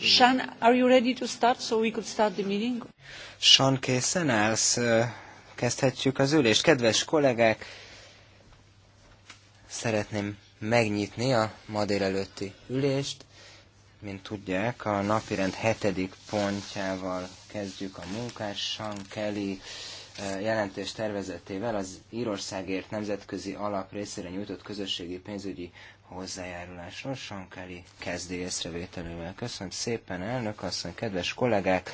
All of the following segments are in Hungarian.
Sean, are you ready to start so we could start the meeting? Sean, készen állsz? Kezdhetjük az ülést. Kedves kollégák, szeretném megnyitni a ma délelőtti ülést. Mint tudják, a napirend hetedik pontjával kezdjük a munkás Sean Kelly jelentés tervezetével az Írországért nemzetközi alap részére nyújtott közösségi pénzügyi hozzájárulásról. Sankeli kezdi észrevételővel. Köszönöm szépen, elnök asszony, kedves kollégák!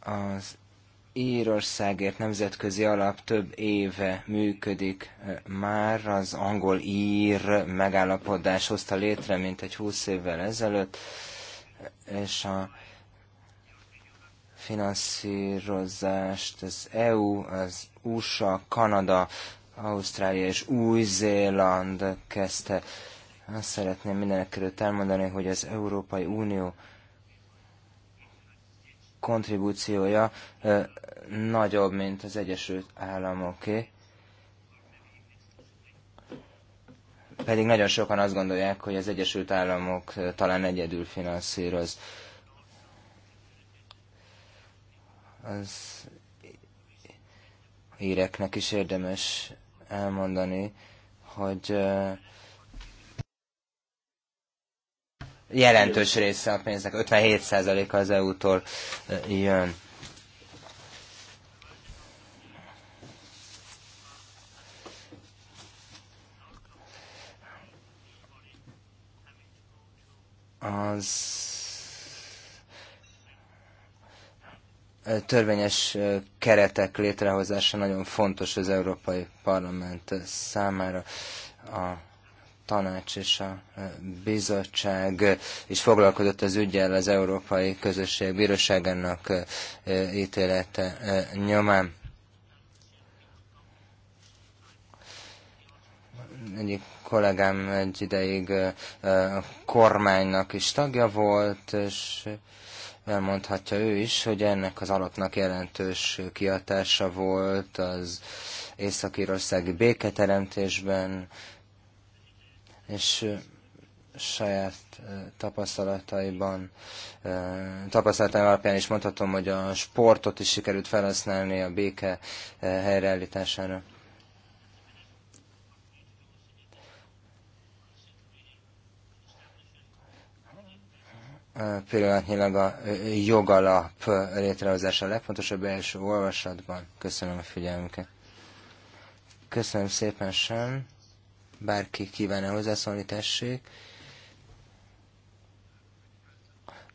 Az Írországért nemzetközi alap több éve működik már, az angol-ír megállapodás hozta létre, mint egy húsz évvel ezelőtt, és a finanszírozást az EU, az USA, Kanada, Ausztrália és Új-Zéland kezdte. Azt szeretném mindenek előtt elmondani, hogy az Európai Unió kontribúciója ö, nagyobb, mint az Egyesült Államoké. Pedig nagyon sokan azt gondolják, hogy az Egyesült Államok talán egyedül finanszíroz. Ö, az híreknek is érdemes elmondani, hogy jelentős része a pénznek, 57%-a az EU-tól jön. Az törvényes keretek létrehozása nagyon fontos az Európai Parlament számára. A tanács és a bizottság is foglalkozott az ügyel az Európai Közösség Bíróságának ítélete nyomán. Egyik kollégám egy ideig a kormánynak is tagja volt, és elmondhatja ő is, hogy ennek az alapnak jelentős kiadása volt az észak-írországi béketeremtésben, és saját tapasztalataiban, tapasztalataim alapján is mondhatom, hogy a sportot is sikerült felhasználni a béke helyreállítására. pillanatnyilag a jogalap létrehozása a legfontosabb első olvasatban. Köszönöm a figyelmüket. Köszönöm szépen sem. Bárki kívánna hozzászólni, tessék.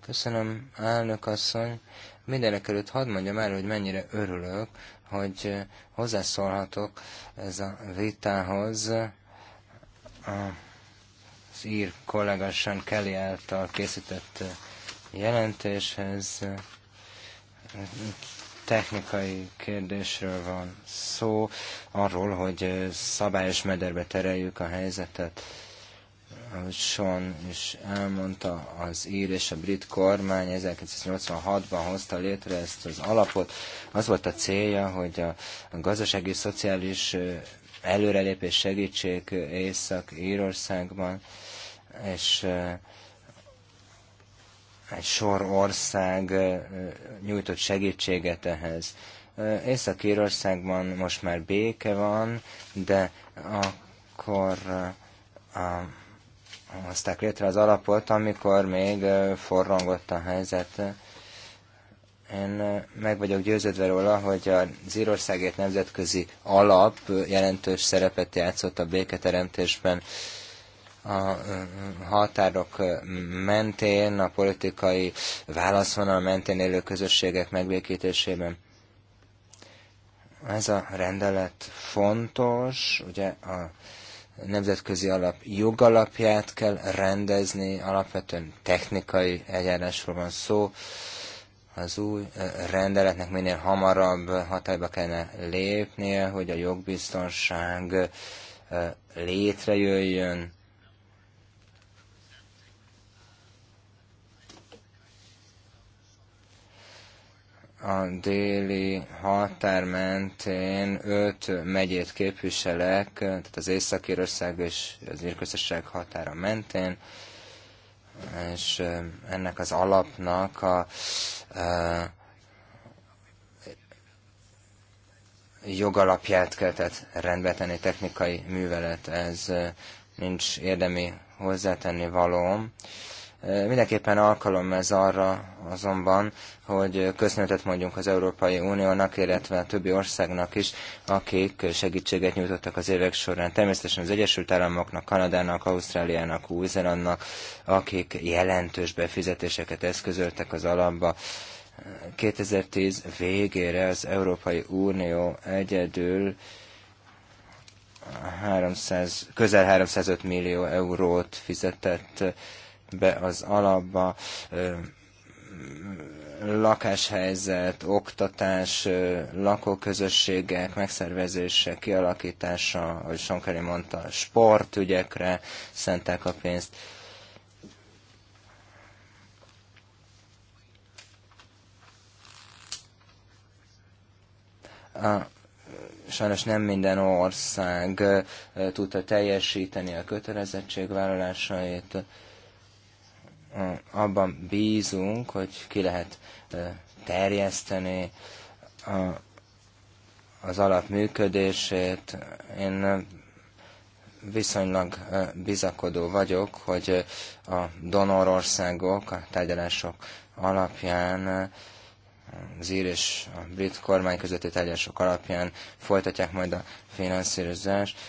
Köszönöm, elnök asszony. Mindenek előtt hadd mondjam el, hogy mennyire örülök, hogy hozzászólhatok ez a vitához. A az ír kollega Sean Kelly által készített eh, jelentéshez. Eh, technikai kérdésről van szó, arról, hogy eh, szabályos mederbe tereljük a helyzetet. Ahogy Sean is elmondta, az ír és a brit kormány 1986-ban hozta létre ezt az alapot. Az volt a célja, hogy a gazdasági, szociális előrelépés segítség Észak-Írországban és egy sor ország nyújtott segítséget ehhez. Észak-Írországban most már béke van, de akkor hozták létre az alapot, amikor még forrongott a helyzet. Én meg vagyok győződve róla, hogy az Írországért nemzetközi alap jelentős szerepet játszott a béketeremtésben a határok mentén, a politikai válaszvonal mentén élő közösségek megbékítésében. Ez a rendelet fontos, ugye a nemzetközi alap jogalapját kell rendezni, alapvetően technikai eljárásról van szó, az új rendeletnek minél hamarabb hatályba kellene lépnie, hogy a jogbiztonság létrejöjjön, a déli határ mentén öt megyét képviselek, tehát az észak ország és az Írközösség határa mentén, és ennek az alapnak a, a jogalapját kell tehát rendbetenni technikai művelet, ez nincs érdemi hozzátenni valóm. Mindenképpen alkalom ez arra azonban, hogy köszönetet mondjunk az Európai Uniónak, illetve a többi országnak is, akik segítséget nyújtottak az évek során. Természetesen az Egyesült Államoknak, Kanadának, Ausztráliának, Új-Zélandnak, akik jelentős befizetéseket eszközöltek az alapba. 2010 végére az Európai Unió egyedül 300, közel 305 millió eurót fizetett be az alapba lakáshelyzet, oktatás, lakóközösségek megszervezése, kialakítása, ahogy Sonkeri mondta, sportügyekre szentek a pénzt. A, sajnos nem minden ország tudta teljesíteni a kötelezettségvállalásait abban bízunk, hogy ki lehet terjeszteni a, az alap működését. Én viszonylag bizakodó vagyok, hogy a donorországok a tárgyalások alapján az ír és a brit kormány közötti tárgyalások alapján folytatják majd a finanszírozást.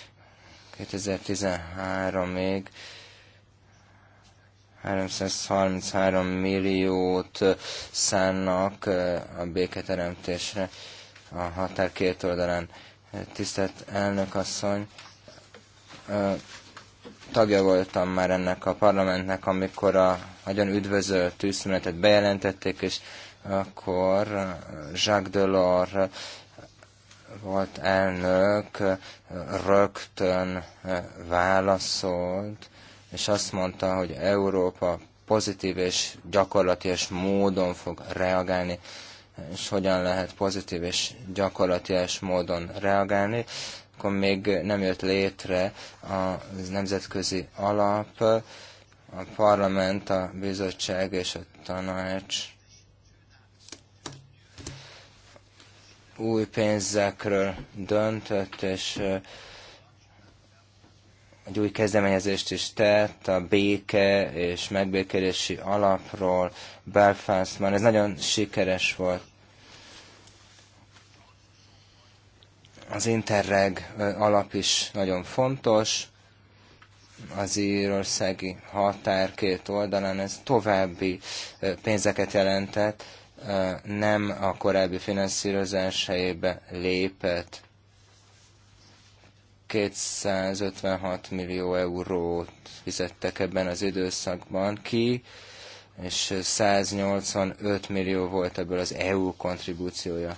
2013 még 333 milliót szánnak a béketeremtésre a határ két oldalán. Tisztelt elnök asszony, tagja voltam már ennek a parlamentnek, amikor a nagyon üdvözölt tűzszünetet bejelentették, és akkor Jacques Delors volt elnök, rögtön válaszolt, és azt mondta, hogy Európa pozitív és gyakorlatilag módon fog reagálni, és hogyan lehet pozitív és gyakorlatilag módon reagálni, akkor még nem jött létre a nemzetközi alap, a parlament, a bizottság és a tanács új pénzekről döntött, és egy új kezdeményezést is tett a béke és megbékélési alapról Belfastban. Ez nagyon sikeres volt. Az Interreg alap is nagyon fontos. Az írországi határ két oldalán ez további pénzeket jelentett, nem a korábbi finanszírozás helyébe lépett 256 millió eurót fizettek ebben az időszakban ki, és 185 millió volt ebből az EU kontribúciója.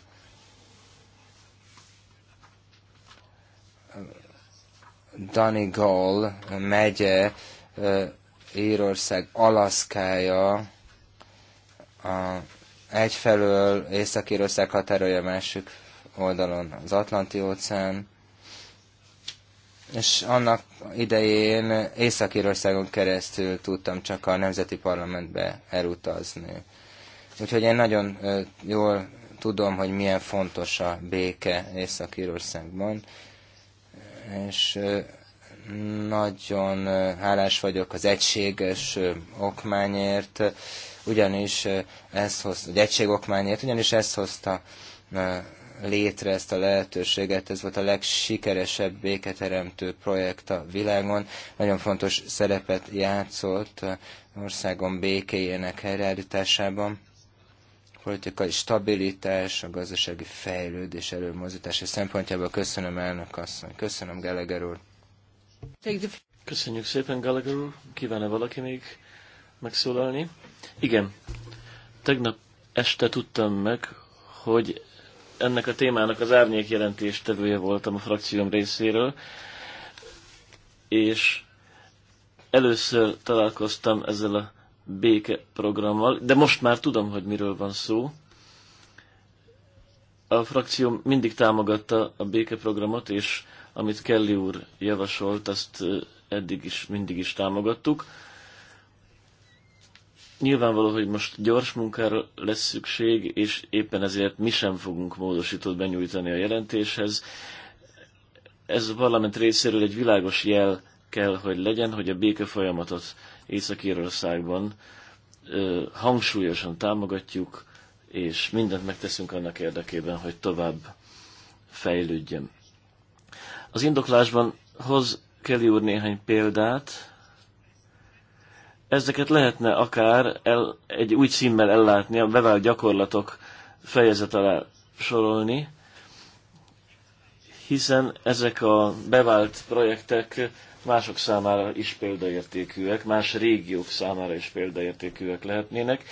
Gall megye, Írország Alaszkája, a egyfelől Észak-Írország határolja másik oldalon az Atlanti óceán, és annak idején Észak-Írországon keresztül tudtam csak a Nemzeti Parlamentbe elutazni. Úgyhogy én nagyon jól tudom, hogy milyen fontos a béke Észak-Írországban, és nagyon hálás vagyok az egységes okmányért, ugyanis ez hozta, egység okmányért, ugyanis ez hozta létre ezt a lehetőséget. Ez volt a legsikeresebb béketeremtő projekt a világon. Nagyon fontos szerepet játszott országon békéjének helyreállításában politikai stabilitás, a gazdasági fejlődés előmozítása szempontjából köszönöm elnök asszony. Köszönöm, Gallagher úr. Köszönjük szépen, Gallagher úr. kíván -e valaki még megszólalni? Igen. Tegnap este tudtam meg, hogy ennek a témának az árnyék jelentés tevője voltam a frakcióm részéről, és először találkoztam ezzel a béke programmal, de most már tudom, hogy miről van szó. A frakcióm mindig támogatta a béke programot, és amit Kelly úr javasolt, azt eddig is, mindig is támogattuk. Nyilvánvaló, hogy most gyors munkára lesz szükség, és éppen ezért mi sem fogunk módosítót benyújtani a jelentéshez. Ez a parlament részéről egy világos jel kell, hogy legyen, hogy a béke folyamatot Észak-Írországban hangsúlyosan támogatjuk, és mindent megteszünk annak érdekében, hogy tovább fejlődjön. Az indoklásban hoz Kelly úr néhány példát, Ezeket lehetne akár el, egy új címmel ellátni, a bevált gyakorlatok fejezet alá sorolni, hiszen ezek a bevált projektek mások számára is példaértékűek, más régiók számára is példaértékűek lehetnének,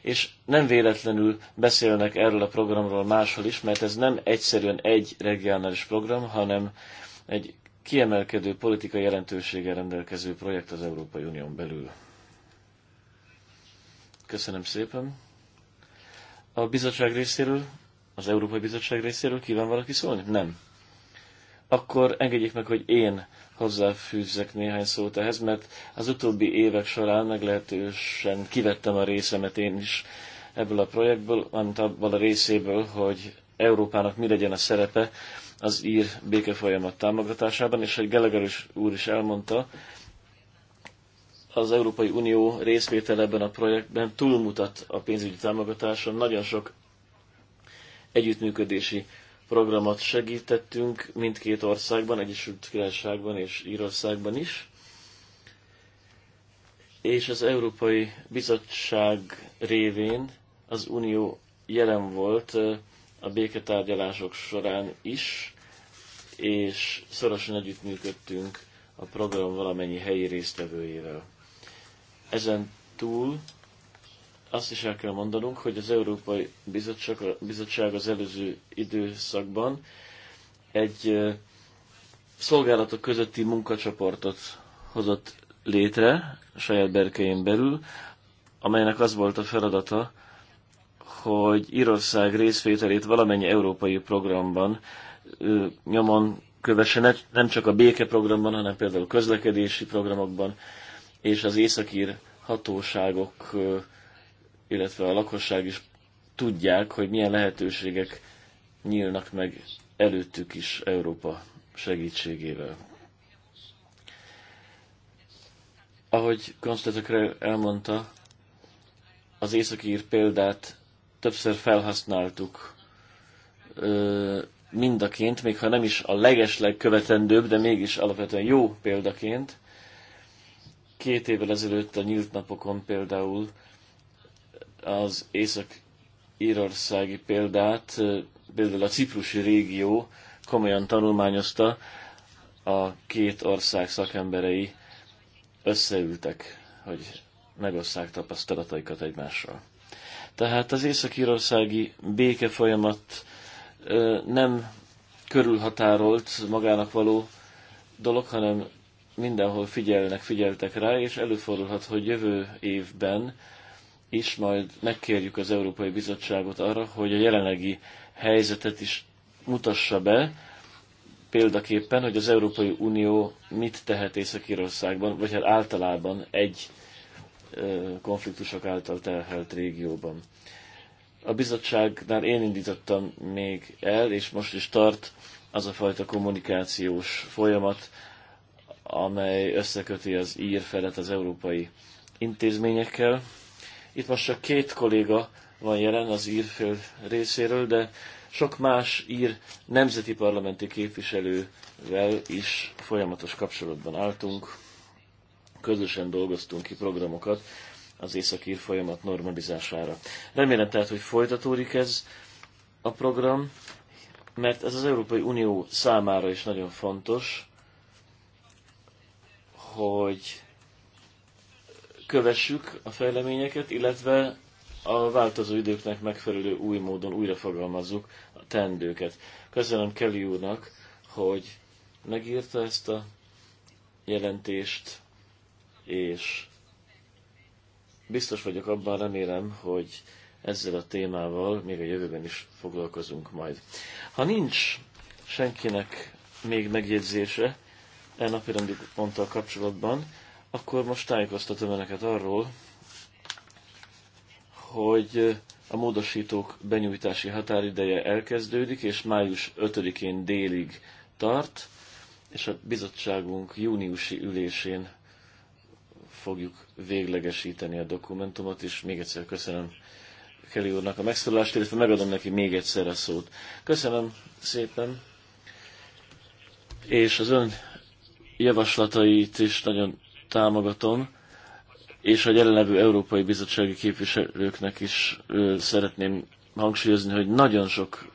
és nem véletlenül beszélnek erről a programról máshol is, mert ez nem egyszerűen egy regionális program, hanem egy kiemelkedő politikai jelentősége rendelkező projekt az Európai Unión belül. Köszönöm szépen. A bizottság részéről, az Európai Bizottság részéről kíván valaki szólni? Nem. Akkor engedjék meg, hogy én hozzáfűzzek néhány szót ehhez, mert az utóbbi évek során meglehetősen kivettem a részemet én is ebből a projektből, amit abban a részéből, hogy Európának mi legyen a szerepe az ír békefolyamat támogatásában, és hogy Gelegerős úr is elmondta, az Európai Unió részvétel ebben a projektben túlmutat a pénzügyi támogatáson. Nagyon sok együttműködési programot segítettünk mindkét országban, Egyesült Királyságban és Írországban is. És az Európai Bizottság révén az Unió jelen volt a béketárgyalások során is, és szorosan együttműködtünk a program valamennyi helyi résztvevőjével. Ezen túl azt is el kell mondanunk, hogy az Európai Bizottság, Bizottság az előző időszakban egy szolgálatok közötti munkacsoportot hozott létre a saját berkein belül, amelynek az volt a feladata, hogy Írország részvételét valamennyi európai programban nyomon kövesse, nem csak a békeprogramban, hanem például közlekedési programokban, és az északír hatóságok, illetve a lakosság is tudják, hogy milyen lehetőségek nyílnak meg előttük is Európa segítségével. Ahogy Konstantin elmondta, az északi ír példát többször felhasználtuk mindaként, még ha nem is a legesleg követendőbb, de mégis alapvetően jó példaként. Két évvel ezelőtt a nyílt napokon például az észak-írországi példát, például a ciprusi régió komolyan tanulmányozta, a két ország szakemberei összeültek, hogy megosszák tapasztalataikat egymással. Tehát az észak-írországi béke folyamat nem körülhatárolt magának való dolog, hanem mindenhol figyelnek, figyeltek rá, és előfordulhat, hogy jövő évben is majd megkérjük az Európai Bizottságot arra, hogy a jelenlegi helyzetet is mutassa be, példaképpen, hogy az Európai Unió mit tehet Észak-Írországban, vagy hát általában egy konfliktusok által terhelt régióban. A bizottságnál én indítottam még el, és most is tart az a fajta kommunikációs folyamat, amely összeköti az ír felet az európai intézményekkel. Itt most csak két kolléga van jelen az fél részéről, de sok más ír nemzeti parlamenti képviselővel is folyamatos kapcsolatban álltunk. Közösen dolgoztunk ki programokat az északír folyamat normalizására. Remélem tehát, hogy folytatódik ez a program, mert ez az Európai Unió számára is nagyon fontos, hogy kövessük a fejleményeket, illetve a változó időknek megfelelő új módon újrafogalmazzuk a tendőket. Köszönöm Kelly úrnak, hogy megírta ezt a jelentést, és biztos vagyok abban, remélem, hogy ezzel a témával még a jövőben is foglalkozunk majd. Ha nincs senkinek még megjegyzése, e rendi ponttal kapcsolatban, akkor most tájékoztatom Önöket arról, hogy a módosítók benyújtási határideje elkezdődik, és május 5-én délig tart, és a bizottságunk júniusi ülésén fogjuk véglegesíteni a dokumentumot, és még egyszer köszönöm Kelly úrnak a megszólalást, illetve megadom neki még egyszer a szót. Köszönöm szépen, és az ön javaslatait is nagyon támogatom, és a jelenlevő Európai Bizottsági képviselőknek is szeretném hangsúlyozni, hogy nagyon sok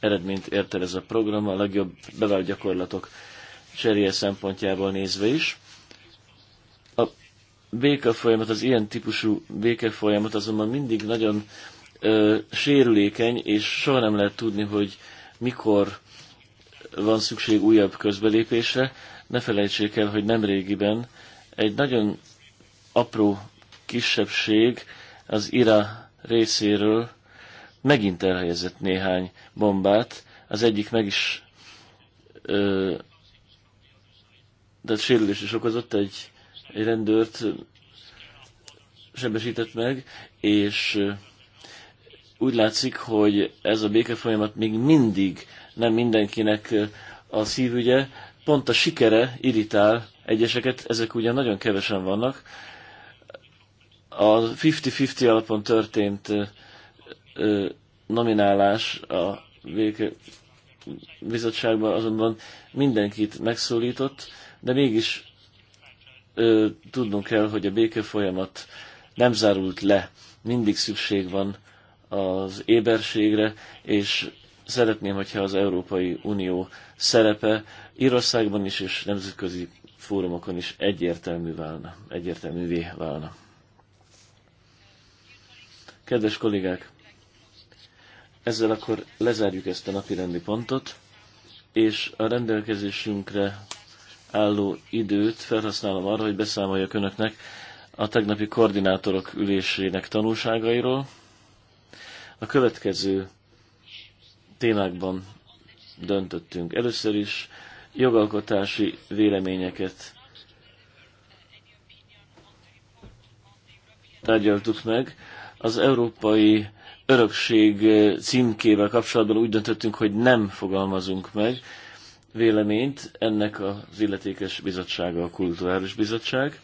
eredményt ért el ez a program, a legjobb bevált gyakorlatok cseréje szempontjából nézve is. A béke folyamat, az ilyen típusú béke folyamat azonban mindig nagyon ö, sérülékeny, és soha nem lehet tudni, hogy mikor van szükség újabb közbelépésre. Ne felejtsék el, hogy nemrégiben egy nagyon apró kisebbség az IRA részéről megint elhelyezett néhány bombát. Az egyik meg is ö, de sérülés is okozott, egy, egy rendőrt sebesített meg, és úgy látszik, hogy ez a folyamat még mindig nem mindenkinek a szívügye, pont a sikere irritál egyeseket, ezek ugyan nagyon kevesen vannak. A 50-50 alapon történt nominálás a vége bizottságban azonban mindenkit megszólított, de mégis ö, tudnunk kell, hogy a béke folyamat nem zárult le. Mindig szükség van az éberségre, és szeretném, hogyha az Európai Unió szerepe Írországban is és nemzetközi fórumokon is egyértelmű válna, egyértelművé válna. Kedves kollégák, ezzel akkor lezárjuk ezt a napi rendi pontot, és a rendelkezésünkre álló időt felhasználom arra, hogy beszámoljak önöknek a tegnapi koordinátorok ülésének tanulságairól. A következő témákban döntöttünk. Először is jogalkotási véleményeket tárgyaltuk meg. Az Európai Örökség címkével kapcsolatban úgy döntöttünk, hogy nem fogalmazunk meg véleményt. Ennek az illetékes bizottsága a Kulturális Bizottság.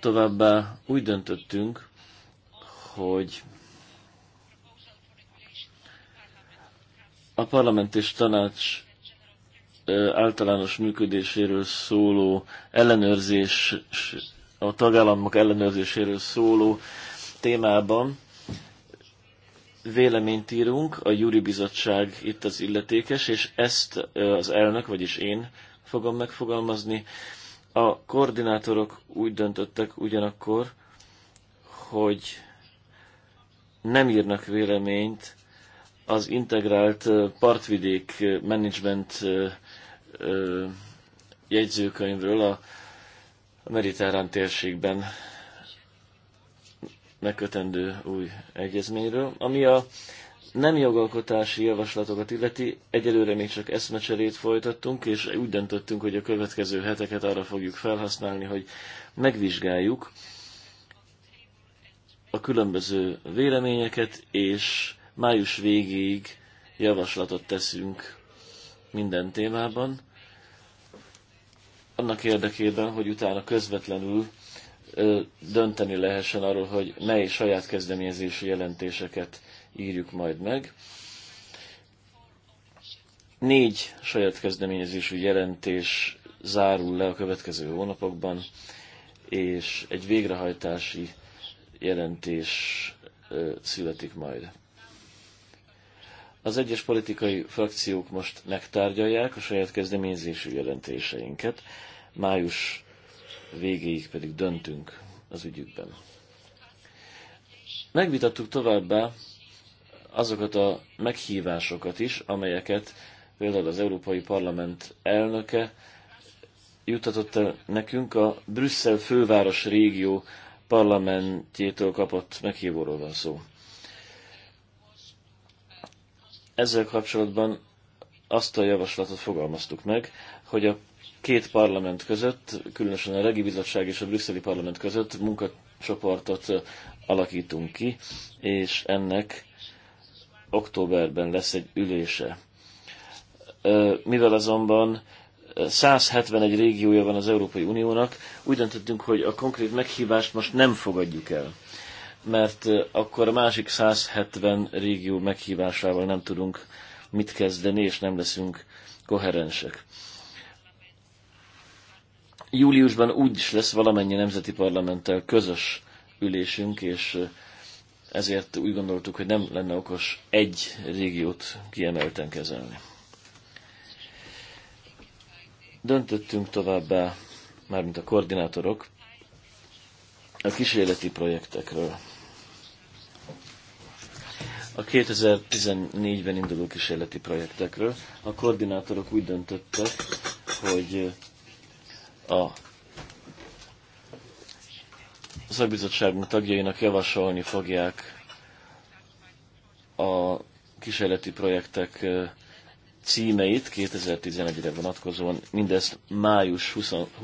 Továbbá úgy döntöttünk, hogy a parlament és tanács általános működéséről szóló ellenőrzés, a tagállamok ellenőrzéséről szóló témában véleményt írunk, a Júri Bizottság itt az illetékes, és ezt az elnök, vagyis én fogom megfogalmazni. A koordinátorok úgy döntöttek ugyanakkor, hogy nem írnak véleményt az integrált partvidék management jegyzőkönyvről a mediterrán térségben megkötendő új egyezményről, ami a nem jogalkotási javaslatokat illeti, egyelőre még csak eszmecserét folytattunk, és úgy döntöttünk, hogy a következő heteket arra fogjuk felhasználni, hogy megvizsgáljuk a különböző véleményeket, és Május végéig javaslatot teszünk minden témában, annak érdekében, hogy utána közvetlenül dönteni lehessen arról, hogy mely saját kezdeményezési jelentéseket írjuk majd meg. Négy saját kezdeményezésű jelentés zárul le a következő hónapokban, és egy végrehajtási jelentés születik majd. Az egyes politikai frakciók most megtárgyalják a saját kezdeményezésű jelentéseinket, május végéig pedig döntünk az ügyükben. Megvitattuk továbbá azokat a meghívásokat is, amelyeket például az Európai Parlament elnöke juttatott el nekünk a Brüsszel főváros régió parlamentjétől kapott meghívóról van szó. Ezzel kapcsolatban azt a javaslatot fogalmaztuk meg, hogy a két parlament között, különösen a Regi Bizottság és a Brüsszeli Parlament között munkacsoportot alakítunk ki, és ennek októberben lesz egy ülése. Mivel azonban 171 régiója van az Európai Uniónak, úgy döntöttünk, hogy a konkrét meghívást most nem fogadjuk el mert akkor a másik 170 régió meghívásával nem tudunk mit kezdeni, és nem leszünk koherensek. Júliusban úgy is lesz valamennyi nemzeti parlamenttel közös ülésünk, és ezért úgy gondoltuk, hogy nem lenne okos egy régiót kiemelten kezelni. Döntöttünk továbbá, mármint a koordinátorok, a kísérleti projektekről a 2014-ben induló kísérleti projektekről. A koordinátorok úgy döntöttek, hogy a szakbizottságunk tagjainak javasolni fogják a kísérleti projektek címeit 2011-re vonatkozóan, mindezt május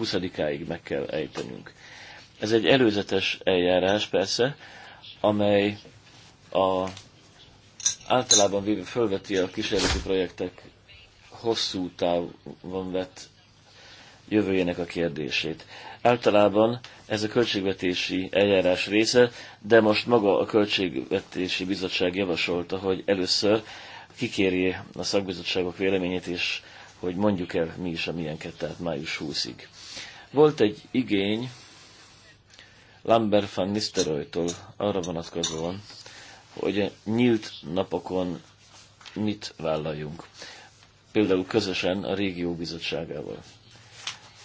20-áig meg kell ejtenünk. Ez egy előzetes eljárás persze, amely a általában véve fölveti a kísérleti projektek hosszú távon vett jövőjének a kérdését. Általában ez a költségvetési eljárás része, de most maga a Költségvetési Bizottság javasolta, hogy először kikérje a szakbizottságok véleményét, és hogy mondjuk el mi is a milyenket, tehát május 20-ig. Volt egy igény Lambert van Nistelrooytól arra vonatkozóan, hogy nyílt napokon mit vállaljunk. Például közösen a régió bizottságával.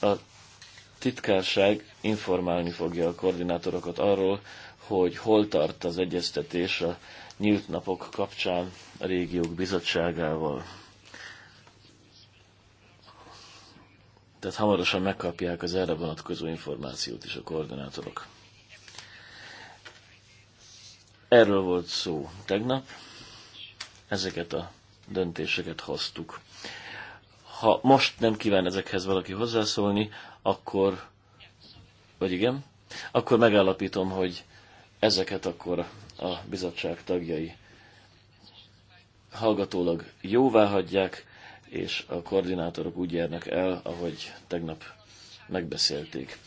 A titkárság informálni fogja a koordinátorokat arról, hogy hol tart az egyeztetés a nyílt napok kapcsán a régiók bizottságával. Tehát hamarosan megkapják az erre vonatkozó információt is a koordinátorok. Erről volt szó tegnap, ezeket a döntéseket hoztuk. Ha most nem kíván ezekhez valaki hozzászólni, akkor, vagy igen, akkor megállapítom, hogy ezeket akkor a bizottság tagjai hallgatólag jóvá hagyják, és a koordinátorok úgy járnak el, ahogy tegnap megbeszélték.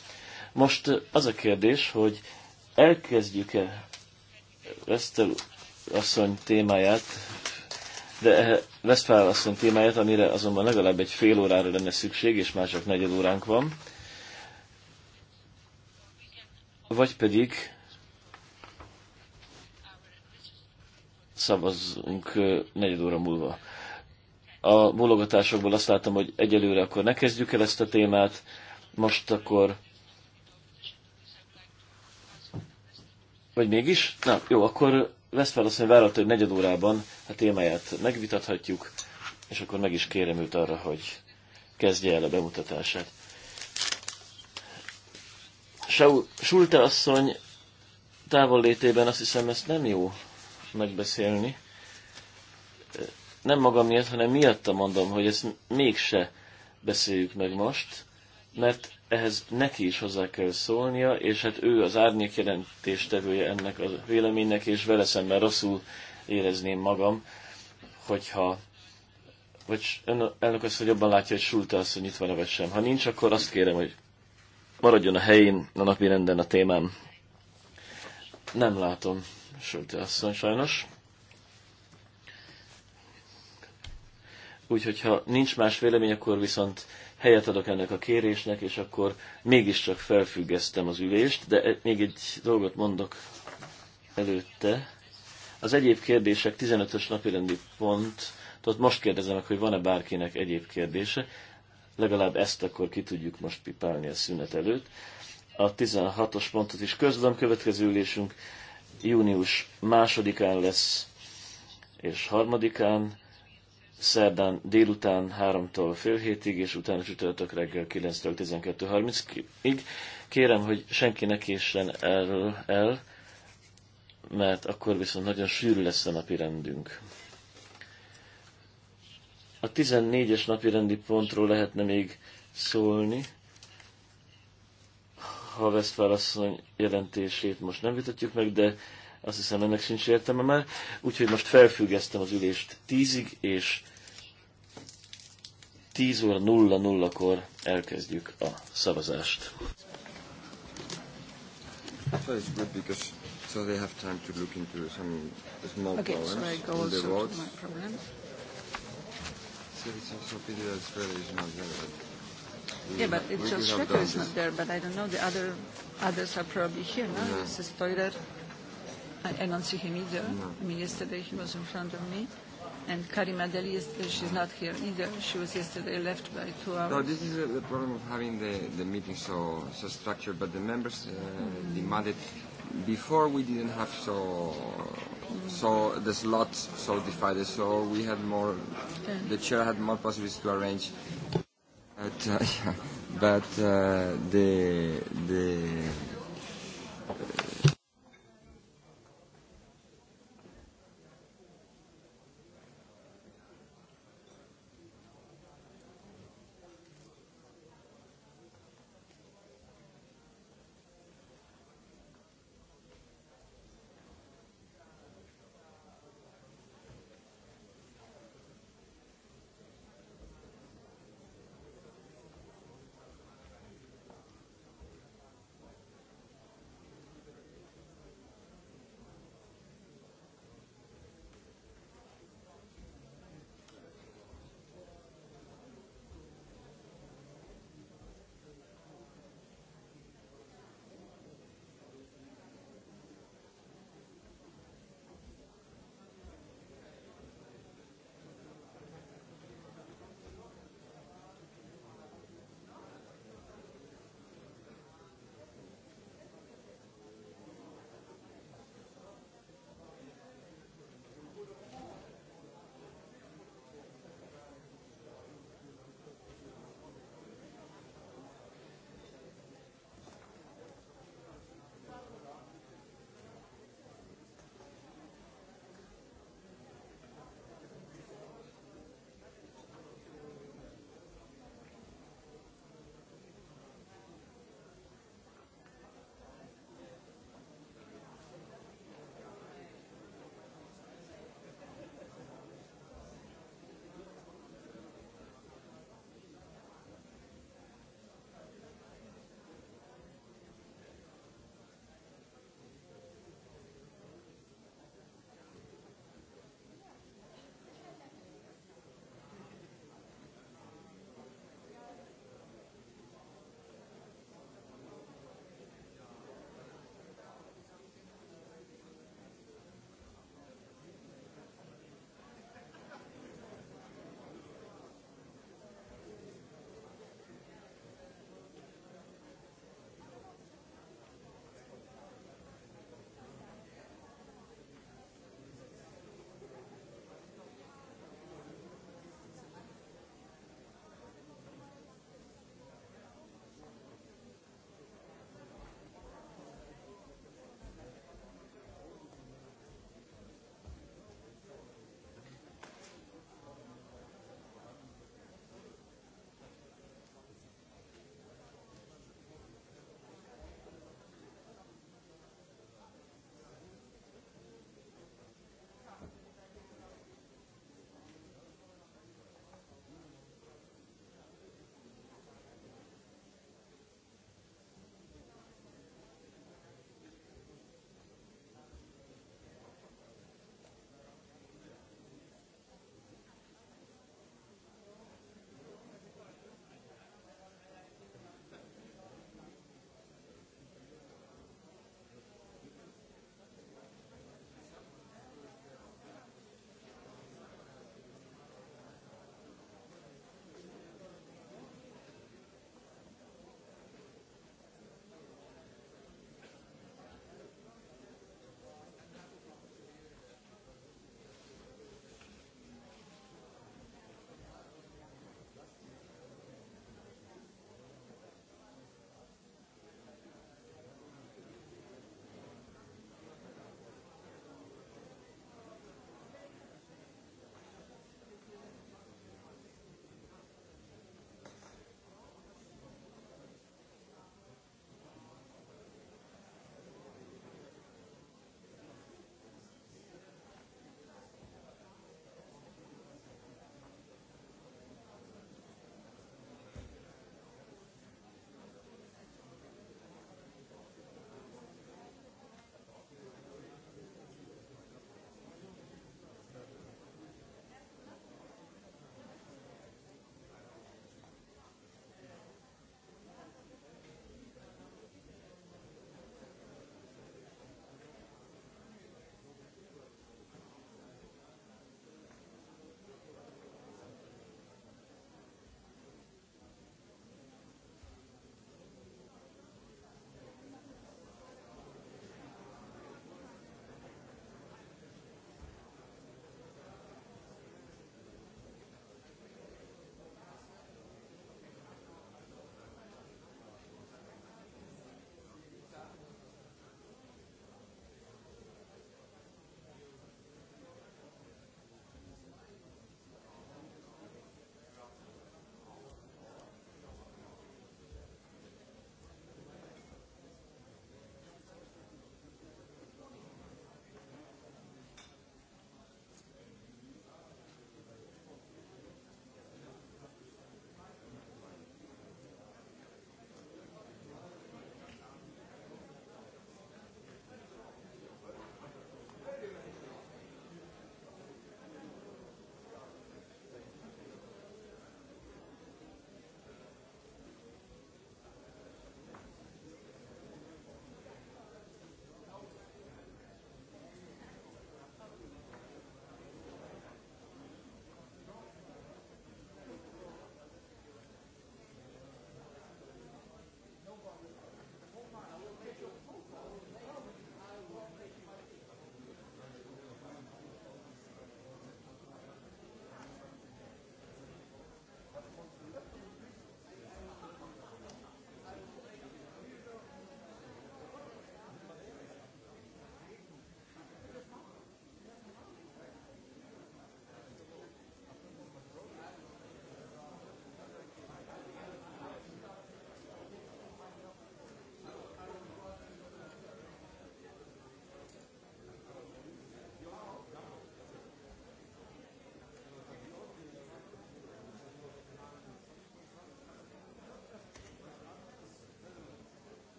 Most az a kérdés, hogy elkezdjük-e Vesztel asszony témáját, de Vesztel asszony témáját, amire azonban legalább egy fél órára lenne szükség, és már csak negyed óránk van. Vagy pedig szavazzunk negyed óra múlva. A bólogatásokból azt láttam, hogy egyelőre akkor ne kezdjük el ezt a témát, most akkor Vagy mégis? Na, jó, akkor fel azt vállalt, hogy negyed órában a témáját megvitathatjuk, és akkor meg is kérem őt arra, hogy kezdje el a bemutatását. Sulte asszony létében azt hiszem ezt nem jó megbeszélni. Nem magam miatt, hanem miatta mondom, hogy ezt mégse beszéljük meg most mert ehhez neki is hozzá kell szólnia, és hát ő az árnyék jelentéstevője ennek a véleménynek, és vele szemben rosszul érezném magam, hogyha vagy ön, elnök azt, hogy jobban látja, hogy Schulte azt, hogy van-e vagy sem. Ha nincs, akkor azt kérem, hogy maradjon a helyén, a napi renden a témám. Nem látom, Schulte asszony sajnos. Úgyhogy ha nincs más vélemény, akkor viszont helyet adok ennek a kérésnek, és akkor mégiscsak felfüggesztem az ülést, de e- még egy dolgot mondok előtte. Az egyéb kérdések 15-ös napirendi pont, tehát most kérdezem meg, hogy van-e bárkinek egyéb kérdése, legalább ezt akkor ki tudjuk most pipálni a szünet előtt. A 16-os pontot is közlöm, következő ülésünk június másodikán lesz, és harmadikán, szerdán délután 3-tól fél hétig, és utána csütörtök reggel 9-től 12.30-ig. Kérem, hogy senki ne késsen erről el, mert akkor viszont nagyon sűrű lesz a napi rendünk. A 14-es napi rendi pontról lehetne még szólni, ha fel asszony jelentését most nem vitatjuk meg, de azt hiszem ennek sincs értelme már. Úgyhogy most felfüggesztem az ülést tízig, és 10 óra 0 0 kor elkezdjük a szavazást. So they have time to look into some small okay, problems so I go in the roads. So it's also pity that Australia is not there. But yeah, but it's just Australia is not there, but I don't know. The other others are probably here, no? Yeah. This is Toiler. I, I don't see him either. No. I mean, yesterday he was in front of me and Karima Deli is, she's not here either. She was yesterday left by two hours. No, this is uh, the problem of having the, the meeting so, so structured, but the members uh, mm. demanded, before we didn't have so, mm. so the slots so divided, so we had more, okay. the chair had more possibilities to arrange. But, uh, yeah, but uh, the, the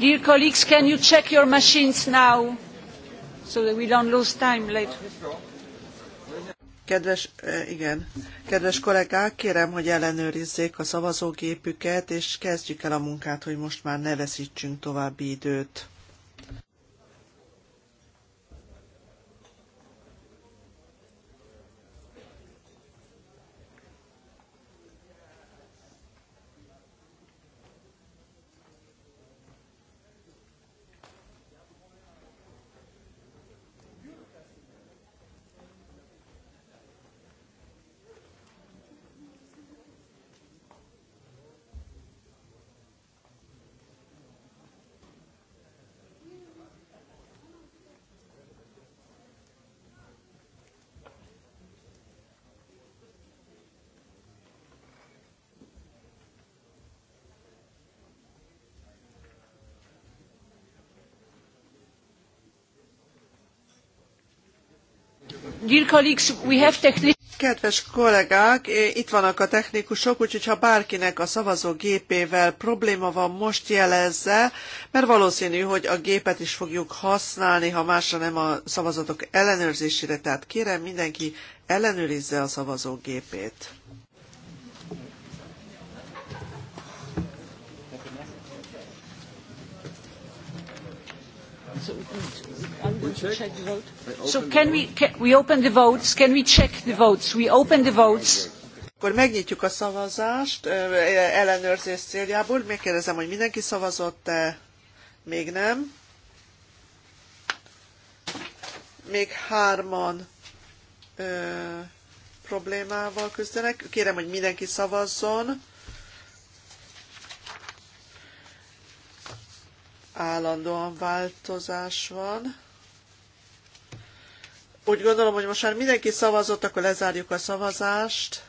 Dear colleagues, can you check your machines now, so that we don't lose time later? Kedves, eh, igen. Kedves kollégák, kérem, hogy ellenőrizzék a szavazógépüket, és kezdjük el a munkát, hogy most már ne veszítsünk további időt. Kedves kollégák, eh, itt vannak a technikusok, úgyhogy ha bárkinek a szavazógépével probléma van, most jelezze, mert valószínű, hogy a gépet is fogjuk használni, ha másra nem a szavazatok ellenőrzésére. Tehát kérem, mindenki ellenőrizze a szavazógépét. So akkor megnyitjuk a szavazást e, ellenőrzés céljából. Megkérdezem, hogy mindenki szavazott-e? Még nem. Még hárman ö, problémával küzdenek. Kérem, hogy mindenki szavazzon. Állandóan változás van. Úgy gondolom, hogy most már mindenki szavazott, akkor lezárjuk a szavazást.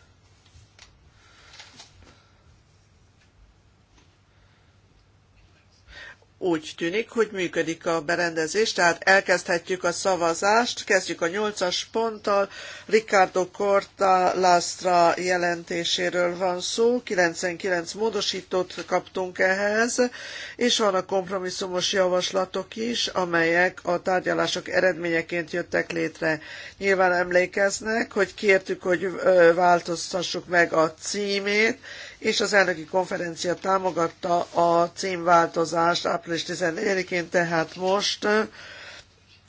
Úgy tűnik, hogy működik a berendezés, tehát elkezdhetjük a szavazást. Kezdjük a nyolcas ponttal. Ricardo Corta Lastra jelentéséről van szó. 99 módosítót kaptunk ehhez, és vannak kompromisszumos javaslatok is, amelyek a tárgyalások eredményeként jöttek létre. Nyilván emlékeznek, hogy kértük, hogy változtassuk meg a címét, és az elnöki konferencia támogatta a címváltozást április 14-én, tehát most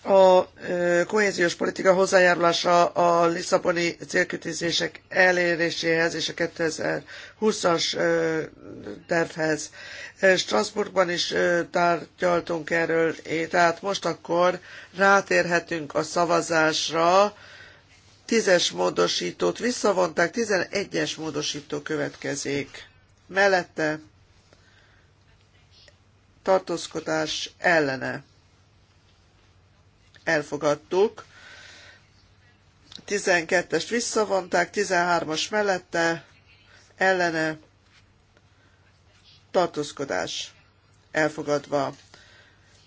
a kohéziós politika hozzájárulása a Lisszaboni célkütőzések eléréséhez és a 2020-as tervhez. Strasbourgban is tárgyaltunk erről, tehát most akkor rátérhetünk a szavazásra Tízes módosítót visszavonták, 11-es módosító következik. Mellette tartózkodás ellene. Elfogadtuk. 12-est visszavonták, 13-as mellette ellene tartózkodás elfogadva.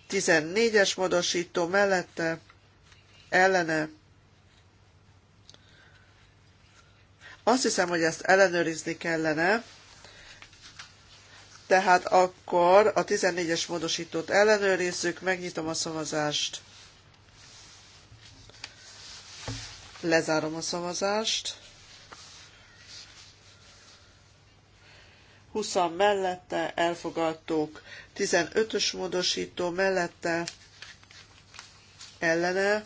14-es módosító mellette ellene Azt hiszem, hogy ezt ellenőrizni kellene, tehát akkor a 14-es módosítót ellenőrizzük, megnyitom a szavazást. Lezárom a szavazást. 20 mellette elfogadtuk, 15-ös módosító mellette ellene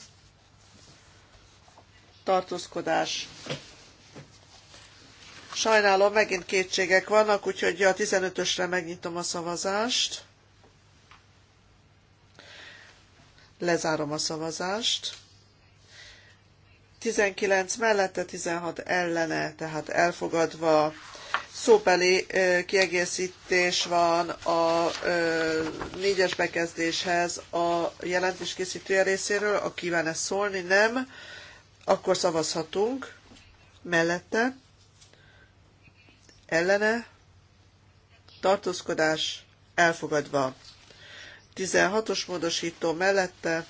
tartózkodás Sajnálom, megint kétségek vannak, úgyhogy a 15-ösre megnyitom a szavazást. Lezárom a szavazást. 19 mellette, 16 ellene, tehát elfogadva. Szóbeli kiegészítés van a négyes bekezdéshez a jelentés készítője részéről, aki van -e szólni, nem, akkor szavazhatunk mellette ellene, tartózkodás elfogadva. 16-os módosító mellette,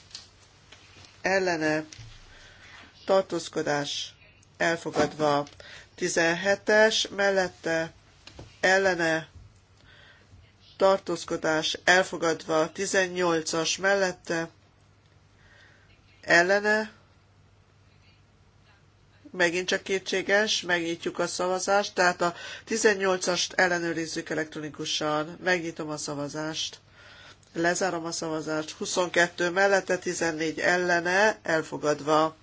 ellene, tartózkodás elfogadva. 17-es mellette, ellene, tartózkodás elfogadva. 18-as mellette, ellene, megint csak kétséges, megnyitjuk a szavazást, tehát a 18-ast ellenőrizzük elektronikusan, megnyitom a szavazást, lezárom a szavazást, 22 mellette, 14 ellene, elfogadva.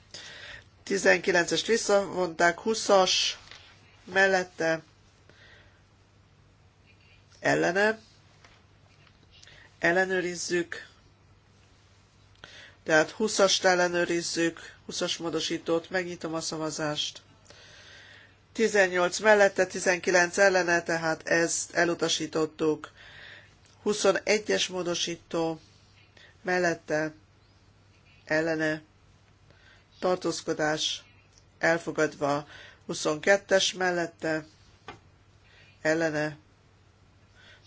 19-est visszavonták, 20-as mellette, ellene, ellenőrizzük, tehát 20-ast ellenőrizzük, 20-as módosítót, megnyitom a szavazást. 18 mellette, 19 ellene, tehát ezt elutasítottuk. 21-es módosító mellette, ellene, tartózkodás elfogadva. 22-es mellette, ellene,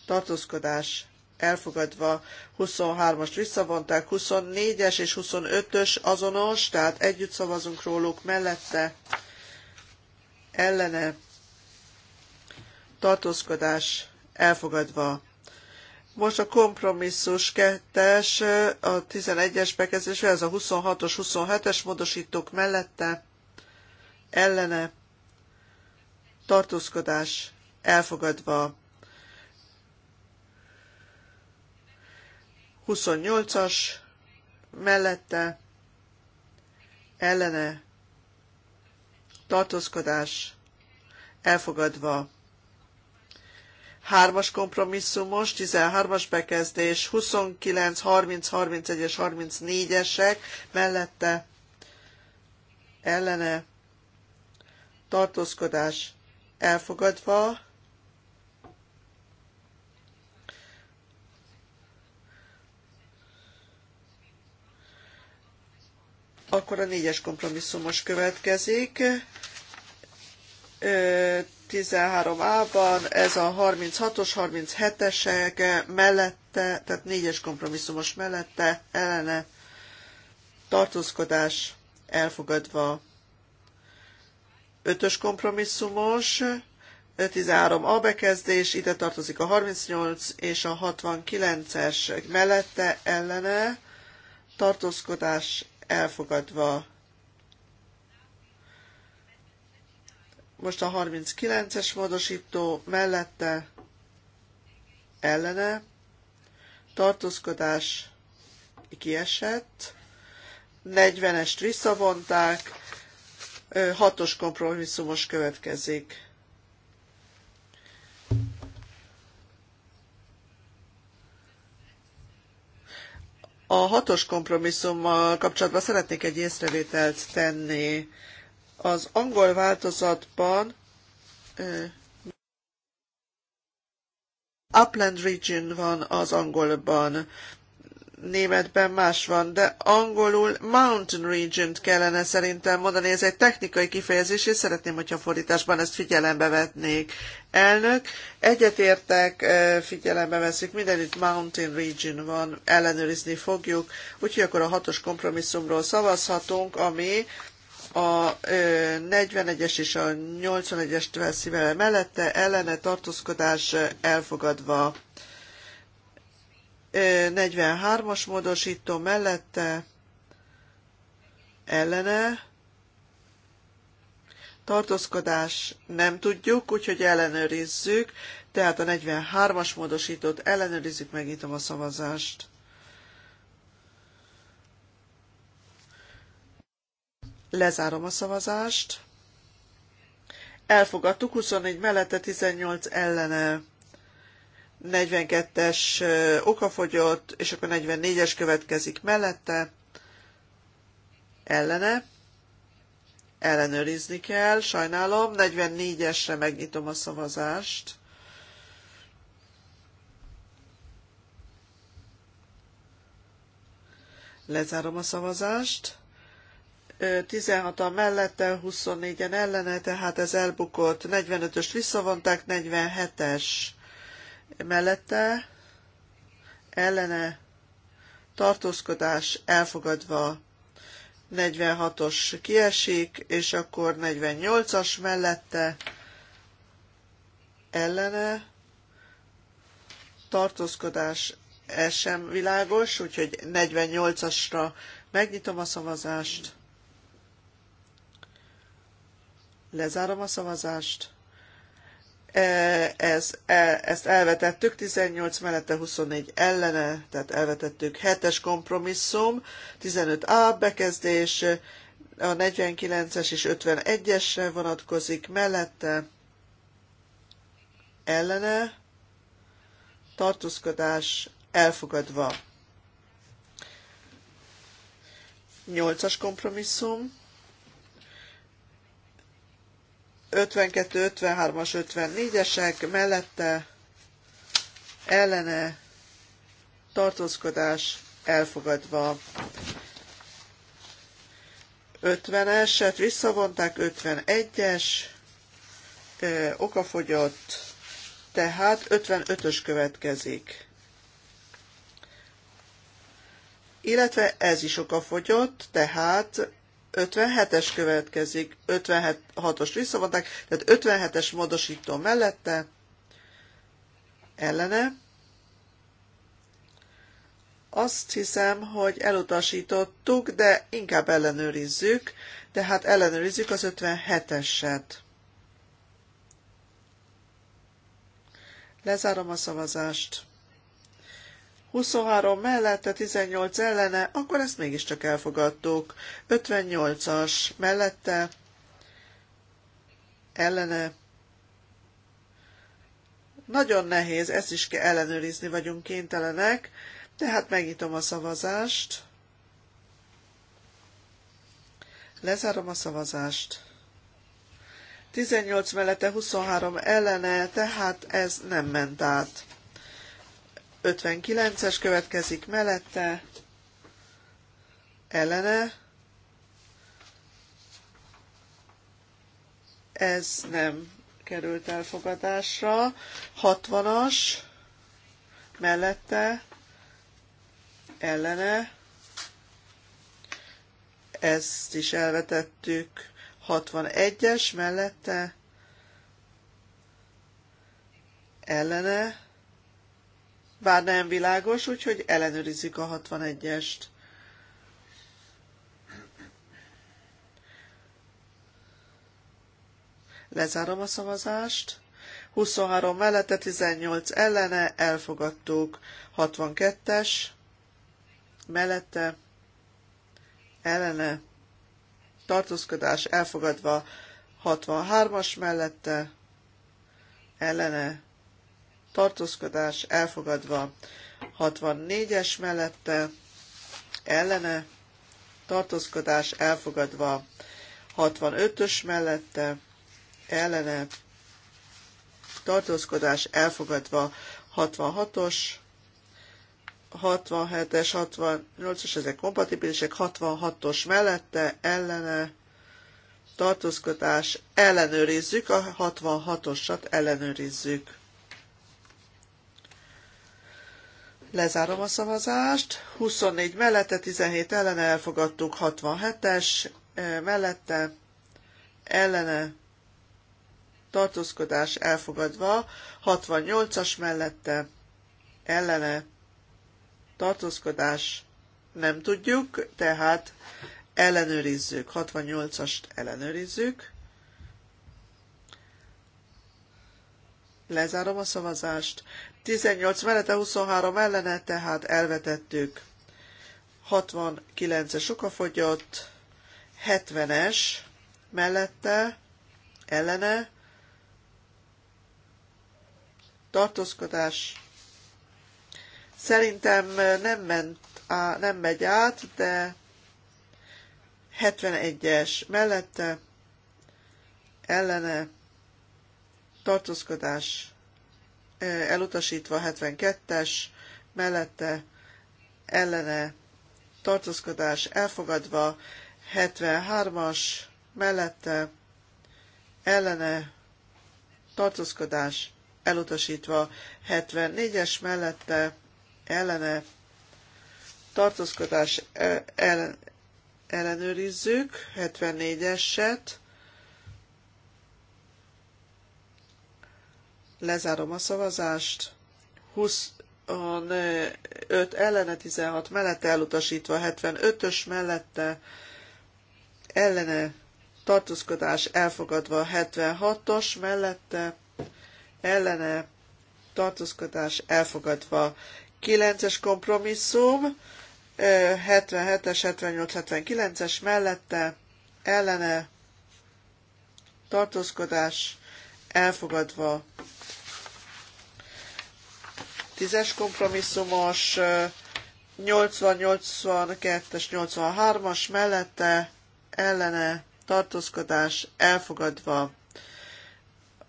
tartózkodás elfogadva, 23-as visszavonták, 24-es és 25-ös azonos, tehát együtt szavazunk róluk mellette, ellene, tartózkodás elfogadva. Most a kompromisszus kettes, a 11-es bekezdés, ez a 26-os, 27-es módosítók mellette, ellene, tartózkodás elfogadva. 28-as mellette ellene tartózkodás elfogadva. Hármas kompromisszumos, 13-as bekezdés, 29, 30, 31 és 34-esek mellette ellene tartózkodás elfogadva. Akkor a négyes kompromisszumos következik. 13A-ban ez a 36-os, 37-esek mellette, tehát négyes kompromisszumos mellette ellene tartózkodás elfogadva. 5-ös kompromisszumos, 13 A bekezdés, ide tartozik a 38 és a 69-es mellette ellene tartózkodás elfogadva. Most a 39-es módosító mellette ellene tartózkodás kiesett, 40-est visszavonták, 6-os kompromisszumos következik A hatos kompromisszummal kapcsolatban szeretnék egy észrevételt tenni. Az angol változatban Upland Region van az angolban németben más van, de angolul Mountain region kellene szerintem mondani, ez egy technikai kifejezés, és szeretném, hogyha fordításban ezt figyelembe vetnék. Elnök, egyetértek, figyelembe veszük, mindenütt Mountain Region van, ellenőrizni fogjuk, úgyhogy akkor a hatos kompromisszumról szavazhatunk, ami a 41-es és a 81-es veszi mellette, ellene tartózkodás elfogadva. 43-as módosító mellette ellene tartózkodás nem tudjuk, úgyhogy ellenőrizzük, tehát a 43-as módosítót ellenőrizzük, megnyitom a szavazást. Lezárom a szavazást. Elfogadtuk 24 mellette 18 ellene. 42-es okafogyott, és akkor 44-es következik mellette, ellene, ellenőrizni kell, sajnálom, 44-esre megnyitom a szavazást. Lezárom a szavazást. 16-an mellette, 24-en ellene, tehát ez elbukott. 45-öst visszavonták, 47-es mellette ellene tartózkodás elfogadva 46-os kiesik, és akkor 48-as mellette ellene tartózkodás ez sem világos, úgyhogy 48-asra megnyitom a szavazást, lezárom a szavazást, E, ez, e, ezt elvetettük, 18 mellette 24 ellene, tehát elvetettük 7-es kompromisszum, 15A bekezdés, a 49-es és 51-esre vonatkozik mellette, ellene, tartózkodás elfogadva. 8-as kompromisszum, 52, 53-as, 54-esek mellette ellene tartózkodás elfogadva. 50-eset visszavonták, 51-es okafogyott, tehát 55-ös következik. Illetve ez is okafogyott, tehát 57-es következik, 56-os visszavonták, tehát 57-es módosító mellette, ellene. Azt hiszem, hogy elutasítottuk, de inkább ellenőrizzük, de hát ellenőrizzük az 57-eset. Lezárom a szavazást. 23 mellette, 18 ellene, akkor ezt mégiscsak elfogadtuk. 58-as mellette, ellene. Nagyon nehéz, ezt is kell ellenőrizni, vagyunk kénytelenek, tehát megnyitom a szavazást. Lezárom a szavazást. 18 mellette 23 ellene, tehát ez nem ment át. 59-es következik mellette, ellene. Ez nem került elfogadásra. 60-as mellette, ellene. Ezt is elvetettük. 61-es mellette, ellene bár nem világos, úgyhogy ellenőrizzük a 61-est. Lezárom a szavazást. 23 mellette, 18 ellene, elfogadtuk. 62-es mellette, ellene, tartózkodás elfogadva. 63-as mellette, ellene, tartózkodás elfogadva. 64-es mellette ellene tartózkodás elfogadva. 65-ös mellette ellene tartózkodás elfogadva. 66-os 67-es, 68 os ezek kompatibilisek, 66-os mellette, ellene, tartózkodás, ellenőrizzük, a 66-osat ellenőrizzük. Lezárom a szavazást. 24 mellette, 17 ellene elfogadtuk, 67-es eh, mellette, ellene tartózkodás elfogadva, 68-as mellette, ellene tartózkodás nem tudjuk, tehát ellenőrizzük, 68-ast ellenőrizzük. Lezárom a szavazást. 18 mellette, 23 ellene, tehát elvetettük. 69-es okafogyott, 70-es mellette, ellene, tartózkodás. Szerintem nem, ment á, nem megy át, de 71-es mellette, ellene, tartózkodás E, elutasítva 72-es, mellette ellene tartózkodás elfogadva 73-as, mellette ellene tartózkodás elutasítva 74-es, mellette ellene tartózkodás e, el, ellenőrizzük 74-eset, Lezárom a szavazást. 25 ellene 16 mellette elutasítva, 75-ös mellette ellene tartózkodás elfogadva, 76-os mellette ellene tartózkodás elfogadva. 9-es kompromisszum, 77-es, 78-79-es mellette ellene tartózkodás elfogadva. 10-es kompromisszumos, 80-82-es, 83-as mellette ellene tartózkodás elfogadva.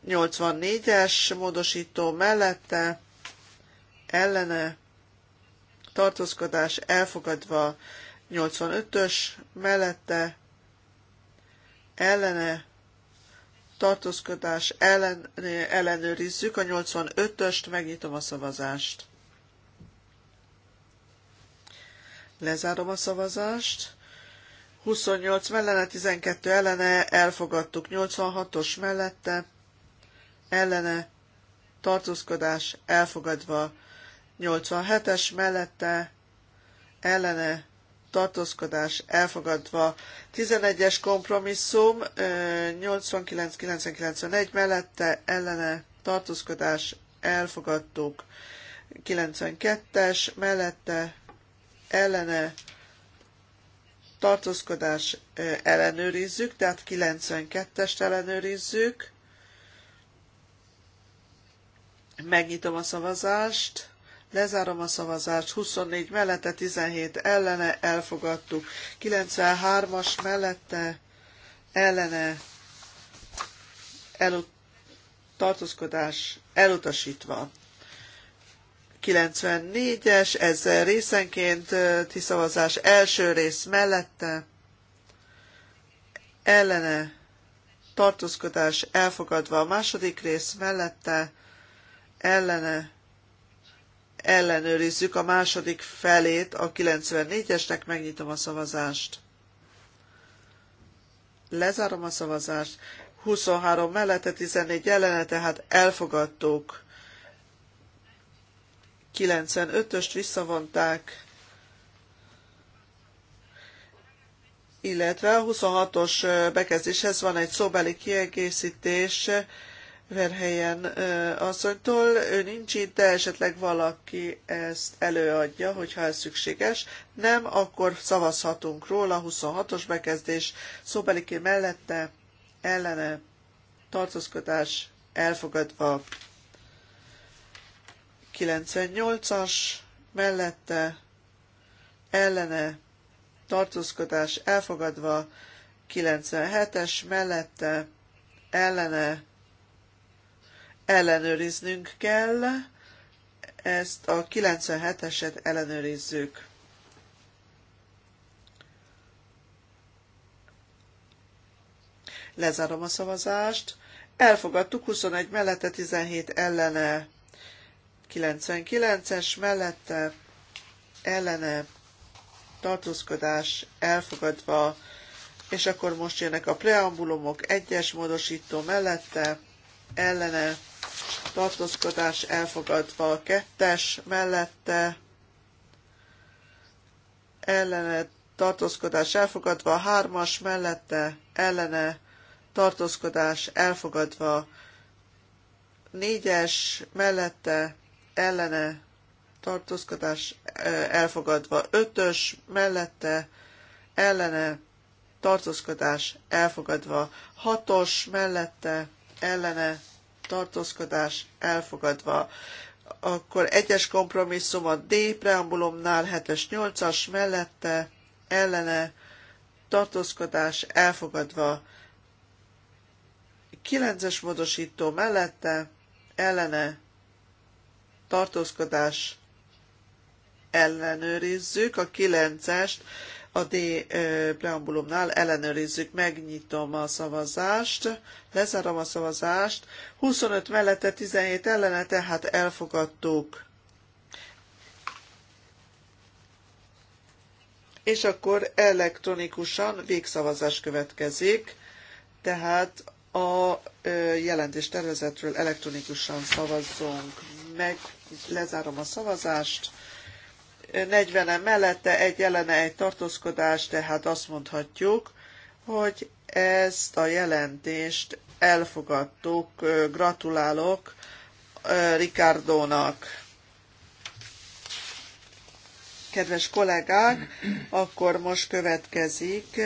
84-es módosító mellette ellene tartózkodás elfogadva 85-ös mellette ellene tartózkodás ellen, ellenőrizzük a 85-öst, megnyitom a szavazást. Lezárom a szavazást. 28 mellene, 12 ellene, elfogadtuk 86-os mellette, ellene, tartózkodás, elfogadva 87-es mellette, ellene, tartózkodás elfogadva. 11-es kompromisszum 89 91 mellette ellene tartózkodás elfogadtuk. 92-es mellette ellene tartózkodás ellenőrizzük, tehát 92-est ellenőrizzük. Megnyitom a szavazást. Lezárom a szavazást. 24 mellette, 17 ellene, elfogadtuk. 93-as mellette, ellene, elut- tartózkodás elutasítva. 94-es, ezzel részenként tiszavazás első rész mellette, ellene, tartózkodás elfogadva a második rész mellette, ellene, ellenőrizzük a második felét a 94-esnek, megnyitom a szavazást. Lezárom a szavazást. 23 mellette, 14 ellene, tehát elfogadtuk. 95-öst visszavonták, illetve a 26-os bekezdéshez van egy szóbeli kiegészítés, Verhelyen asszonytól. Ő nincs itt, de esetleg valaki ezt előadja, hogyha ez szükséges. Nem, akkor szavazhatunk róla. 26-os bekezdés szóbeliké mellette ellene tartózkodás elfogadva. 98-as mellette ellene tartózkodás elfogadva. 97-es mellette ellene ellenőriznünk kell, ezt a 97-eset ellenőrizzük. Lezárom a szavazást. Elfogadtuk 21 mellette, 17 ellene. 99-es mellette, ellene, tartózkodás elfogadva, és akkor most jönnek a preambulumok, egyes módosító mellette, ellene, tartózkodás elfogadva, kettes mellette ellene tartózkodás elfogadva, hármas mellette ellene tartózkodás elfogadva, négyes mellette ellene tartózkodás elfogadva, ötös mellette ellene tartózkodás elfogadva, hatos mellette ellene tartózkodás elfogadva. Akkor egyes kompromisszum a D preambulumnál 7-es 8-as mellette ellene tartózkodás elfogadva. 9-es módosító mellette ellene tartózkodás ellenőrizzük a 9-est, a D preambulumnál ellenőrizzük, megnyitom a szavazást, lezárom a szavazást, 25 mellette 17 ellene, tehát elfogadtuk. És akkor elektronikusan végszavazás következik, tehát a jelentés tervezetről elektronikusan szavazzunk. Meg lezárom a szavazást. 40-en mellette egy jelene egy tartózkodás, tehát azt mondhatjuk, hogy ezt a jelentést elfogadtuk. Gratulálok eh, Ricardónak. Kedves kollégák, akkor most következik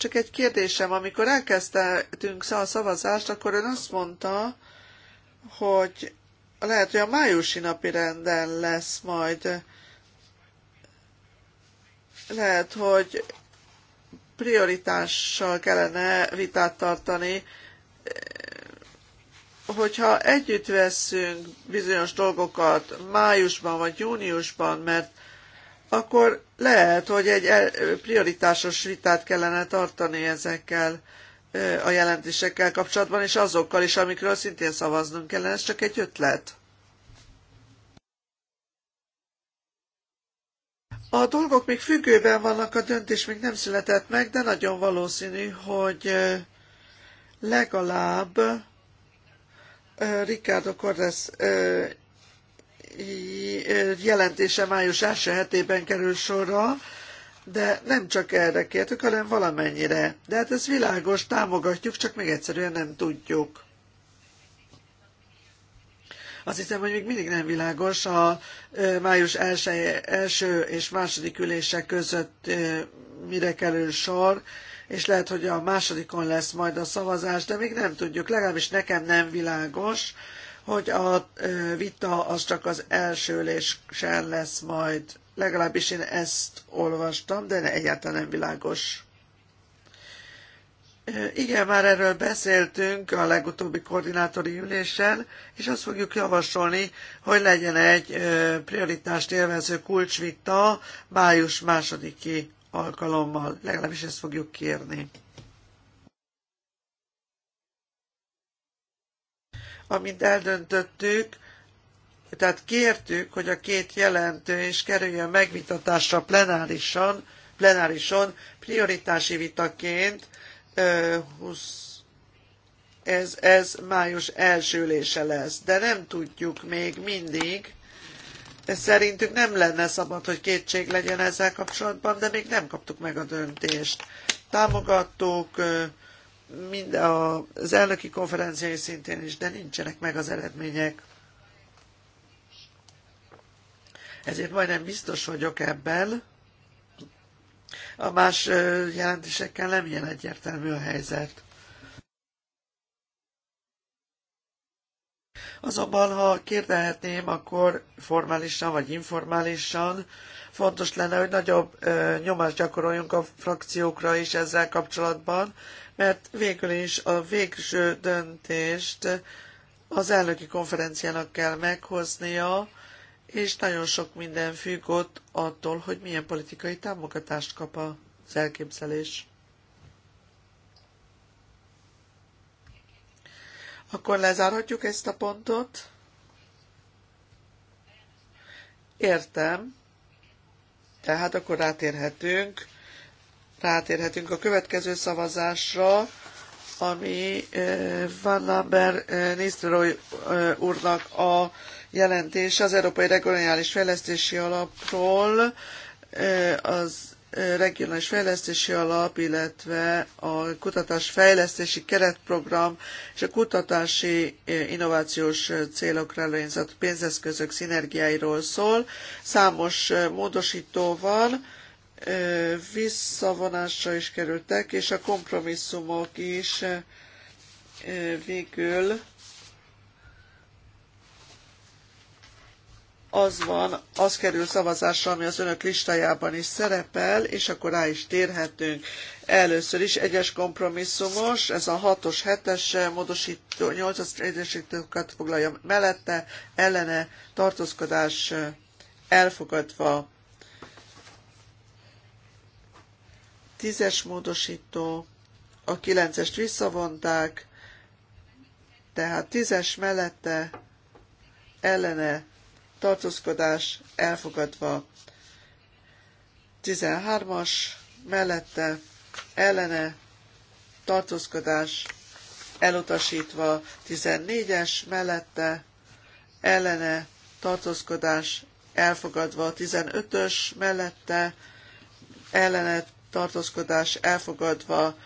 Csak egy kérdésem, amikor elkezdtünk a szavazást, akkor ön azt mondta, hogy lehet, hogy a májusi napi renden lesz majd. Lehet, hogy prioritással kellene vitát tartani, hogyha együtt veszünk bizonyos dolgokat májusban vagy júniusban, mert akkor lehet, hogy egy prioritásos vitát kellene tartani ezekkel a jelentésekkel kapcsolatban, és azokkal is, amikről szintén szavaznunk kellene. Ez csak egy ötlet. A dolgok még függőben vannak, a döntés még nem született meg, de nagyon valószínű, hogy legalább Ricardo Cordes jelentése május első hetében kerül sorra, de nem csak erre kértük, hanem valamennyire. De hát ez világos, támogatjuk, csak még egyszerűen nem tudjuk. Azt hiszem, hogy még mindig nem világos a május első, első és második ülése között mire kerül sor, és lehet, hogy a másodikon lesz majd a szavazás, de még nem tudjuk, legalábbis nekem nem világos, hogy a vita az csak az első ülésen lesz majd. Legalábbis én ezt olvastam, de ne, egyáltalán nem világos. Igen, már erről beszéltünk a legutóbbi koordinátori ülésen, és azt fogjuk javasolni, hogy legyen egy prioritást élvező kulcsvita május másodiki alkalommal. Legalábbis ezt fogjuk kérni. amint eldöntöttük, tehát kértük, hogy a két jelentős kerüljön megvitatásra plenárisan, plenárison, prioritási vitaként 20 ez, ez május első lesz, de nem tudjuk még mindig, szerintük nem lenne szabad, hogy kétség legyen ezzel kapcsolatban, de még nem kaptuk meg a döntést. Támogattuk, mind az elnöki konferenciai szintén is, de nincsenek meg az eredmények. Ezért majdnem biztos vagyok ebben. A más jelentésekkel nem ilyen egyértelmű a helyzet. Azonban, ha kérdehetném, akkor formálisan vagy informálisan fontos lenne, hogy nagyobb ö, nyomást gyakoroljunk a frakciókra is ezzel kapcsolatban, mert végül is a végső döntést az elnöki konferenciának kell meghoznia, és nagyon sok minden függ ott attól, hogy milyen politikai támogatást kap az elképzelés. Akkor lezárhatjuk ezt a pontot. Értem. Tehát akkor rátérhetünk rátérhetünk a következő szavazásra, ami eh, Van Lambert eh, Nisztelrooy eh, úrnak a jelentés az Európai Regionális Fejlesztési Alapról, az Regionális Fejlesztési Alap, illetve a Kutatás Fejlesztési Keretprogram és a Kutatási Innovációs Célokra előnyzett pénzeszközök szinergiáiról szól. Számos módosító van, visszavonásra is kerültek, és a kompromisszumok is végül az van, az kerül szavazásra, ami az önök listájában is szerepel, és akkor rá is térhetünk. Először is egyes kompromisszumos, ez a 6-os, 7-es módosító, 8-as egyesítőket foglalja mellette, ellene tartózkodás elfogadva. Tízes módosító, a kilencest visszavonták, tehát tízes mellette ellene tartózkodás elfogadva. 13-as mellette ellene tartózkodás elutasítva, 14-es mellette ellene tartózkodás elfogadva, 15-ös mellette ellene tartózkodás elfogadva,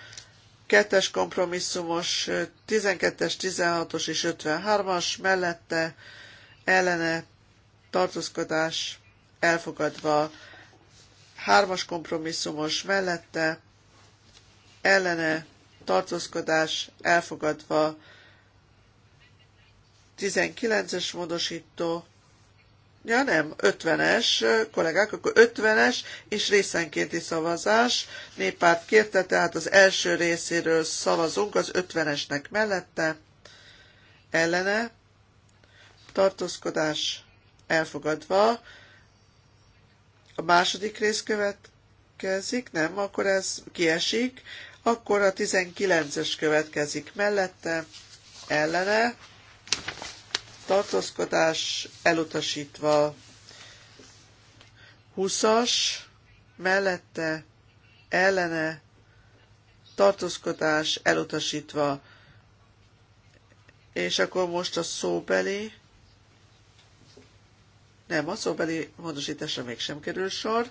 kettes kompromisszumos, 12-es, 16-os és 53-as mellette ellene tartózkodás elfogadva, hármas kompromisszumos mellette ellene tartózkodás elfogadva, 19-es módosító Ja nem, 50-es kollégák, akkor 50-es és részenkénti szavazás. Népárt kérte, tehát az első részéről szavazunk az 50-esnek mellette. Ellene. Tartózkodás elfogadva. A második rész következik, nem, akkor ez kiesik. Akkor a 19-es következik mellette. Ellene tartózkodás elutasítva. 20-as mellette ellene tartózkodás elutasítva. És akkor most a szóbeli, nem, a szóbeli módosításra mégsem kerül sor.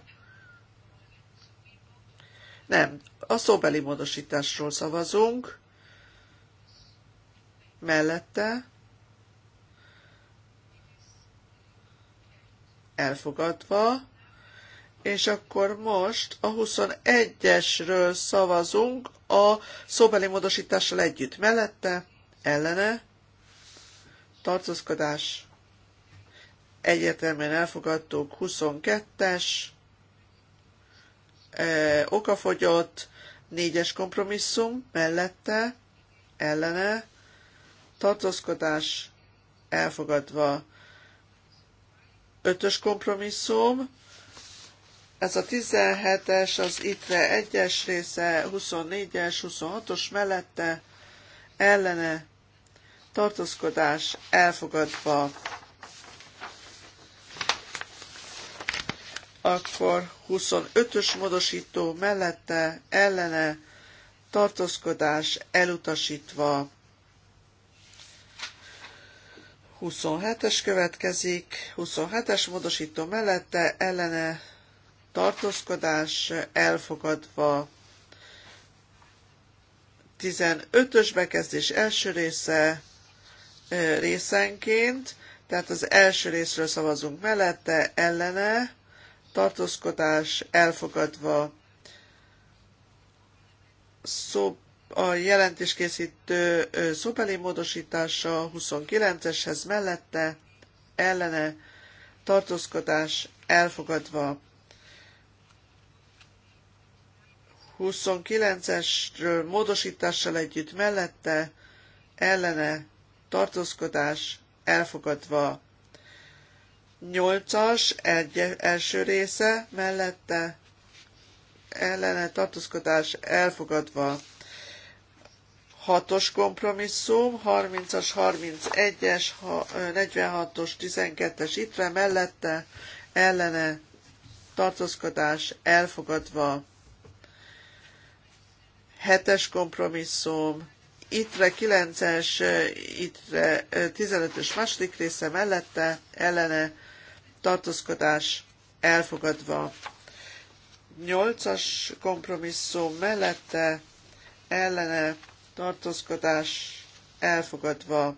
Nem, a szóbeli módosításról szavazunk, mellette, elfogadva, és akkor most a 21-esről szavazunk a szóbeli módosítással együtt. Mellette, ellene, tartózkodás, egyértelműen elfogadtuk 22-es, e, okafogyott, 4-es kompromisszum, mellette, ellene, tartózkodás, elfogadva Ötös kompromisszum, ez a 17-es, az ITRE 1-es része, 24-es, 26-os mellette, ellene, tartózkodás elfogadva. Akkor 25-ös módosító mellette, ellene, tartózkodás elutasítva. 27-es következik, 27-es módosító mellette ellene tartózkodás elfogadva. 15-ös bekezdés első része részenként, tehát az első részről szavazunk mellette, ellene, tartózkodás elfogadva, szó, a jelentéskészítő szóbeli módosítása 29-eshez mellette ellene tartózkodás elfogadva. 29-esről módosítással együtt mellette ellene tartózkodás elfogadva. 8-as egy, első része mellette ellene tartózkodás elfogadva. 6-os kompromisszum, 30-as, 31-es, 46-os, 12-es ittre mellette, ellene tartózkodás elfogadva. 7-es kompromisszum, ittre 9-es, ittre 15-ös második része mellette, ellene tartózkodás elfogadva. 8-as kompromisszum mellette, ellene tartózkodás elfogadva.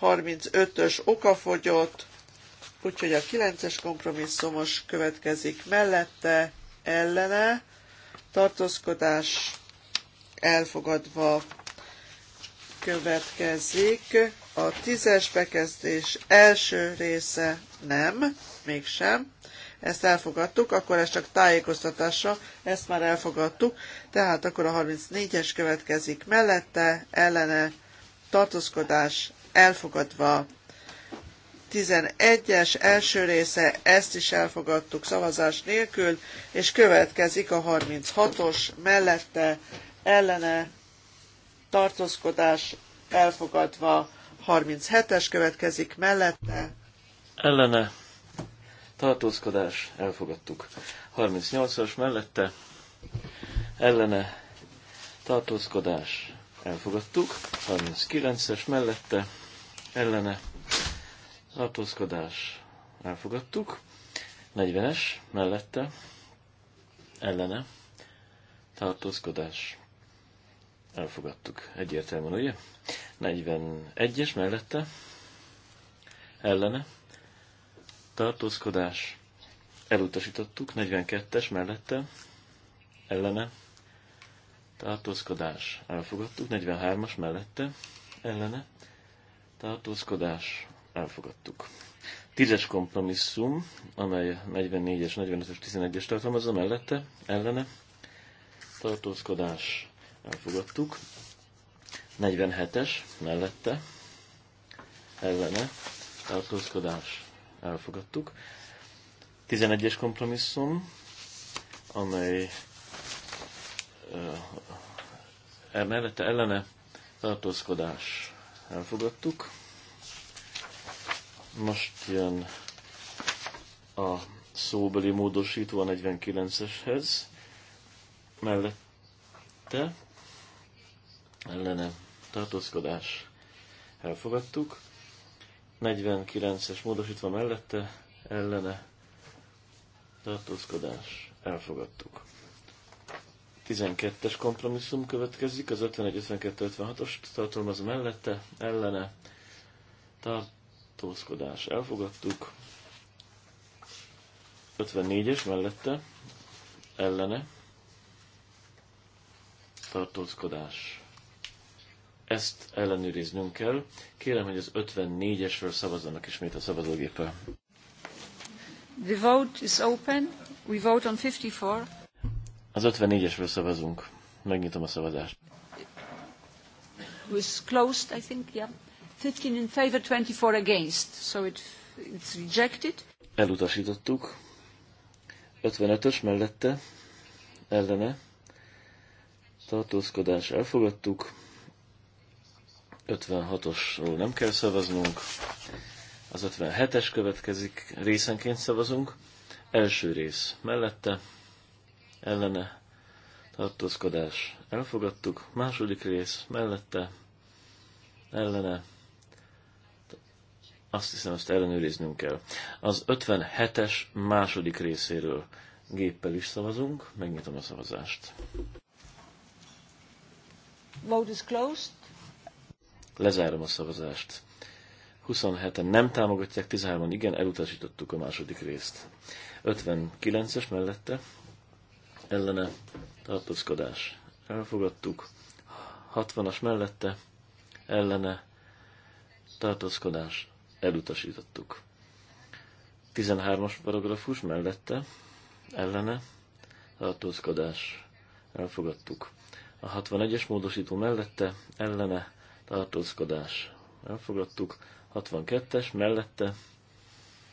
35-ös okafogyott, úgyhogy a 9-es kompromisszumos következik mellette, ellene, tartózkodás elfogadva következik. A 10-es bekezdés első része nem, mégsem ezt elfogadtuk, akkor ez csak tájékoztatásra, ezt már elfogadtuk, tehát akkor a 34-es következik mellette, ellene, tartózkodás, elfogadva. 11-es első része, ezt is elfogadtuk szavazás nélkül, és következik a 36-os mellette, ellene, tartózkodás, elfogadva. 37-es következik mellette. Ellene tartózkodás, elfogadtuk. 38-as mellette, ellene, tartózkodás, elfogadtuk. 39-es mellette, ellene, tartózkodás, elfogadtuk. 40-es mellette, ellene, tartózkodás, elfogadtuk. Egyértelműen, ugye? 41-es mellette, ellene, tartózkodás, elutasítottuk, 42-es mellette, ellene, tartózkodás, elfogadtuk, 43-as mellette, ellene, tartózkodás, elfogadtuk. Tízes kompromisszum, amely 44-es, 45 es 11-es tartalmazza mellette, ellene, tartózkodás, elfogadtuk. 47-es mellette, ellene, tartózkodás, elfogadtuk. 11-es kompromisszum, amely e, mellette ellene tartózkodás elfogadtuk. Most jön a szóbeli módosító a 49-eshez, mellette ellene tartózkodás elfogadtuk. 49-es módosítva mellette ellene tartózkodás elfogadtuk. 12-es kompromisszum következik, az 51-52-56-os tartalmaz mellette, ellene tartózkodás elfogadtuk. 54-es mellette, ellene tartózkodás ezt ellenőriznünk kell. Kérem, hogy az 54-esről szavazzanak ismét a szavazógéppel. The vote is open. We vote on 54. Az 54-esről szavazunk. Megnyitom a szavazást. It was closed, I think, yeah. 15 in favor, 24 against. So it, it's rejected. Elutasítottuk. 55-ös mellette, ellene, tartózkodás elfogadtuk. 56-osról nem kell szavaznunk, az 57-es következik, részenként szavazunk. Első rész mellette, ellene, tartózkodás, elfogadtuk. Második rész mellette, ellene, azt hiszem, ezt ellenőriznünk kell. Az 57-es második részéről géppel is szavazunk, megnyitom a szavazást. Vote is closed. Lezárom a szavazást. 27-en nem támogatják, 13-an igen, elutasítottuk a második részt. 59-es mellette ellene tartózkodás. Elfogadtuk. 60-as mellette ellene tartózkodás. Elutasítottuk. 13-as paragrafus mellette ellene tartózkodás. Elfogadtuk. A 61-es módosító mellette ellene tartózkodás. Elfogadtuk. 62-es mellette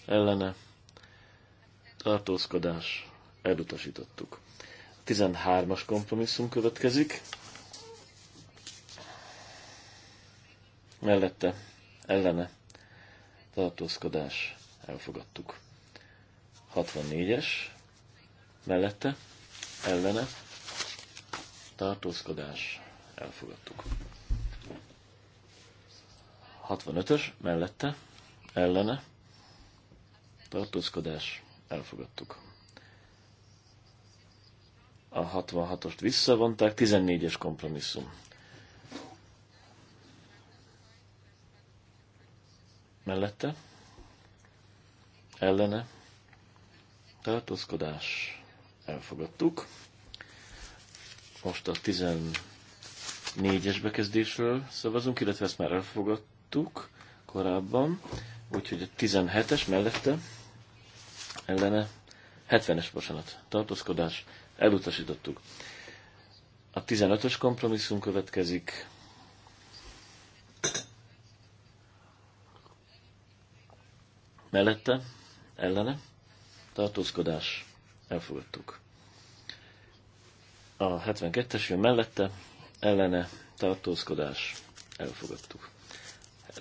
ellene tartózkodás. Elutasítottuk. 13-as kompromisszum következik. Mellette ellene tartózkodás. Elfogadtuk. 64-es mellette ellene tartózkodás. Elfogadtuk. 65-ös mellette, ellene, tartózkodás, elfogadtuk. A 66-ost visszavonták, 14-es kompromisszum. Mellette, ellene, tartózkodás, elfogadtuk. Most a 14-es bekezdésről szavazunk, illetve ezt már elfogadtuk láttuk korábban, úgyhogy a 17-es mellette ellene, 70-es, bocsánat, tartózkodás, elutasítottuk. A 15-ös kompromisszum következik. Mellette, ellene, tartózkodás, elfogadtuk. A 72-es jön mellette, ellene, tartózkodás, elfogadtuk.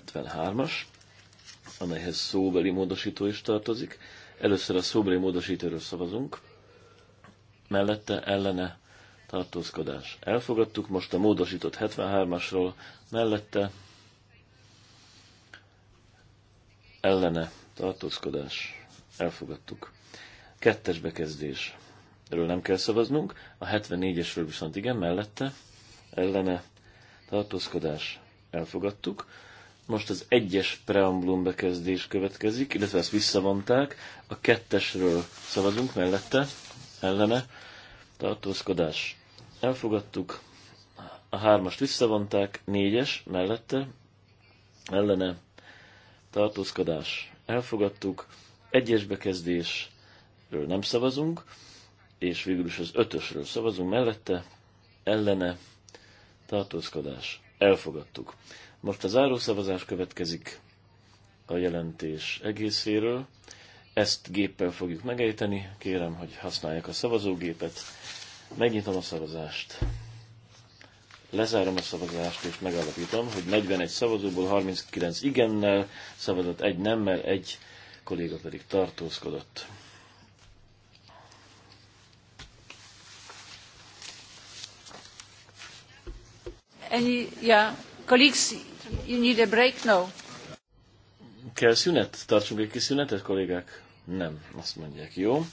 73-as, amelyhez szóbeli módosító is tartozik. Először a szóbeli módosítóról szavazunk, mellette ellene tartózkodás. Elfogadtuk most a módosított 73-asról, mellette ellene tartózkodás. Elfogadtuk. Kettes bekezdés. Erről nem kell szavaznunk. A 74-esről viszont igen, mellette ellene tartózkodás. Elfogadtuk. Most az egyes preambulum bekezdés következik, illetve ezt visszavonták. A kettesről szavazunk mellette, ellene, tartózkodás. Elfogadtuk, a hármast visszavonták, négyes mellette, ellene, tartózkodás. Elfogadtuk, egyes bekezdésről nem szavazunk, és végül is az ötösről szavazunk mellette, ellene, tartózkodás. Elfogadtuk. Most a zárószavazás következik a jelentés egészéről. Ezt géppel fogjuk megejteni. Kérem, hogy használják a szavazógépet. Megnyitom a szavazást. Lezárom a szavazást, és megalapítom, hogy 41 szavazóból 39 igennel szavazott, egy nemmel, egy kolléga pedig tartózkodott. Any, yeah, colleagues, Kell szünet? Tartsunk egy kis szünetet, kollégák? Nem, azt mondják, jó.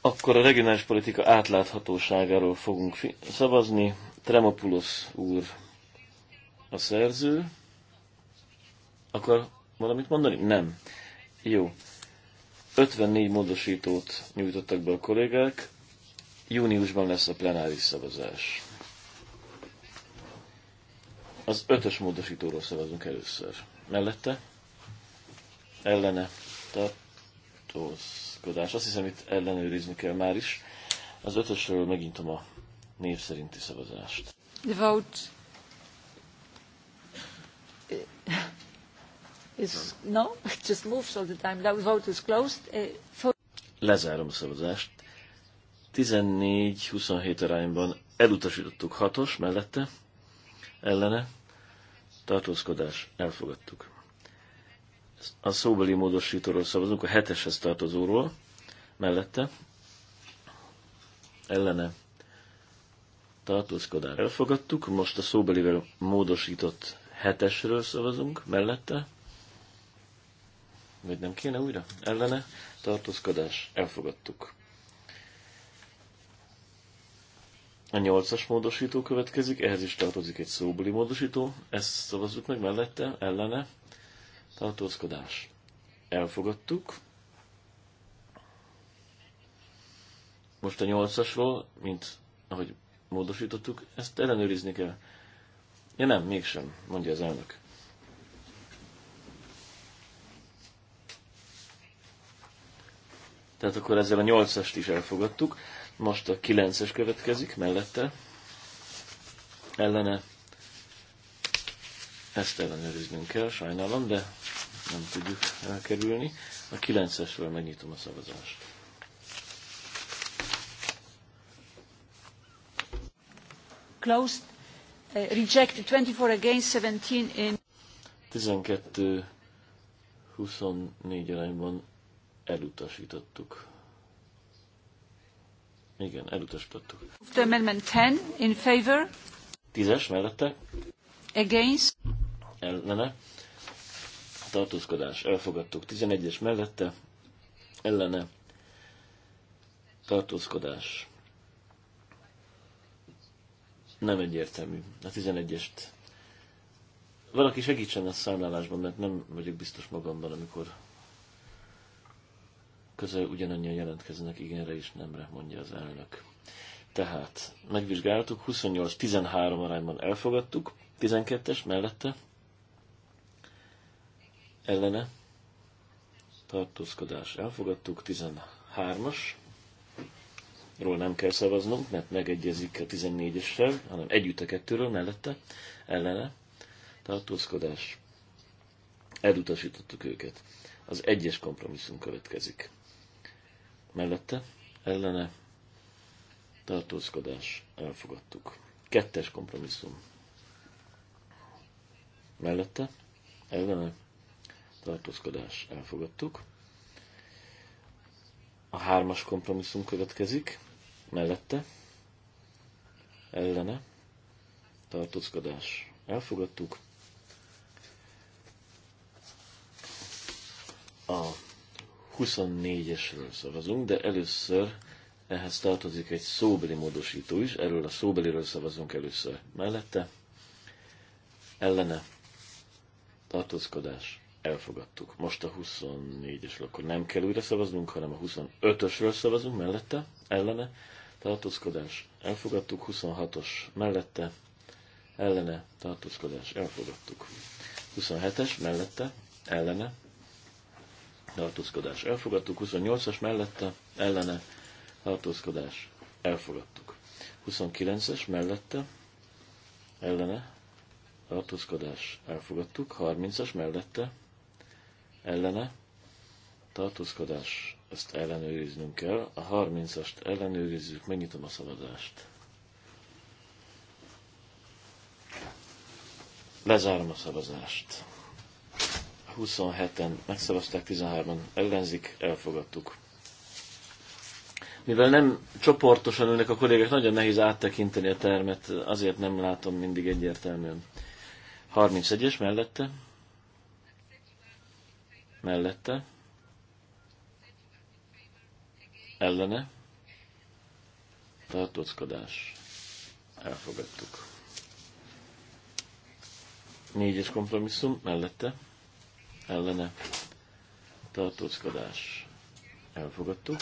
Akkor a regionális politika átláthatóságáról fogunk szavazni. Tremopulos úr a szerző. Akar valamit mondani? Nem. Jó. 54 módosítót nyújtottak be a kollégák. Júniusban lesz a plenáris szavazás. Az ötös módosítóról szavazunk először. Mellette ellene tartózkodás. Azt hiszem, itt ellenőrizni kell már is. Az ötösről megintom a név szerinti szavazást. The vote is no, it just moves all the time. The vote is closed. Uh, for... Lezárom a szavazást. 14-27 arányban elutasítottuk hatos mellette ellene tartózkodás elfogadtuk. A szóbeli módosítóról szavazunk, a heteshez tartozóról mellette ellene tartózkodás elfogadtuk, most a szóbelivel módosított hetesről szavazunk mellette, vagy nem kéne újra? Ellene tartózkodás elfogadtuk. A nyolcas módosító következik, ehhez is tartozik egy szóbuli módosító, ezt szavazzuk meg mellette, ellene, tartózkodás. Elfogadtuk. Most a nyolcasról, mint ahogy módosítottuk, ezt ellenőrizni kell. Ja nem, mégsem, mondja az elnök. Tehát akkor ezzel a nyolcast is elfogadtuk. Most a 9-es következik mellette. Ellene. Ezt ellenőriznünk kell, sajnálom, de nem tudjuk elkerülni. A 9-esről megnyitom a szavazást. Closed. Uh, rejected 24 against 17 in... 12-24 arányban elutasítottuk. Igen, elutasítottuk. After Amendment 10 in favor. Tízes mellette. Against. Ellene. Tartózkodás. Elfogadtuk. 11-es mellette. Ellene. Tartózkodás. Nem egyértelmű. A 11-est. Valaki segítsen a számlálásban, mert nem vagyok biztos magamban, amikor közel ugyanannyian jelentkeznek igenre és nemre, mondja az elnök. Tehát megvizsgáltuk, 28-13 arányban elfogadtuk, 12-es mellette, ellene, tartózkodás elfogadtuk, 13-as, ról nem kell szavaznunk, mert megegyezik a 14 essel hanem együtt a kettőről mellette, ellene, tartózkodás, elutasítottuk őket. Az egyes kompromisszum következik mellette ellene tartózkodás elfogadtuk. Kettes kompromisszum mellette ellene tartózkodás elfogadtuk. A hármas kompromisszum következik mellette ellene tartózkodás elfogadtuk. 24-esről szavazunk, de először ehhez tartozik egy szóbeli módosító is, erről a szóbeliről szavazunk először. Mellette ellene tartózkodás elfogadtuk. Most a 24-esről akkor nem kell újra szavaznunk, hanem a 25-ösről szavazunk mellette, ellene tartózkodás elfogadtuk, 26-os mellette ellene tartózkodás elfogadtuk. 27-es mellette ellene tartózkodás elfogadtuk, 28-as mellette ellene tartózkodás elfogadtuk. 29-es mellette ellene tartózkodás elfogadtuk, 30-as mellette ellene tartózkodás, ezt ellenőriznünk kell. A 30-ast ellenőrizzük, megnyitom a szavazást. Lezárom a szavazást. 27-en megszavazták, 13-an ellenzik, elfogadtuk. Mivel nem csoportosan ülnek a kollégák, nagyon nehéz áttekinteni a termet, azért nem látom mindig egyértelműen. 31-es mellette. Mellette. Ellene. Tartózkodás. Elfogadtuk. Négyes kompromisszum mellette ellene tartózkodás elfogadtuk.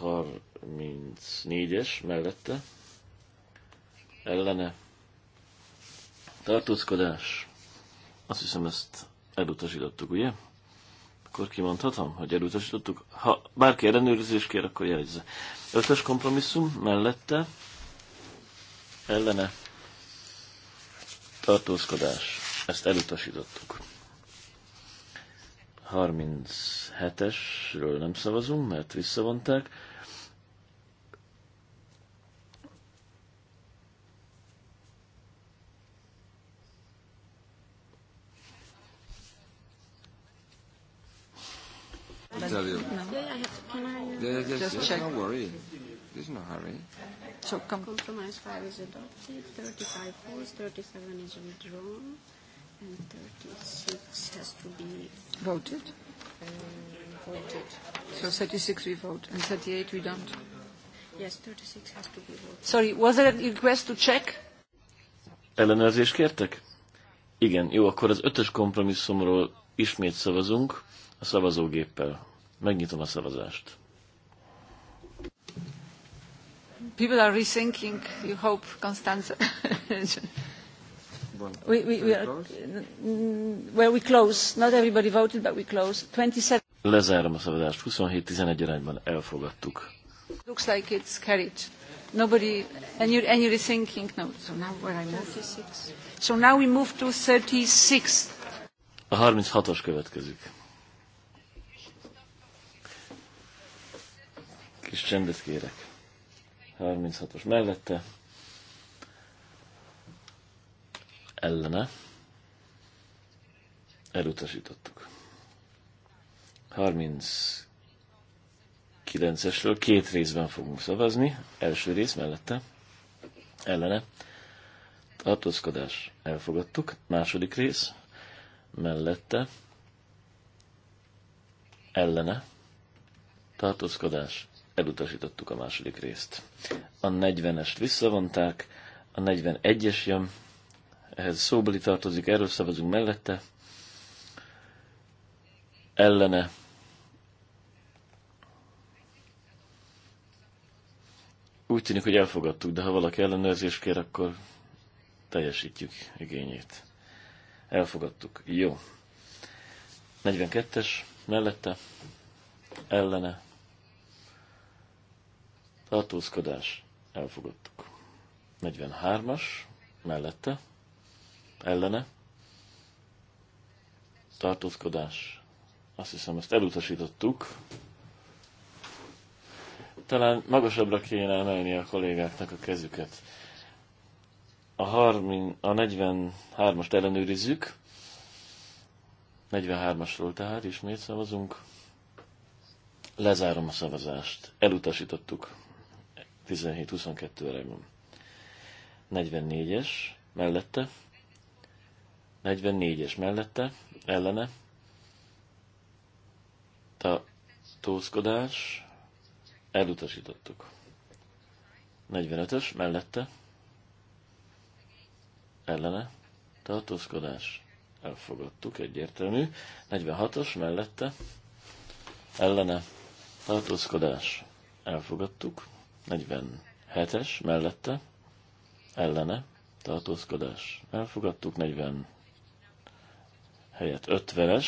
34-es mellette ellene tartózkodás. Azt hiszem ezt elutasítottuk, ugye? Akkor kimondhatom, hogy elutasítottuk. Ha bárki ellenőrzést kér, akkor jelzze, Ötös kompromisszum mellette ellene tartózkodás. Ezt elutasítottuk. 37-esről nem szavazunk, mert visszavonták. There's no hurry. So compromise 5 is adopted, 35 falls, 37 is withdrawn, And 36 has to be voted. Um, voted. Yes. So 36 we vote, and 38 we don't. Yes, 36 has to be voted. Sorry, was there a request to check? Ellenőrzést kértek? Igen, jó, akkor az ötös kompromisszumról ismét szavazunk a szavazógéppel. Megnyitom a szavazást. People are rethinking, you hope, Constanze. Mm, well, we close. Not everybody voted, but we close. 27. Lezárom a szavazást. 27-11 arányban elfogadtuk. Looks like it's carried. Nobody, any, any rethinking? no, so now where I move. 36. So now we move to 36. A 36-os következik. Kis csendet kérek. 36-os mellette. ellene elutasítottuk. 39-esről két részben fogunk szavazni. Első rész mellette ellene tartózkodás elfogadtuk. Második rész mellette ellene tartózkodás elutasítottuk a második részt. A 40-est visszavonták, a 41-es jön ehhez szóbeli tartozik, erről szavazunk mellette, ellene. Úgy tűnik, hogy elfogadtuk, de ha valaki ellenőrzést kér, akkor teljesítjük igényét. Elfogadtuk. Jó. 42-es mellette, ellene, tartózkodás, elfogadtuk. 43-as mellette, ellene, tartózkodás, azt hiszem ezt elutasítottuk. Talán magasabbra kéne emelni a kollégáknak a kezüket. A, 30, a 43-ast ellenőrizzük. 43-asról tehát ismét szavazunk. Lezárom a szavazást. Elutasítottuk. 17-22 arányban. 44-es mellette 44-es mellette, ellene, tózkodás elutasítottuk. 45-ös mellette, ellene, tartózkodás, elfogadtuk, egyértelmű. 46-os mellette, ellene, tartózkodás, elfogadtuk. 47-es mellette, ellene, tartózkodás, elfogadtuk helyett 50-es,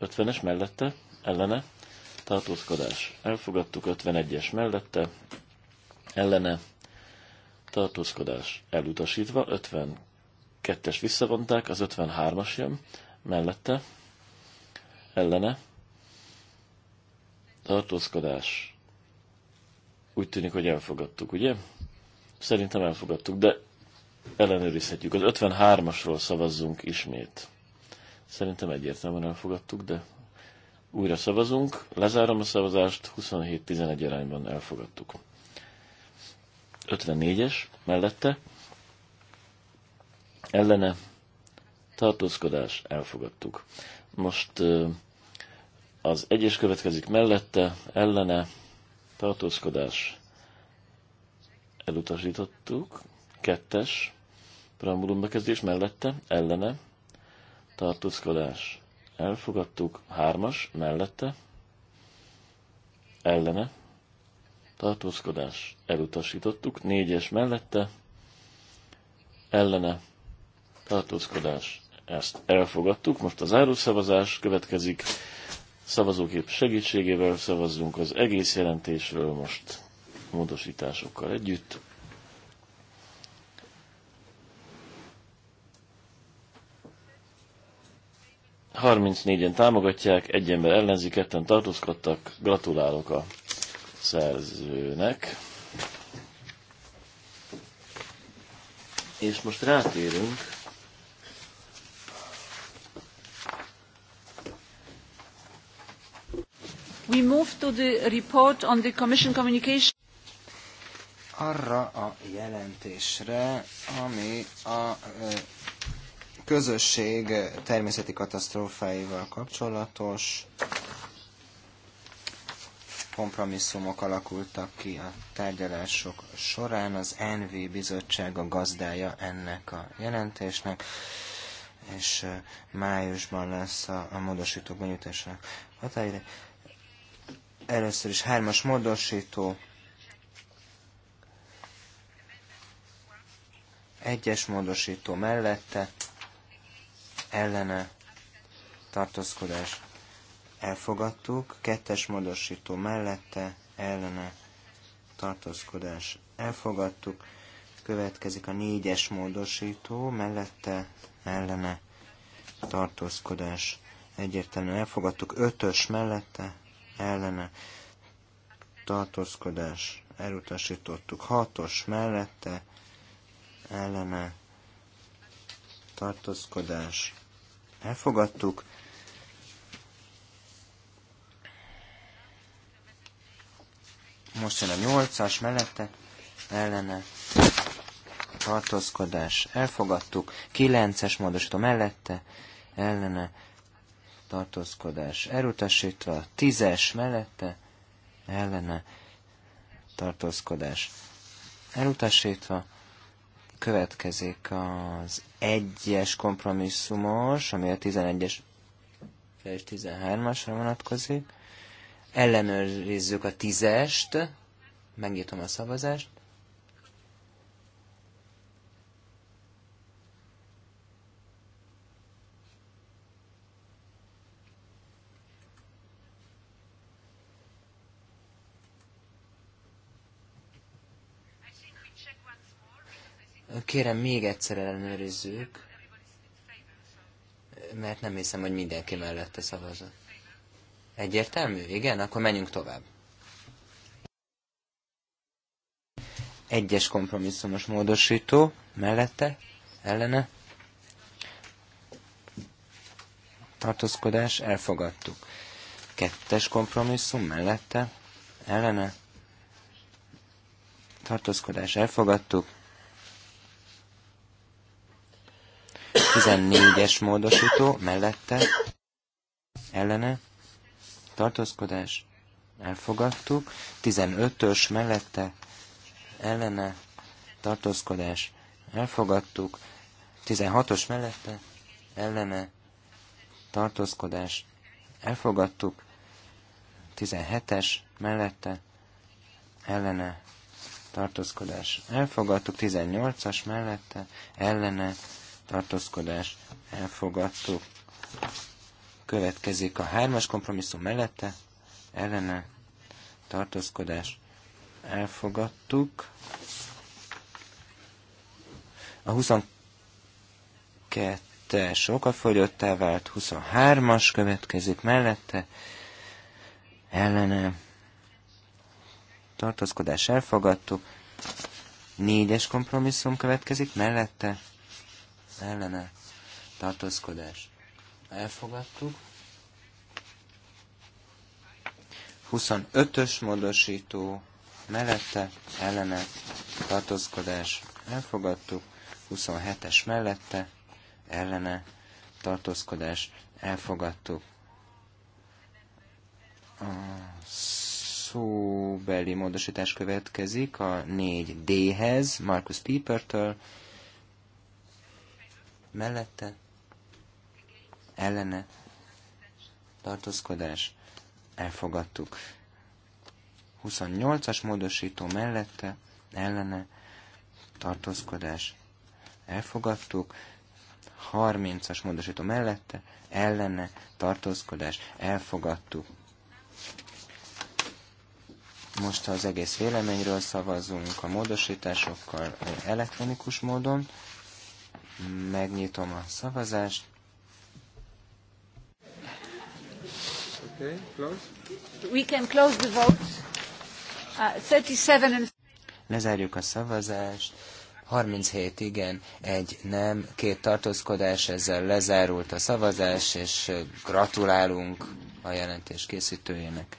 50-es mellette, ellene, tartózkodás. Elfogadtuk 51-es mellette, ellene, tartózkodás elutasítva, 52-es visszavonták, az 53-as jön, mellette, ellene, tartózkodás. Úgy tűnik, hogy elfogadtuk, ugye? Szerintem elfogadtuk, de ellenőrizhetjük. Az 53-asról szavazzunk ismét. Szerintem egyértelműen elfogadtuk, de újra szavazunk. Lezárom a szavazást, 27-11 arányban elfogadtuk. 54-es mellette ellene tartózkodás elfogadtuk. Most az egyes következik mellette, ellene tartózkodás elutasítottuk, kettes preambulum bekezdés mellette, ellene tartózkodás elfogadtuk, hármas mellette, ellene, tartózkodás elutasítottuk, négyes mellette, ellene, tartózkodás ezt elfogadtuk. Most a zárószavazás következik, szavazókép segítségével szavazzunk az egész jelentésről most módosításokkal együtt. 34-en támogatják, egy ember ellenzi, ketten tartózkodtak. Gratulálok a szerzőnek. És most rátérünk We move to the report on the Commission communication. Arra a jelentésre, ami a közösség természeti katasztrófáival kapcsolatos kompromisszumok alakultak ki a tárgyalások során. Az NV bizottság a gazdája ennek a jelentésnek, és májusban lesz a, a módosítók benyújtásának határidő. Először is hármas módosító, egyes módosító mellette, ellene tartózkodás elfogadtuk, kettes módosító mellette ellene tartózkodás elfogadtuk, következik a négyes módosító, mellette ellene tartózkodás egyértelműen elfogadtuk, ötös mellette ellene tartózkodás elutasítottuk, hatos mellette ellene tartózkodás elfogadtuk. Most jön a nyolcas mellette, ellene tartózkodás, elfogadtuk. Kilences módosító mellette, ellene tartózkodás, elutasítva. Tízes mellette, ellene tartózkodás, elutasítva. Következik az egyes kompromisszumos, ami a 11-es és 13-asra vonatkozik. Ellenőrizzük a tízest, megnyitom a szavazást. Kérem, még egyszer ellenőrizzük, mert nem hiszem, hogy mindenki mellette szavazott. Egyértelmű? Igen? Akkor menjünk tovább. Egyes kompromisszumos módosító, mellette, ellene, tartózkodás, elfogadtuk. Kettes kompromisszum, mellette, ellene, tartózkodás, elfogadtuk 14-es módosító mellette ellene tartózkodás elfogadtuk, 15-ös mellette ellene tartózkodás elfogadtuk, 16-os mellette ellene tartózkodás elfogadtuk, 17-es mellette ellene tartózkodás elfogadtuk, 18-as mellette ellene tartózkodás elfogadtó. Következik a hármas kompromisszum mellette, ellene tartózkodás elfogadtuk. A 22-es okafogyottá vált, 23-as következik mellette, ellene tartózkodás elfogadtuk, négyes kompromisszum következik mellette, ellene tartózkodás elfogadtuk. 25-ös módosító mellette ellene tartózkodás elfogadtuk, 27-es mellette ellene tartózkodás elfogadtuk. A szóbeli módosítás következik a 4D-hez, Marcus től mellette, ellene, tartózkodás, elfogadtuk. 28-as módosító mellette, ellene, tartózkodás, elfogadtuk. 30-as módosító mellette, ellene, tartózkodás, elfogadtuk. Most az egész véleményről szavazunk a módosításokkal elektronikus módon. Megnyitom a szavazást. Okay, close. We can close the vote. Uh, 37 and... Lezárjuk a szavazást. 37 igen, egy nem, két tartózkodás, ezzel lezárult a szavazás, és gratulálunk a jelentés készítőjének.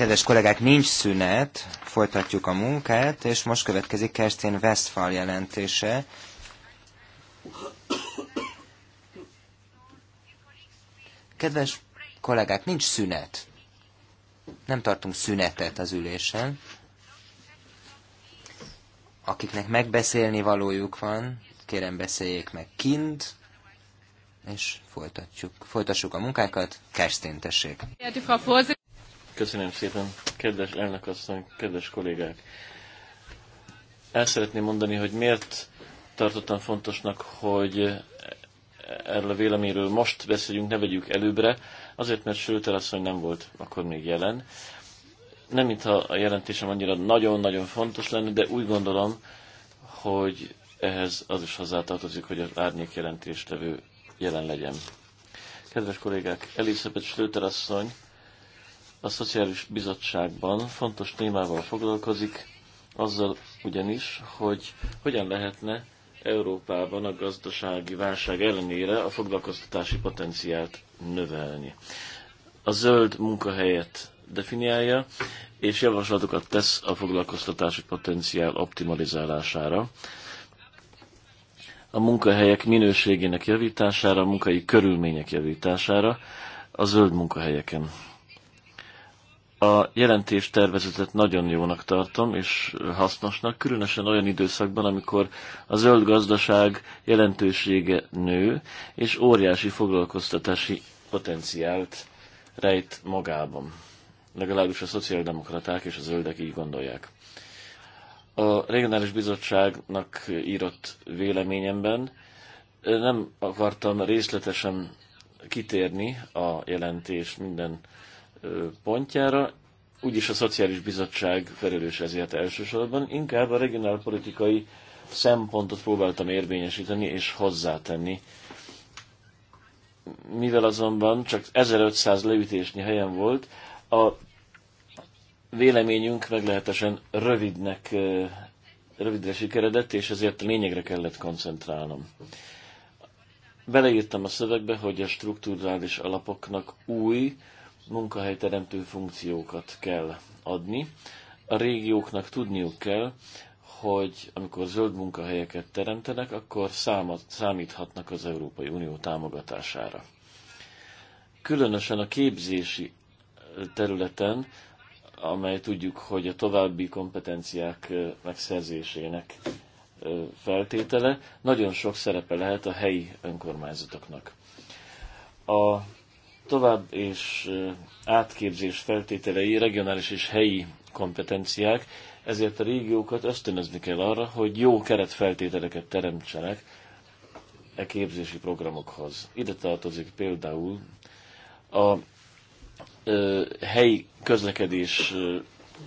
Kedves kollégák, nincs szünet, folytatjuk a munkát, és most következik Kerstin Westphal jelentése. Kedves kollégák, nincs szünet. Nem tartunk szünetet az ülésen. Akiknek megbeszélni valójuk van, kérem beszéljék meg kint, és folytatjuk. Folytassuk a munkákat. Kerstin, tessék! Köszönöm szépen, kedves elnökasszony, kedves kollégák. El szeretném mondani, hogy miért tartottam fontosnak, hogy erről a véleményről most beszéljünk, ne vegyük előbbre, azért, mert Sőter asszony nem volt akkor még jelen. Nem, mintha a jelentésem annyira nagyon-nagyon fontos lenne, de úgy gondolom, hogy ehhez az is hozzátartozik, hogy az árnyék jelentéstevő jelen legyen. Kedves kollégák, Elisabeth Schlöter asszony a Szociális Bizottságban fontos témával foglalkozik, azzal ugyanis, hogy hogyan lehetne Európában a gazdasági válság ellenére a foglalkoztatási potenciált növelni. A zöld munkahelyet definiálja, és javaslatokat tesz a foglalkoztatási potenciál optimalizálására, a munkahelyek minőségének javítására, a munkai körülmények javítására, a zöld munkahelyeken a jelentés tervezetet nagyon jónak tartom és hasznosnak, különösen olyan időszakban, amikor a zöld gazdaság jelentősége nő, és óriási foglalkoztatási potenciált rejt magában. Legalábbis a szociáldemokraták és a zöldek így gondolják. A regionális bizottságnak írott véleményemben nem akartam részletesen kitérni a jelentés minden pontjára, úgyis a Szociális Bizottság felelős ezért elsősorban, inkább a regionálpolitikai szempontot próbáltam érvényesíteni és hozzátenni. Mivel azonban csak 1500 leütésnyi helyen volt, a véleményünk meglehetősen rövidnek, rövidre sikeredett, és ezért a lényegre kellett koncentrálnom. Beleírtam a szövegbe, hogy a struktúrális alapoknak új, munkahelyteremtő funkciókat kell adni. A régióknak tudniuk kell, hogy amikor zöld munkahelyeket teremtenek, akkor számat, számíthatnak az Európai Unió támogatására. Különösen a képzési területen, amely tudjuk, hogy a további kompetenciák megszerzésének feltétele, nagyon sok szerepe lehet a helyi önkormányzatoknak. A tovább és átképzés feltételei regionális és helyi kompetenciák, ezért a régiókat ösztönözni kell arra, hogy jó keretfeltételeket teremtsenek e képzési programokhoz. Ide tartozik például a ö, helyi közlekedés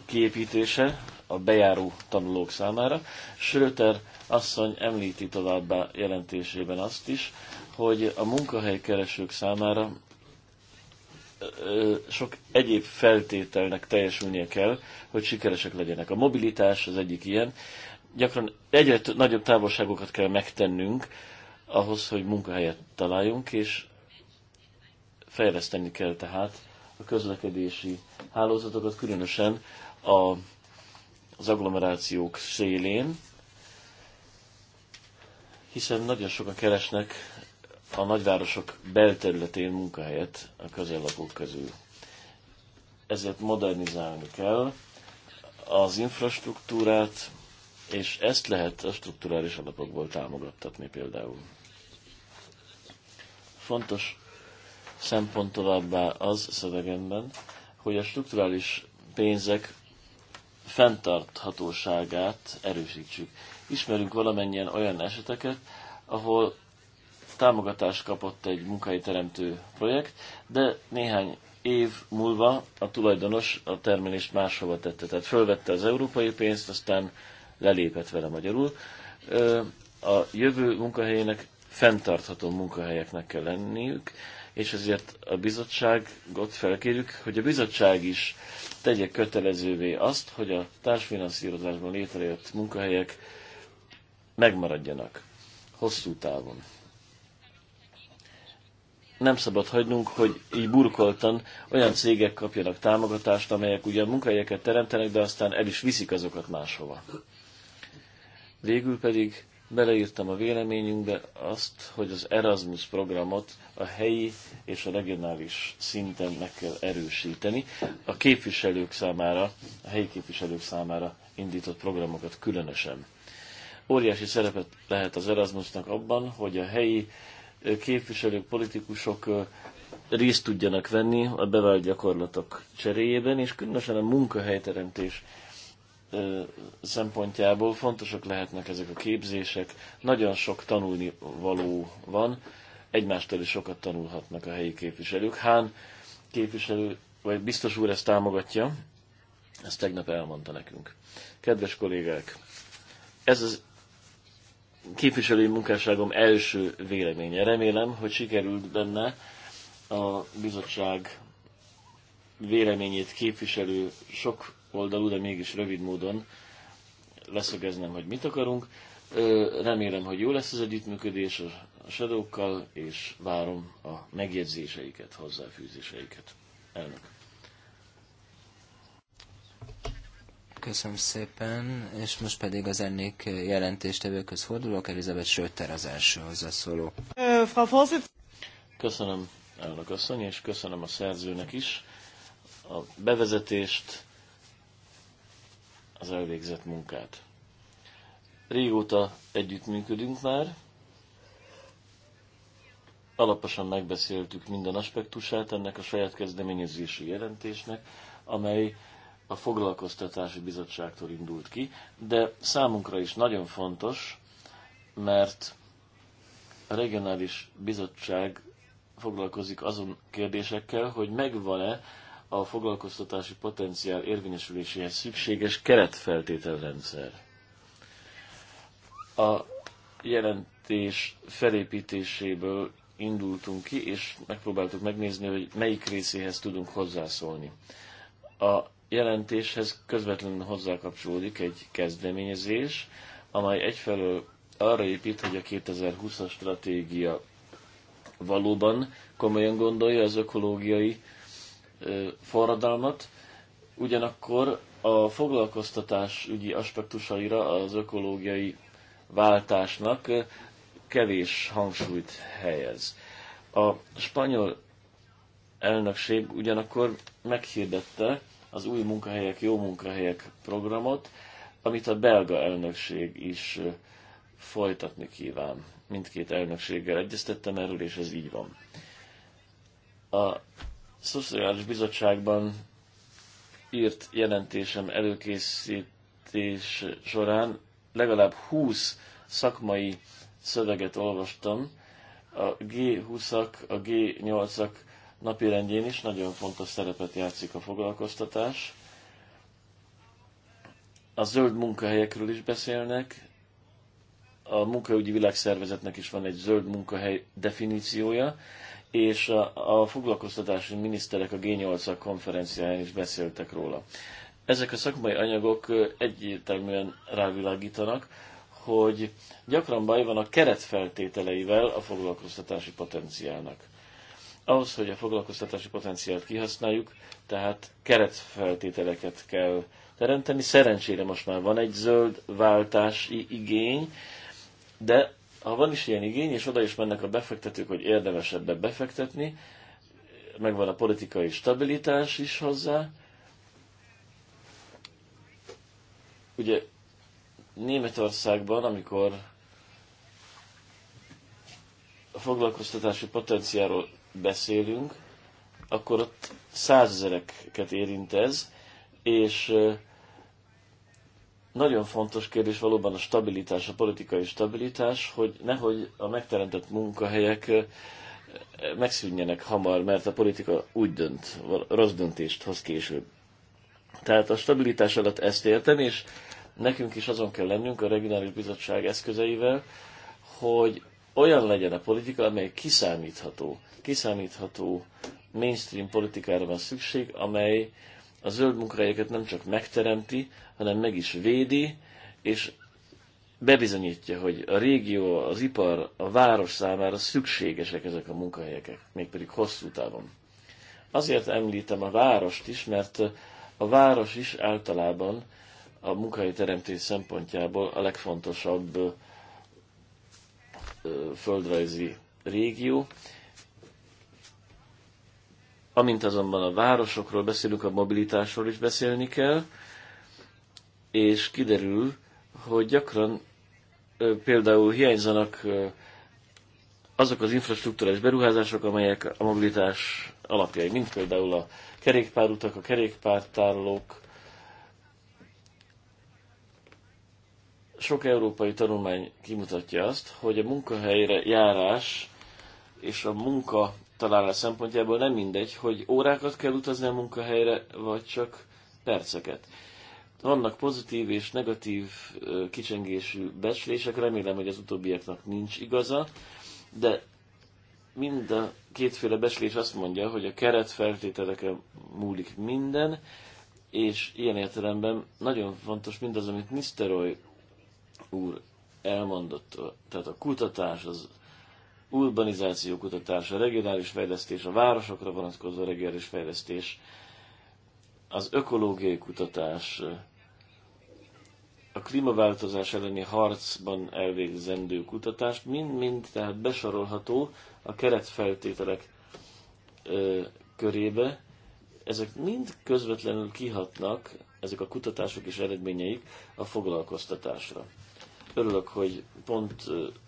kiépítése a bejáró tanulók számára. Schröter asszony említi továbbá jelentésében azt is, hogy a munkahelykeresők számára sok egyéb feltételnek teljesülnie kell, hogy sikeresek legyenek. A mobilitás az egyik ilyen. Gyakran egyre nagyobb távolságokat kell megtennünk ahhoz, hogy munkahelyet találjunk, és fejleszteni kell tehát a közlekedési hálózatokat, különösen a, az agglomerációk szélén, hiszen nagyon sokan keresnek a nagyvárosok belterületén munkahelyet a közellakók közül. Ezért modernizálni kell az infrastruktúrát, és ezt lehet a strukturális alapokból támogattatni például. Fontos szempont továbbá az szövegemben, hogy a strukturális pénzek fenntarthatóságát erősítsük. Ismerünk valamennyien olyan eseteket, ahol támogatást kapott egy munkahelyteremtő projekt, de néhány év múlva a tulajdonos a termelést máshova tette. Tehát fölvette az európai pénzt, aztán lelépett vele magyarul. A jövő munkahelyének fenntartható munkahelyeknek kell lenniük, és ezért a bizottságot felkérjük, hogy a bizottság is tegye kötelezővé azt, hogy a társfinanszírozásban létrejött munkahelyek megmaradjanak hosszú távon nem szabad hagynunk, hogy így burkoltan olyan cégek kapjanak támogatást, amelyek ugyan munkahelyeket teremtenek, de aztán el is viszik azokat máshova. Végül pedig beleírtam a véleményünkbe azt, hogy az Erasmus programot a helyi és a regionális szinten meg kell erősíteni. A képviselők számára, a helyi képviselők számára indított programokat különösen. Óriási szerepet lehet az Erasmusnak abban, hogy a helyi képviselők, politikusok részt tudjanak venni a bevált gyakorlatok cseréjében, és különösen a munkahelyteremtés szempontjából fontosak lehetnek ezek a képzések. Nagyon sok tanulni való van, egymástól is sokat tanulhatnak a helyi képviselők. Hán képviselő, vagy biztos úr ezt támogatja, ezt tegnap elmondta nekünk. Kedves kollégák, ez az képviselői munkásságom első véleménye. Remélem, hogy sikerült benne a bizottság véleményét képviselő sok oldalú, de mégis rövid módon leszögeznem, hogy mit akarunk. Remélem, hogy jó lesz az együttműködés a shadow és várom a megjegyzéseiket, hozzáfűzéseiket. Elnök. Köszönöm szépen, és most pedig az ennék jelentéstevőköz fordulok, Elizabeth Söter az első hozzászóló. Köszönöm, elnök asszony, és köszönöm a szerzőnek is a bevezetést, az elvégzett munkát. Régóta együttműködünk már, alaposan megbeszéltük minden aspektusát ennek a saját kezdeményezési jelentésnek, amely a Foglalkoztatási Bizottságtól indult ki, de számunkra is nagyon fontos, mert a regionális bizottság foglalkozik azon kérdésekkel, hogy megvan-e a foglalkoztatási potenciál érvényesüléséhez szükséges keretfeltételrendszer. A jelentés felépítéséből indultunk ki, és megpróbáltuk megnézni, hogy melyik részéhez tudunk hozzászólni. A jelentéshez közvetlenül hozzákapcsolódik egy kezdeményezés, amely egyfelől arra épít, hogy a 2020-as stratégia valóban komolyan gondolja az ökológiai forradalmat, ugyanakkor a foglalkoztatás ügyi aspektusaira az ökológiai váltásnak kevés hangsúlyt helyez. A spanyol elnökség ugyanakkor meghirdette, az új munkahelyek, jó munkahelyek programot, amit a belga elnökség is folytatni kíván. Mindkét elnökséggel egyeztettem erről, és ez így van. A Szociális Bizottságban írt jelentésem előkészítés során legalább 20 szakmai szöveget olvastam, a G20-ak, a G8-ak Napi rendjén is nagyon fontos szerepet játszik a foglalkoztatás. A zöld munkahelyekről is beszélnek. A munkaügyi világszervezetnek is van egy zöld munkahely definíciója, és a, a foglalkoztatási miniszterek a G8-ak konferenciáján is beszéltek róla. Ezek a szakmai anyagok egyértelműen rávilágítanak, hogy gyakran baj van a keretfeltételeivel a foglalkoztatási potenciálnak ahhoz, hogy a foglalkoztatási potenciált kihasználjuk, tehát keretfeltételeket kell teremteni. Szerencsére most már van egy zöld váltási igény, de ha van is ilyen igény, és oda is mennek a befektetők, hogy érdemes ebbe befektetni, megvan a politikai stabilitás is hozzá. Ugye Németországban, amikor a foglalkoztatási potenciáról beszélünk, akkor ott százezereket érint ez, és nagyon fontos kérdés valóban a stabilitás, a politikai stabilitás, hogy nehogy a megteremtett munkahelyek megszűnjenek hamar, mert a politika úgy dönt, rossz döntést hoz később. Tehát a stabilitás alatt ezt értem, és nekünk is azon kell lennünk a regionális bizottság eszközeivel, hogy olyan legyen a politika, amely kiszámítható. Kiszámítható mainstream politikára van szükség, amely a zöld munkahelyeket nem csak megteremti, hanem meg is védi, és bebizonyítja, hogy a régió, az ipar, a város számára szükségesek ezek a munkahelyek, mégpedig hosszú távon. Azért említem a várost is, mert a város is általában a munkahelyteremtés szempontjából a legfontosabb földrajzi régió. Amint azonban a városokról beszélünk, a mobilitásról is beszélni kell, és kiderül, hogy gyakran például hiányzanak azok az infrastruktúrás beruházások, amelyek a mobilitás alapjai, mint például a kerékpárutak, a kerékpártárlók, Sok európai tanulmány kimutatja azt, hogy a munkahelyre járás és a munka találás szempontjából nem mindegy, hogy órákat kell utazni a munkahelyre, vagy csak perceket. Vannak pozitív és negatív kicsengésű becslések, remélem, hogy az utóbbiaknak nincs igaza, de mind a kétféle becslés azt mondja, hogy a keret feltételeken múlik minden, és ilyen értelemben nagyon fontos mindaz, amit Roy úr elmondott, tehát a kutatás, az urbanizáció kutatás, a regionális fejlesztés, a városokra vonatkozó regionális fejlesztés, az ökológiai kutatás, a klímaváltozás elleni harcban elvégzendő kutatás mind-mind tehát besorolható a keretfeltételek ö, körébe. Ezek mind közvetlenül kihatnak, ezek a kutatások és eredményeik a foglalkoztatásra. Örülök, hogy pont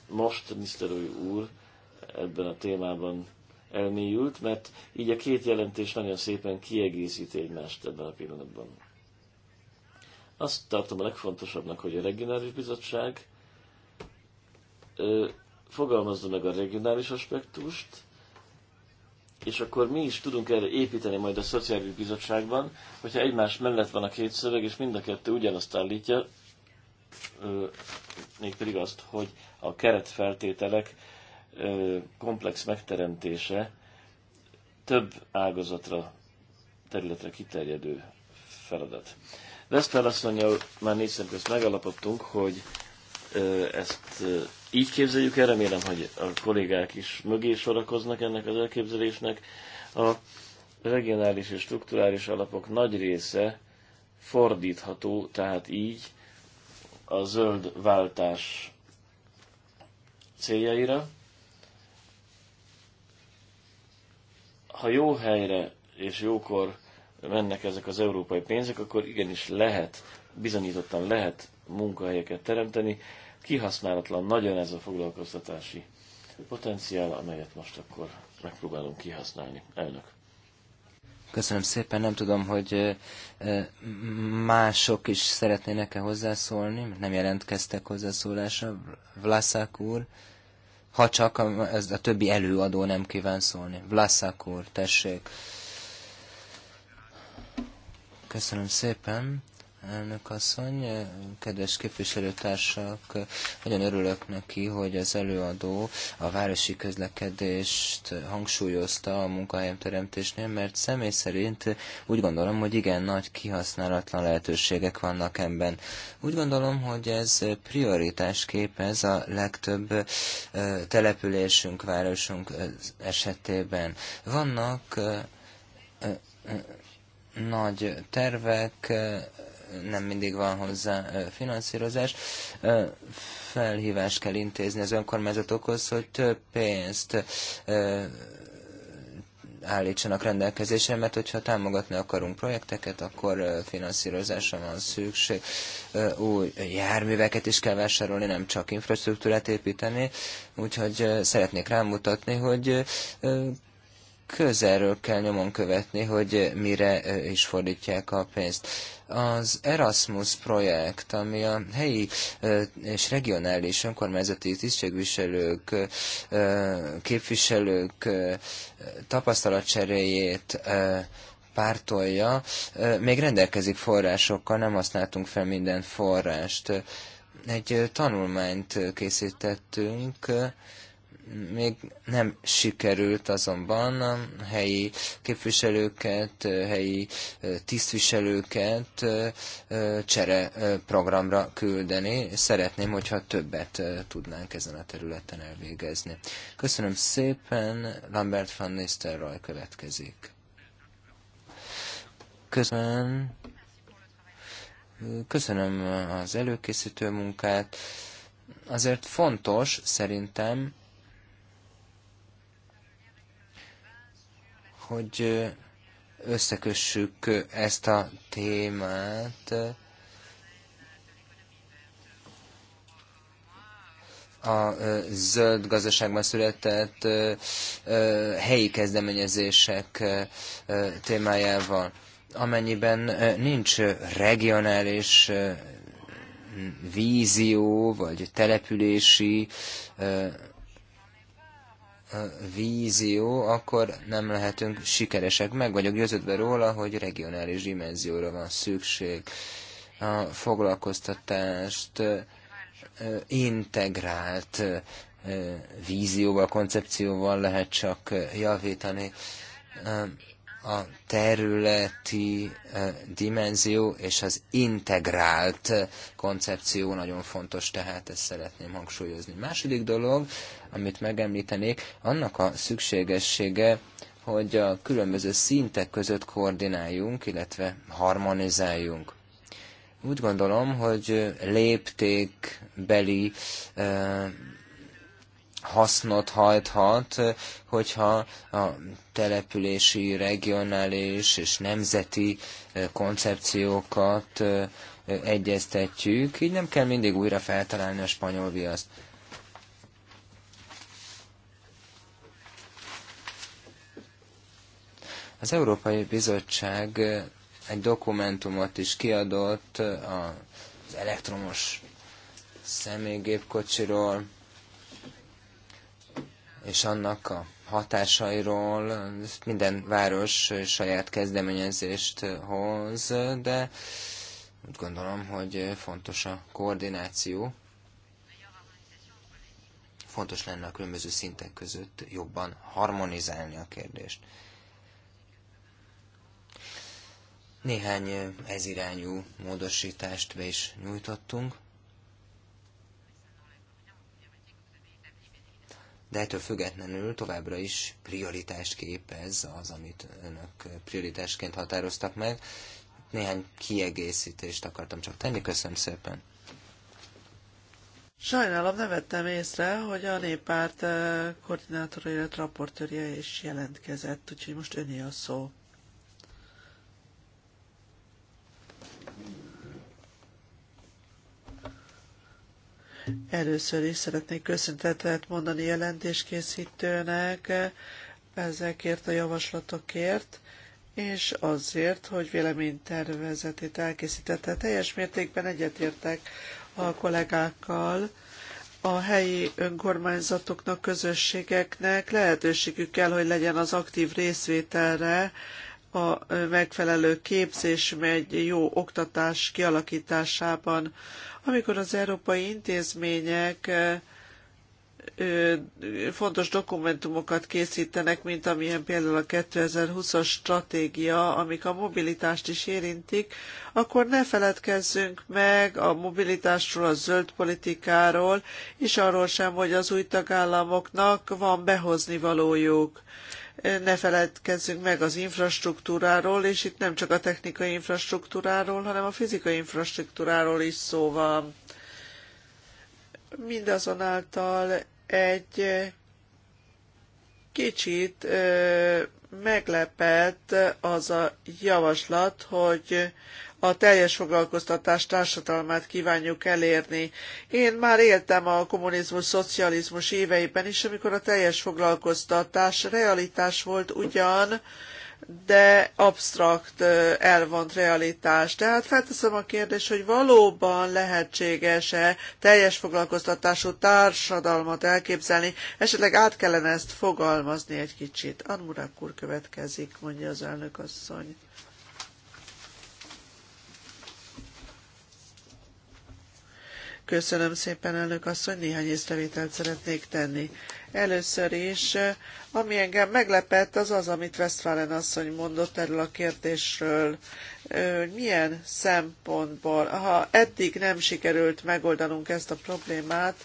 most Nisztelői úr ebben a témában elmélyült, mert így a két jelentés nagyon szépen kiegészít egymást ebben a pillanatban. Azt tartom a legfontosabbnak, hogy a regionális bizottság ö, fogalmazza meg a regionális aspektust, és akkor mi is tudunk erre építeni majd a Szociális Bizottságban, hogyha egymás mellett van a két szöveg, és mind a kettő ugyanazt állítja, mégpedig azt, hogy a keretfeltételek komplex megteremtése több ágazatra, területre kiterjedő feladat. Vesztel asszonyjal már négy szemközt megalapodtunk, hogy ezt így képzeljük el, remélem, hogy a kollégák is mögé sorakoznak ennek az elképzelésnek. A regionális és strukturális alapok nagy része fordítható, tehát így a zöld váltás céljaira. Ha jó helyre és jókor mennek ezek az európai pénzek, akkor igenis lehet, bizonyítottan lehet munkahelyeket teremteni. Kihasználatlan nagyon ez a foglalkoztatási potenciál, amelyet most akkor megpróbálunk kihasználni. Elnök. Köszönöm szépen, nem tudom, hogy mások is szeretnének-e hozzászólni, nem jelentkeztek hozzászólásra. Vlaszák úr, ha csak a, ez a többi előadó nem kíván szólni. Vlaszák úr, tessék. Köszönöm szépen elnök asszony, kedves képviselőtársak, nagyon örülök neki, hogy az előadó a városi közlekedést hangsúlyozta a munkahelyemteremtésnél, mert személy szerint úgy gondolom, hogy igen, nagy kihasználatlan lehetőségek vannak ebben. Úgy gondolom, hogy ez prioritás képez a legtöbb településünk, városunk esetében. Vannak nagy tervek, nem mindig van hozzá finanszírozás. Felhívást kell intézni az önkormányzatokhoz, hogy több pénzt állítsanak rendelkezésre, mert hogyha támogatni akarunk projekteket, akkor finanszírozásra van szükség. Új járműveket is kell vásárolni, nem csak infrastruktúrát építeni, úgyhogy szeretnék rámutatni, hogy közelről kell nyomon követni, hogy mire is fordítják a pénzt. Az Erasmus projekt, ami a helyi és regionális önkormányzati tisztségviselők, képviselők tapasztalatcseréjét pártolja, még rendelkezik forrásokkal, nem használtunk fel minden forrást. Egy tanulmányt készítettünk, még nem sikerült azonban a helyi képviselőket, helyi tisztviselőket csere programra küldeni. Szeretném, hogyha többet tudnánk ezen a területen elvégezni. Köszönöm szépen, Lambert van Nistelrooy következik. Köszönöm. Köszönöm az előkészítő munkát. Azért fontos szerintem, hogy összekössük ezt a témát a zöld gazdaságban született helyi kezdeményezések témájával. Amennyiben nincs regionális vízió vagy települési vízió, akkor nem lehetünk sikeresek. Meg vagyok győződve róla, hogy regionális dimenzióra van szükség. A foglalkoztatást integrált vízióval, koncepcióval lehet csak javítani a területi eh, dimenzió és az integrált eh, koncepció nagyon fontos, tehát ezt szeretném hangsúlyozni. Második dolog, amit megemlítenék, annak a szükségessége, hogy a különböző szintek között koordináljunk, illetve harmonizáljunk. Úgy gondolom, hogy léptékbeli eh, hasznot hajthat, hogyha a települési, regionális és nemzeti eh, koncepciókat eh, egyeztetjük, így nem kell mindig újra feltalálni a spanyol viaszt. Az Európai Bizottság eh, egy dokumentumot is kiadott az elektromos személygépkocsiról, és annak a hatásairól minden város saját kezdeményezést hoz, de úgy gondolom, hogy fontos a koordináció. Fontos lenne a különböző szintek között jobban harmonizálni a kérdést. Néhány ezirányú módosítást be is nyújtottunk. de ettől függetlenül továbbra is prioritást képez az, amit önök prioritásként határoztak meg. Néhány kiegészítést akartam csak tenni, köszönöm szépen. Sajnálom, nem vettem észre, hogy a néppárt eh, koordinátora, illetve raportőrje is jelentkezett, úgyhogy most öné a szó. Először is szeretnék köszöntetet mondani jelentéskészítőnek ezekért a javaslatokért, és azért, hogy véleménytervezetét elkészítette. Teljes mértékben egyetértek a kollégákkal, a helyi önkormányzatoknak, közösségeknek lehetőségük kell, hogy legyen az aktív részvételre a megfelelő képzés megy jó oktatás kialakításában. Amikor az európai intézmények fontos dokumentumokat készítenek, mint amilyen például a 2020-as stratégia, amik a mobilitást is érintik, akkor ne feledkezzünk meg a mobilitásról, a zöld politikáról, és arról sem, hogy az új tagállamoknak van behozni valójuk ne feledkezzünk meg az infrastruktúráról, és itt nem csak a technikai infrastruktúráról, hanem a fizikai infrastruktúráról is szó van. Mindazonáltal egy kicsit meglepett az a javaslat, hogy a teljes foglalkoztatás társadalmát kívánjuk elérni. Én már éltem a kommunizmus, szocializmus éveiben is, amikor a teljes foglalkoztatás realitás volt ugyan, de absztrakt, elvont realitás. Tehát felteszem a kérdést, hogy valóban lehetséges-e teljes foglalkoztatású társadalmat elképzelni, esetleg át kellene ezt fogalmazni egy kicsit. Anmurak úr következik, mondja az elnök asszony. Köszönöm szépen, elnök asszony, néhány észrevételt szeretnék tenni. Először is, ami engem meglepett, az az, amit Westfalen asszony mondott erről a kérdésről. Milyen szempontból, ha eddig nem sikerült megoldanunk ezt a problémát,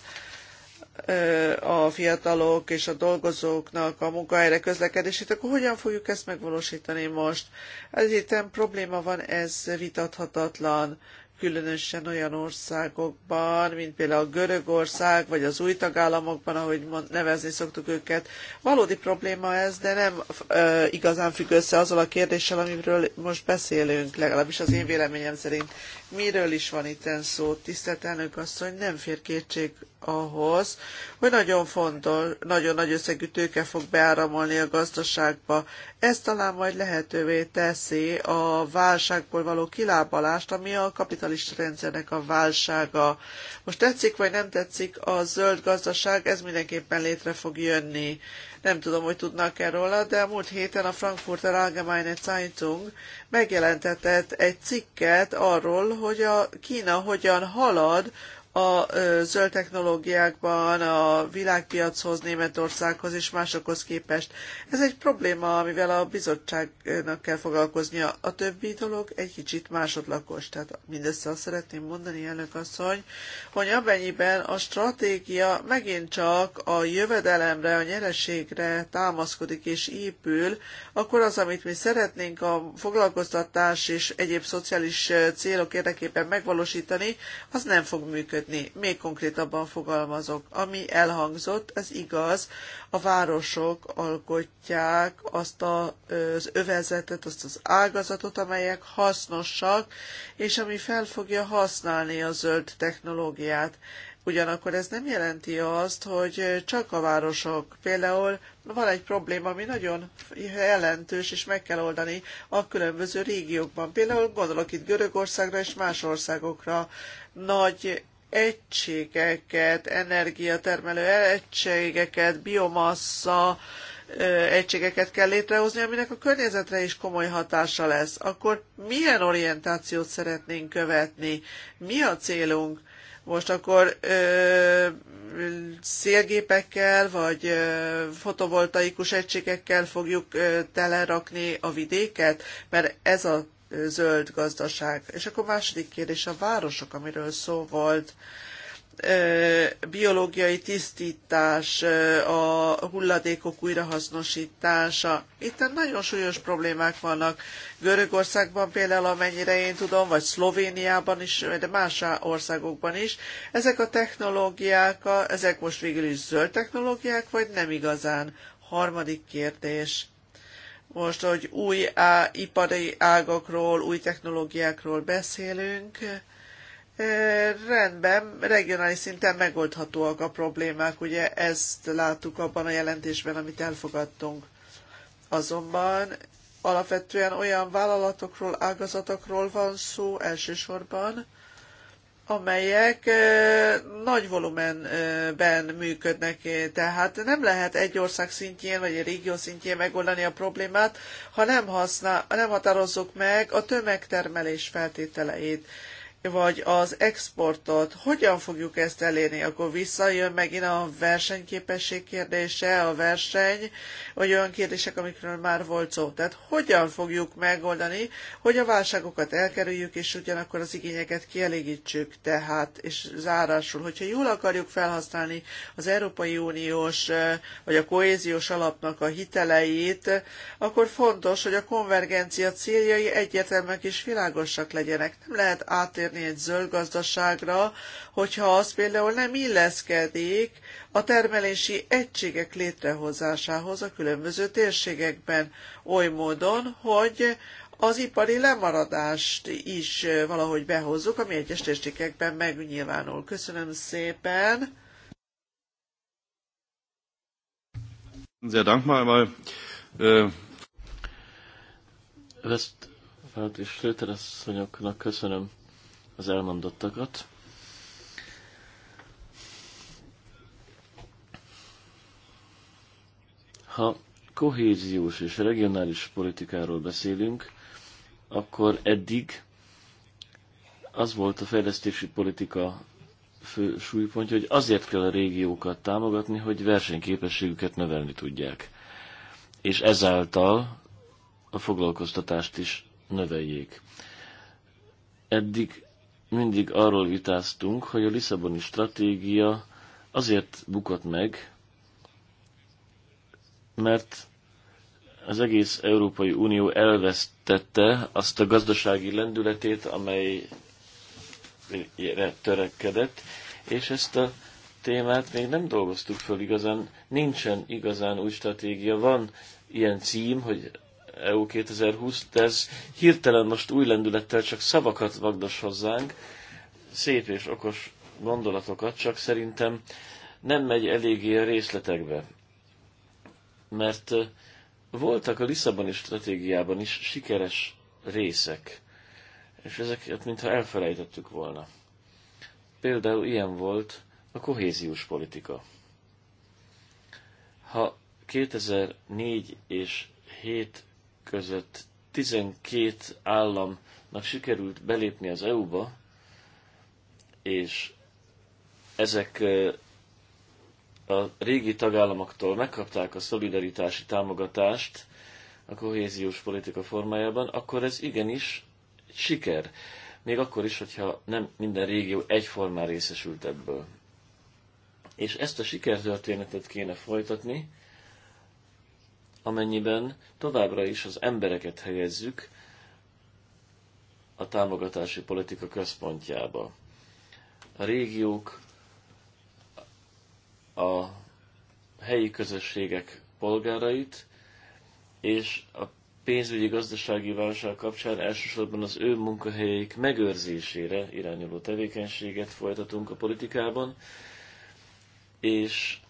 a fiatalok és a dolgozóknak a munkahelyre közlekedését, akkor hogyan fogjuk ezt megvalósítani most? Ez probléma van, ez vitathatatlan különösen olyan országokban, mint például Görögország, vagy az új tagállamokban, ahogy nevezni szoktuk őket. Valódi probléma ez, de nem ö, igazán függ össze azzal a kérdéssel, amiről most beszélünk, legalábbis az én véleményem szerint miről is van itt szó, tisztelt elnök asszony, nem fér kétség ahhoz, hogy nagyon fontos, nagyon nagy összegű tőke fog beáramolni a gazdaságba. Ez talán majd lehetővé teszi a válságból való kilábalást, ami a kapitalista rendszernek a válsága. Most tetszik vagy nem tetszik a zöld gazdaság, ez mindenképpen létre fog jönni. Nem tudom, hogy tudnak-e róla, de múlt héten a Frankfurter Allgemeine Zeitung megjelentetett egy cikket arról, hogy a Kína hogyan halad a zöld technológiákban, a világpiachoz, Németországhoz és másokhoz képest. Ez egy probléma, amivel a bizottságnak kell foglalkoznia. A többi dolog egy kicsit másodlakos. Tehát mindössze azt szeretném mondani, elnök asszony, hogy amennyiben a stratégia megint csak a jövedelemre, a nyereségre támaszkodik és épül, akkor az, amit mi szeretnénk a foglalkoztatás és egyéb szociális célok érdekében megvalósítani, az nem fog működni működni. Még konkrétabban fogalmazok. Ami elhangzott, ez igaz, a városok alkotják azt a, az övezetet, azt az ágazatot, amelyek hasznosak, és ami fel fogja használni a zöld technológiát. Ugyanakkor ez nem jelenti azt, hogy csak a városok. Például van egy probléma, ami nagyon jelentős, és meg kell oldani a különböző régiókban. Például gondolok itt Görögországra és más országokra. Nagy egységeket, energiatermelő egységeket, biomassa egységeket kell létrehozni, aminek a környezetre is komoly hatása lesz, akkor milyen orientációt szeretnénk követni? Mi a célunk? Most akkor ö, szélgépekkel vagy ö, fotovoltaikus egységekkel fogjuk ö, telerakni a vidéket, mert ez a zöld gazdaság. És akkor második kérdés, a városok, amiről szó volt, biológiai tisztítás, a hulladékok újrahasznosítása. Itt nagyon súlyos problémák vannak. Görögországban például, amennyire én tudom, vagy Szlovéniában is, de más országokban is. Ezek a technológiák, ezek most végül is zöld technológiák, vagy nem igazán? Harmadik kérdés most, hogy új á, ipari ágakról, új technológiákról beszélünk, e, rendben, regionális szinten megoldhatóak a problémák, ugye ezt láttuk abban a jelentésben, amit elfogadtunk. Azonban alapvetően olyan vállalatokról, ágazatokról van szó elsősorban, amelyek nagy volumenben működnek, tehát nem lehet egy ország szintjén vagy egy régió szintjén megoldani a problémát, ha nem, használ, nem határozzuk meg a tömegtermelés feltételeit vagy az exportot, hogyan fogjuk ezt elérni? Akkor visszajön megint a versenyképesség kérdése, a verseny, vagy olyan kérdések, amikről már volt szó. Tehát hogyan fogjuk megoldani, hogy a válságokat elkerüljük, és ugyanakkor az igényeket kielégítsük, tehát, és zárásul. Hogyha jól akarjuk felhasználni az Európai Uniós, eh, vagy a kohéziós alapnak a hiteleit, akkor fontos, hogy a konvergencia céljai egyértelműek és világosak legyenek. Nem lehet átérni áttérni egy zöld gazdaságra, hogyha az például nem illeszkedik a termelési egységek létrehozásához a különböző térségekben, oly módon, hogy az ipari lemaradást is valahogy behozzuk, ami egyes térségekben megnyilvánul. Köszönöm szépen! Sehr dankbar, weil äh, Westfeld és Schlöter asszonyoknak köszönöm az elmondottakat. Ha kohéziós és regionális politikáról beszélünk, akkor eddig az volt a fejlesztési politika fő súlypontja, hogy azért kell a régiókat támogatni, hogy versenyképességüket növelni tudják. És ezáltal a foglalkoztatást is növeljék. Eddig mindig arról vitáztunk, hogy a Lisszaboni stratégia azért bukott meg, mert az egész Európai Unió elvesztette azt a gazdasági lendületét, amelyre törekedett, és ezt a témát még nem dolgoztuk föl igazán, nincsen igazán új stratégia, van ilyen cím, hogy EU 2020, de ez hirtelen most új lendülettel csak szavakat vagdos hozzánk, szép és okos gondolatokat, csak szerintem nem megy eléggé a részletekbe. Mert voltak a Lisszaboni stratégiában is sikeres részek, és ezeket mintha elfelejtettük volna. Például ilyen volt a kohéziós politika. Ha 2004 és 7 között 12 államnak sikerült belépni az EU-ba, és ezek a régi tagállamoktól megkapták a szolidaritási támogatást a kohéziós politika formájában, akkor ez igenis siker. Még akkor is, hogyha nem minden régió egyformán részesült ebből. És ezt a sikertörténetet kéne folytatni, amennyiben továbbra is az embereket helyezzük a támogatási politika központjába. A régiók, a helyi közösségek polgárait, és a pénzügyi gazdasági válság kapcsán elsősorban az ő munkahelyeik megőrzésére irányuló tevékenységet folytatunk a politikában, és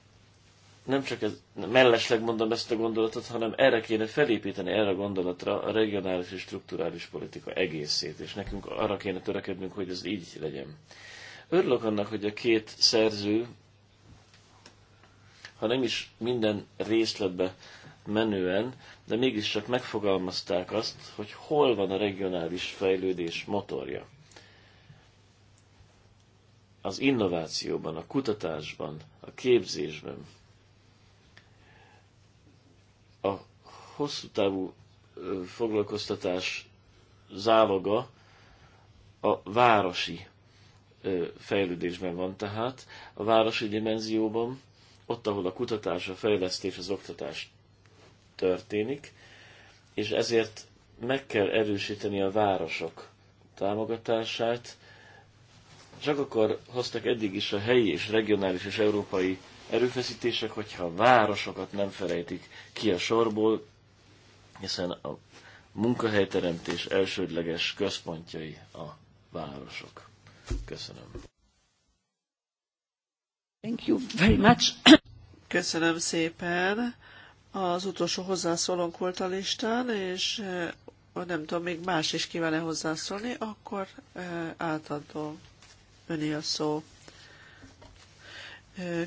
nem csak ez, mellesleg mondom ezt a gondolatot, hanem erre kéne felépíteni, erre a gondolatra a regionális és strukturális politika egészét, és nekünk arra kéne törekednünk, hogy ez így legyen. Örülök annak, hogy a két szerző, ha nem is minden részletbe menően, de mégiscsak megfogalmazták azt, hogy hol van a regionális fejlődés motorja. Az innovációban, a kutatásban, a képzésben, a hosszú távú foglalkoztatás záloga a városi fejlődésben van tehát, a városi dimenzióban, ott, ahol a kutatás, a fejlesztés, az oktatás történik, és ezért meg kell erősíteni a városok támogatását. Csak akkor hoztak eddig is a helyi és regionális és európai erőfeszítések, hogyha a városokat nem felejtik ki a sorból, hiszen a munkahelyteremtés elsődleges központjai a városok. Köszönöm. Thank you very much. Köszönöm szépen. Az utolsó hozzászólónk volt a listán, és eh, nem tudom, még más is kívánne hozzászólni, akkor eh, átadom öné a szó.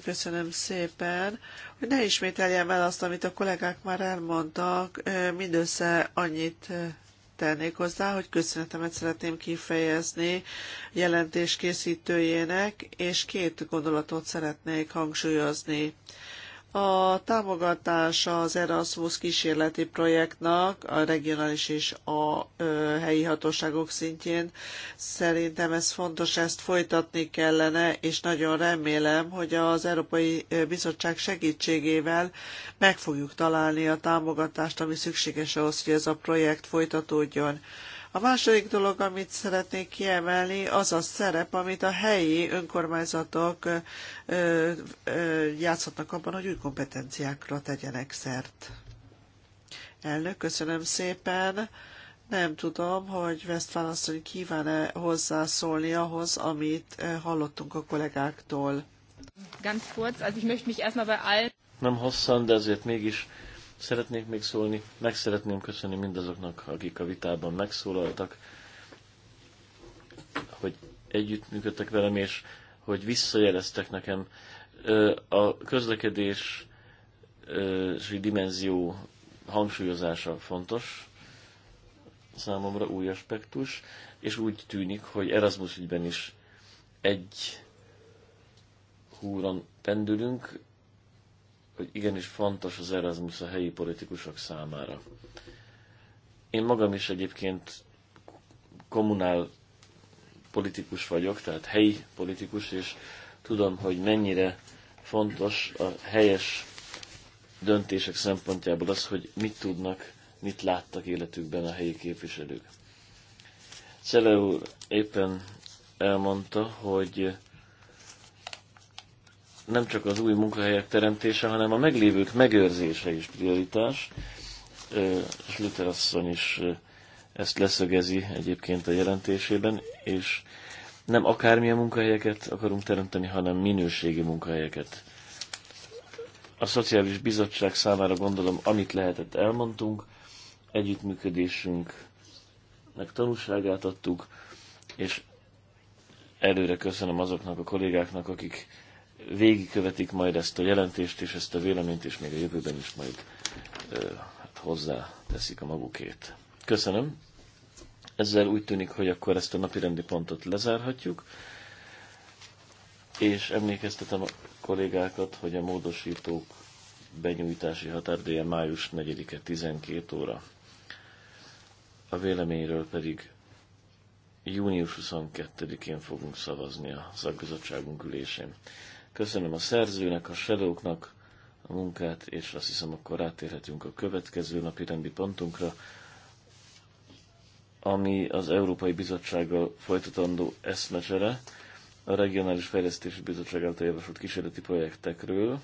Köszönöm szépen. Hogy ne ismételjem el azt, amit a kollégák már elmondtak, mindössze annyit tennék hozzá, hogy köszönetemet szeretném kifejezni jelentés készítőjének, és két gondolatot szeretnék hangsúlyozni. A támogatása az Erasmus kísérleti projektnak a regionális és a ö, helyi hatóságok szintjén szerintem ez fontos, ezt folytatni kellene, és nagyon remélem, hogy az Európai Bizottság segítségével meg fogjuk találni a támogatást, ami szükséges ahhoz, hogy ez a projekt folytatódjon. A második dolog, amit szeretnék kiemelni, az a szerep, amit a helyi önkormányzatok játszhatnak abban, hogy új kompetenciákra tegyenek szert. Elnök, köszönöm szépen. Nem tudom, hogy Westphal asszony kíván-e hozzászólni ahhoz, amit hallottunk a kollégáktól. Ganz kurz, also ich möchte mich erstmal bei allen... Nem hosszan, de azért mégis szeretnék még szólni. Meg szeretném köszönni mindazoknak, akik a vitában megszólaltak, hogy együttműködtek velem, és hogy visszajeleztek nekem. A közlekedés dimenzió hangsúlyozása fontos, számomra új aspektus, és úgy tűnik, hogy Erasmus ügyben is egy húron pendülünk, hogy igenis fontos az Erasmus a helyi politikusok számára. Én magam is egyébként kommunál politikus vagyok, tehát helyi politikus, és tudom, hogy mennyire fontos a helyes döntések szempontjából az, hogy mit tudnak, mit láttak életükben a helyi képviselők. Szele úr éppen elmondta, hogy nem csak az új munkahelyek teremtése, hanem a meglévők megőrzése is prioritás. Luther asszony is ezt leszögezi egyébként a jelentésében, és nem akármilyen munkahelyeket akarunk teremteni, hanem minőségi munkahelyeket. A Szociális Bizottság számára gondolom, amit lehetett, elmondtunk, együttműködésünknek tanulságát adtuk, és előre köszönöm azoknak a kollégáknak, akik végigkövetik majd ezt a jelentést és ezt a véleményt, és még a jövőben is majd hát hozzá teszik a magukét. Köszönöm. Ezzel úgy tűnik, hogy akkor ezt a napirendi pontot lezárhatjuk, és emlékeztetem a kollégákat, hogy a módosítók benyújtási határdéje május 4-e 12 óra. A véleményről pedig június 22-én fogunk szavazni a szakbizottságunk ülésén. Köszönöm a szerzőnek, a shadowknak a munkát, és azt hiszem, akkor rátérhetünk a következő napi rendi pontunkra, ami az Európai Bizottsággal folytatandó eszmecsere a Regionális Fejlesztési Bizottság által javasolt kísérleti projektekről.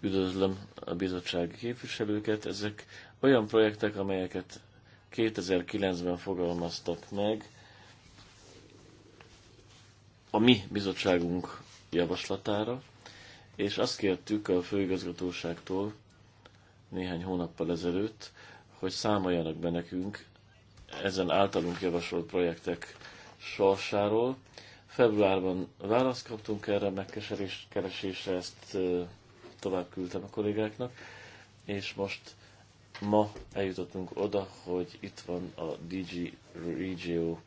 Üdvözlöm a bizottsági képviselőket. Ezek olyan projektek, amelyeket 2009-ben fogalmaztak meg a mi bizottságunk javaslatára, és azt kértük a főigazgatóságtól néhány hónappal ezelőtt, hogy számoljanak be nekünk ezen általunk javasolt projektek sorsáról. Februárban választ kaptunk erre, megkeresésre ezt tovább küldtem a kollégáknak, és most ma eljutottunk oda, hogy itt van a DG Regio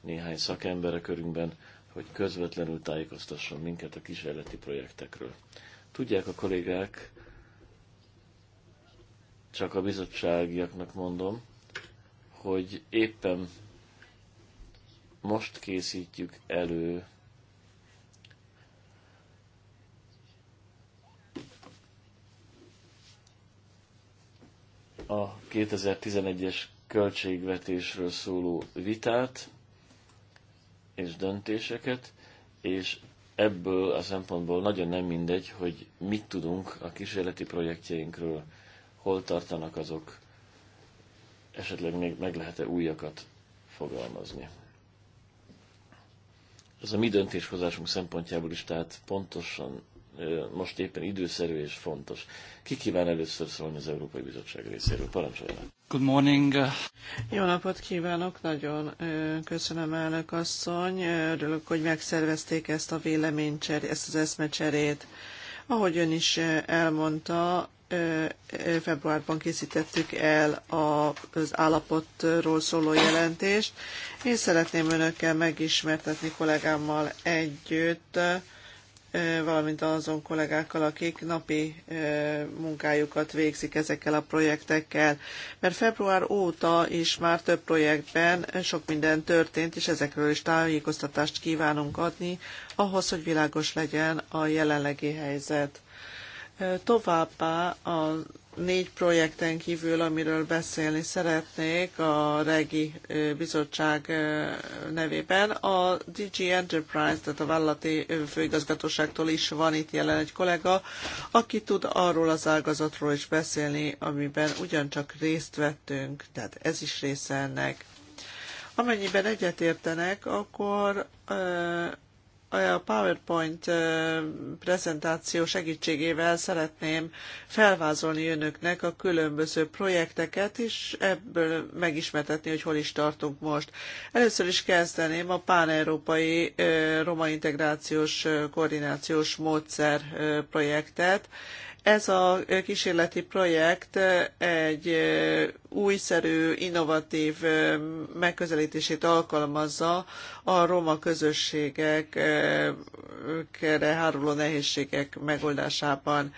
néhány szakembere körünkben, hogy közvetlenül tájékoztasson minket a kísérleti projektekről. Tudják a kollégák, csak a bizottságiaknak mondom, hogy éppen most készítjük elő a 2011-es költségvetésről szóló vitát, és döntéseket, és ebből a szempontból nagyon nem mindegy, hogy mit tudunk a kísérleti projektjeinkről, hol tartanak azok, esetleg még meg lehet-e újakat fogalmazni. Ez a mi döntéshozásunk szempontjából is, tehát pontosan most éppen időszerű és fontos. Ki kíván először szólni az Európai Bizottság részéről? Parancsoljanak! Good morning. Jó napot kívánok, nagyon köszönöm elnök asszony. Örülök, hogy megszervezték ezt a véleménycserét, ezt az eszmecserét. Ahogy ön is elmondta, februárban készítettük el az állapotról szóló jelentést. Én szeretném önökkel megismertetni kollégámmal együtt valamint azon kollégákkal, akik napi munkájukat végzik ezekkel a projektekkel. Mert február óta is már több projektben sok minden történt, és ezekről is tájékoztatást kívánunk adni, ahhoz, hogy világos legyen a jelenlegi helyzet. Továbbá a négy projekten kívül, amiről beszélni szeretnék a Regi Bizottság nevében. A DG Enterprise, tehát a vállalati főigazgatóságtól is van itt jelen egy kollega, aki tud arról az ágazatról is beszélni, amiben ugyancsak részt vettünk, tehát ez is része ennek. Amennyiben egyetértenek, akkor a PowerPoint prezentáció segítségével szeretném felvázolni önöknek a különböző projekteket, és ebből megismertetni, hogy hol is tartunk most. Először is kezdeném a páneurópai roma integrációs koordinációs módszer projektet. Ez a kísérleti projekt egy újszerű, innovatív megközelítését alkalmazza a roma közösségek kere háruló nehézségek megoldásában.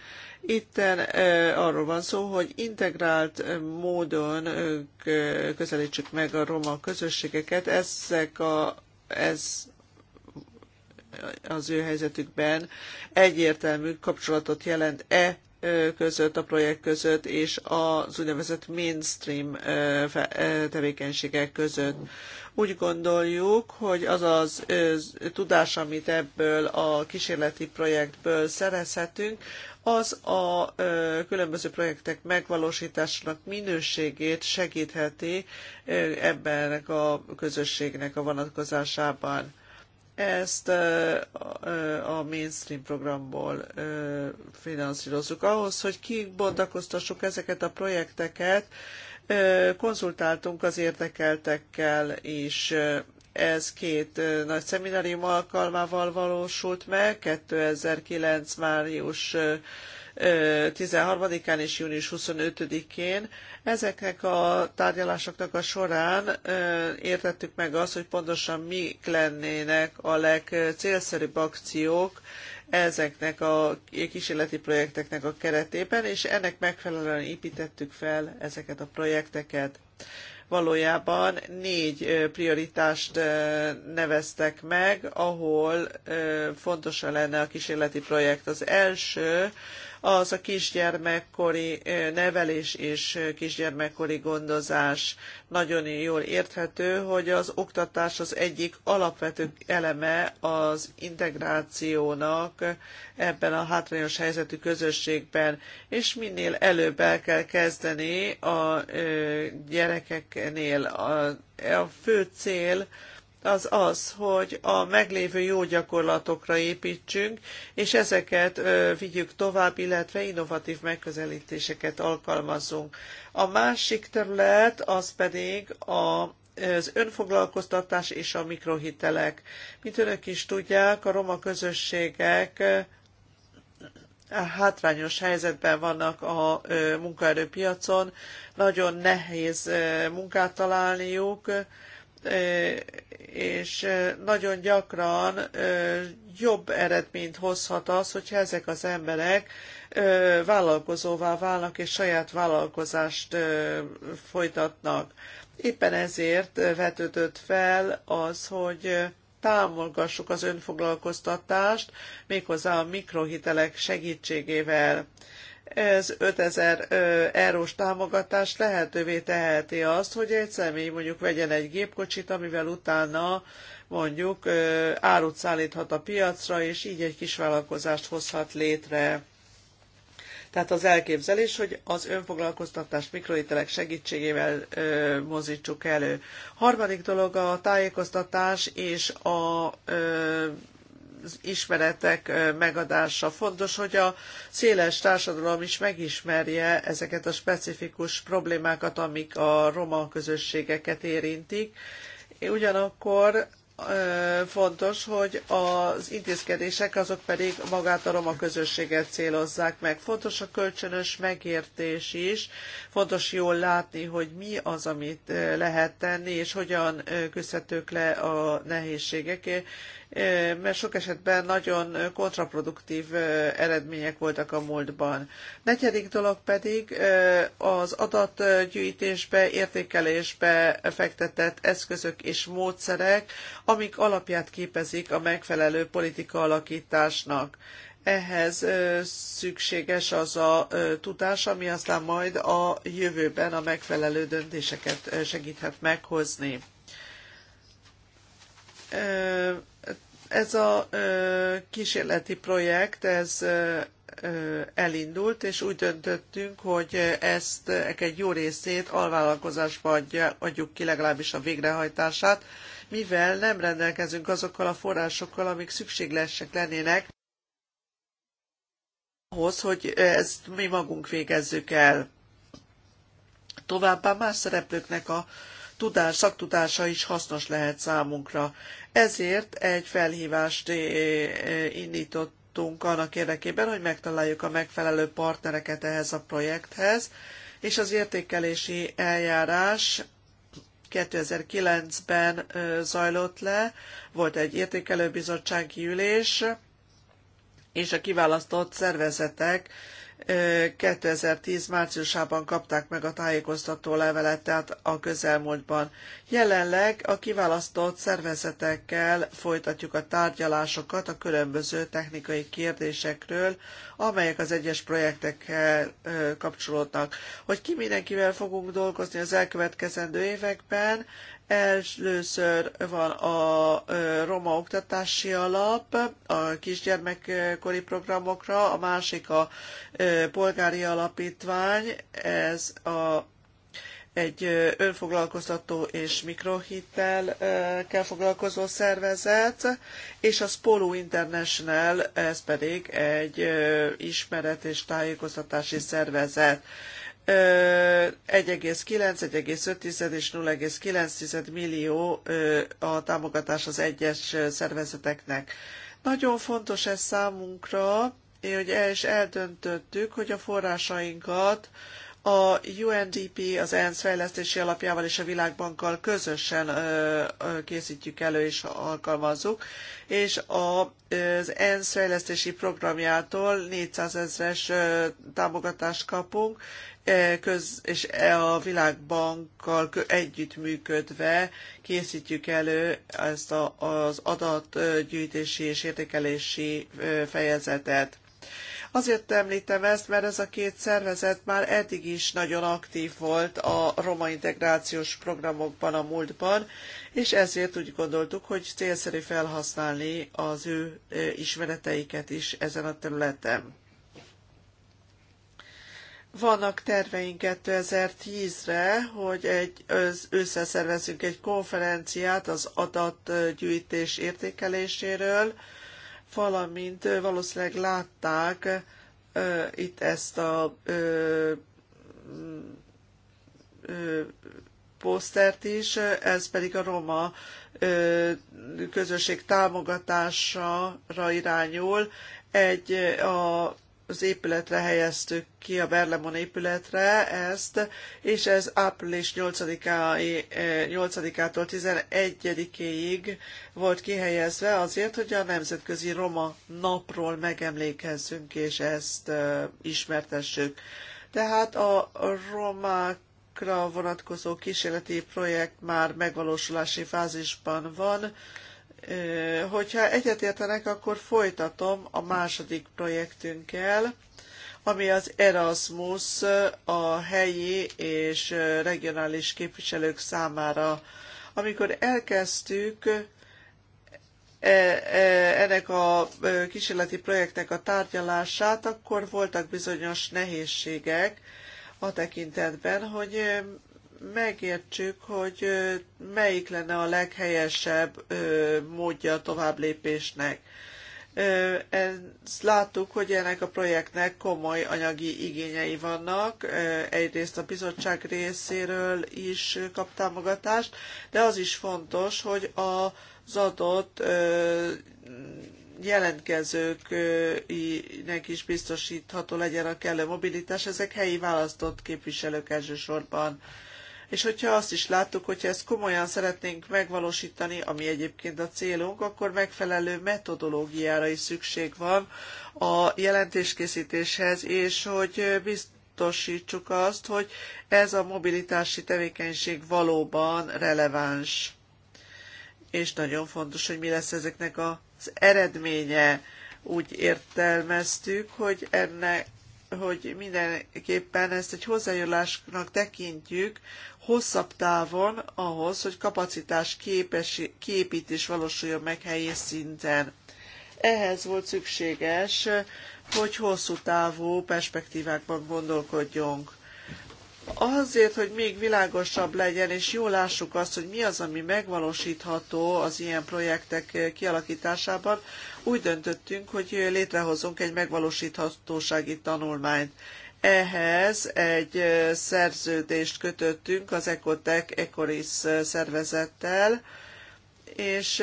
Itten eh, arról van szó, hogy integrált módon eh, közelítsük meg a roma közösségeket. Ezek a, ez az ő helyzetükben egyértelmű kapcsolatot jelent-e között, a projekt között és az úgynevezett mainstream tevékenységek között. Úgy gondoljuk, hogy az az tudás, amit ebből a kísérleti projektből szerezhetünk, az a különböző projektek megvalósításának minőségét segítheti ebben a közösségnek a vonatkozásában ezt a mainstream programból finanszírozzuk. Ahhoz, hogy kibontakoztassuk ezeket a projekteket, konzultáltunk az érdekeltekkel is. Ez két nagy szeminárium alkalmával valósult meg, 2009. május 13-án és június 25-én. Ezeknek a tárgyalásoknak a során értettük meg azt, hogy pontosan mik lennének a legcélszerűbb akciók, ezeknek a kísérleti projekteknek a keretében, és ennek megfelelően építettük fel ezeket a projekteket. Valójában négy prioritást neveztek meg, ahol fontosan lenne a kísérleti projekt. Az első az a kisgyermekkori nevelés és kisgyermekkori gondozás. Nagyon jól érthető, hogy az oktatás az egyik alapvető eleme az integrációnak ebben a hátrányos helyzetű közösségben, és minél előbb el kell kezdeni a gyerekeknél. A, a fő cél, az az, hogy a meglévő jó gyakorlatokra építsünk, és ezeket vigyük tovább, illetve innovatív megközelítéseket alkalmazzunk. A másik terület az pedig a az önfoglalkoztatás és a mikrohitelek. Mint önök is tudják, a roma közösségek hátrányos helyzetben vannak a munkaerőpiacon, nagyon nehéz munkát találniuk, és nagyon gyakran jobb eredményt hozhat az, hogyha ezek az emberek vállalkozóvá válnak és saját vállalkozást folytatnak. Éppen ezért vetődött fel az, hogy támogassuk az önfoglalkoztatást, méghozzá a mikrohitelek segítségével ez 5000 eurós támogatás lehetővé teheti azt, hogy egy személy mondjuk vegyen egy gépkocsit, amivel utána mondjuk árut szállíthat a piacra, és így egy kis vállalkozást hozhat létre. Tehát az elképzelés, hogy az önfoglalkoztatást mikrohitelek segítségével ö, elő. Harmadik dolog a tájékoztatás és a ö, az ismeretek megadása. Fontos, hogy a széles társadalom is megismerje ezeket a specifikus problémákat, amik a roma közösségeket érintik. Ugyanakkor fontos, hogy az intézkedések azok pedig magát a roma közösséget célozzák meg. Fontos a kölcsönös megértés is, fontos jól látni, hogy mi az, amit lehet tenni, és hogyan küzdhetők le a nehézségek, mert sok esetben nagyon kontraproduktív eredmények voltak a múltban. Negyedik dolog pedig az adatgyűjtésbe, értékelésbe fektetett eszközök és módszerek, amik alapját képezik a megfelelő politika alakításnak ehhez szükséges az a tudás, ami aztán majd a jövőben a megfelelő döntéseket segíthet meghozni. Ez a kísérleti projekt, ez elindult, és úgy döntöttünk, hogy ezt egy jó részét alvállalkozásba adjuk ki legalábbis a végrehajtását, mivel nem rendelkezünk azokkal a forrásokkal, amik szükségesek lennének ahhoz, hogy ezt mi magunk végezzük el. Továbbá más szereplőknek a tudás, szaktudása is hasznos lehet számunkra. Ezért egy felhívást eh, eh, indítottunk annak érdekében, hogy megtaláljuk a megfelelő partnereket ehhez a projekthez, és az értékelési eljárás 2009-ben eh, zajlott le, volt egy értékelőbizottsági ülés, és a kiválasztott szervezetek 2010 márciusában kapták meg a tájékoztató levelet, tehát a közelmúltban. Jelenleg a kiválasztott szervezetekkel folytatjuk a tárgyalásokat a különböző technikai kérdésekről, amelyek az egyes projektekkel kapcsolódnak. Hogy ki mindenkivel fogunk dolgozni az elkövetkezendő években, Először van a roma oktatási alap a kisgyermekkori programokra, a másik a polgári alapítvány, ez a egy önfoglalkoztató és mikrohitelkel foglalkozó szervezet, és a Spolu International, ez pedig egy ismeret és tájékoztatási szervezet. 1,9-1,5 és 0,9 millió a támogatás az egyes szervezeteknek. Nagyon fontos ez számunkra, hogy el is eldöntöttük, hogy a forrásainkat a UNDP, az ENSZ fejlesztési alapjával és a Világbankkal közösen készítjük elő és alkalmazzuk, és az ENSZ fejlesztési programjától 400 ezres támogatást kapunk, E, köz, és e a Világbankkal együttműködve készítjük elő ezt a, az adatgyűjtési és értékelési e, fejezetet. Azért említem ezt, mert ez a két szervezet már eddig is nagyon aktív volt a roma integrációs programokban a múltban, és ezért úgy gondoltuk, hogy célszerű felhasználni az ő ismereteiket is ezen a területen. Vannak terveink 2010-re, hogy egy, összeszervezünk egy konferenciát az adatgyűjtés értékeléséről, valamint valószínűleg látták ö, itt ezt a ö, ö, posztert is, ez pedig a roma ö, közösség támogatására irányul. Egy a az épületre helyeztük ki, a Berlemon épületre ezt, és ez április 8-ától eh, 11-éig volt kihelyezve azért, hogy a Nemzetközi Roma Napról megemlékezzünk, és ezt eh, ismertessük. Tehát a romák vonatkozó kísérleti projekt már megvalósulási fázisban van, Hogyha egyetértenek, akkor folytatom a második projektünkkel, ami az Erasmus a helyi és regionális képviselők számára. Amikor elkezdtük e, e, ennek a kísérleti projektnek a tárgyalását, akkor voltak bizonyos nehézségek a tekintetben, hogy megértsük, hogy melyik lenne a leghelyesebb módja a tovább lépésnek. Ezt láttuk, hogy ennek a projektnek komoly anyagi igényei vannak. Egyrészt a bizottság részéről is kap támogatást, de az is fontos, hogy az adott jelentkezőknek is biztosítható legyen a kellő mobilitás. Ezek helyi választott képviselők elsősorban. És hogyha azt is láttuk, hogyha ezt komolyan szeretnénk megvalósítani, ami egyébként a célunk, akkor megfelelő metodológiára is szükség van a jelentéskészítéshez, és hogy biztosítsuk azt, hogy ez a mobilitási tevékenység valóban releváns. És nagyon fontos, hogy mi lesz ezeknek az eredménye. Úgy értelmeztük, hogy ennek hogy mindenképpen ezt egy hozzájárulásnak tekintjük hosszabb távon ahhoz, hogy kapacitás képes, képítés valósuljon meg helyi szinten. Ehhez volt szükséges, hogy hosszú távú perspektívákban gondolkodjunk. Azért, hogy még világosabb legyen, és jól lássuk azt, hogy mi az, ami megvalósítható az ilyen projektek kialakításában, úgy döntöttünk, hogy létrehozunk egy megvalósíthatósági tanulmányt. Ehhez egy szerződést kötöttünk az Ecotec Ecoris szervezettel, és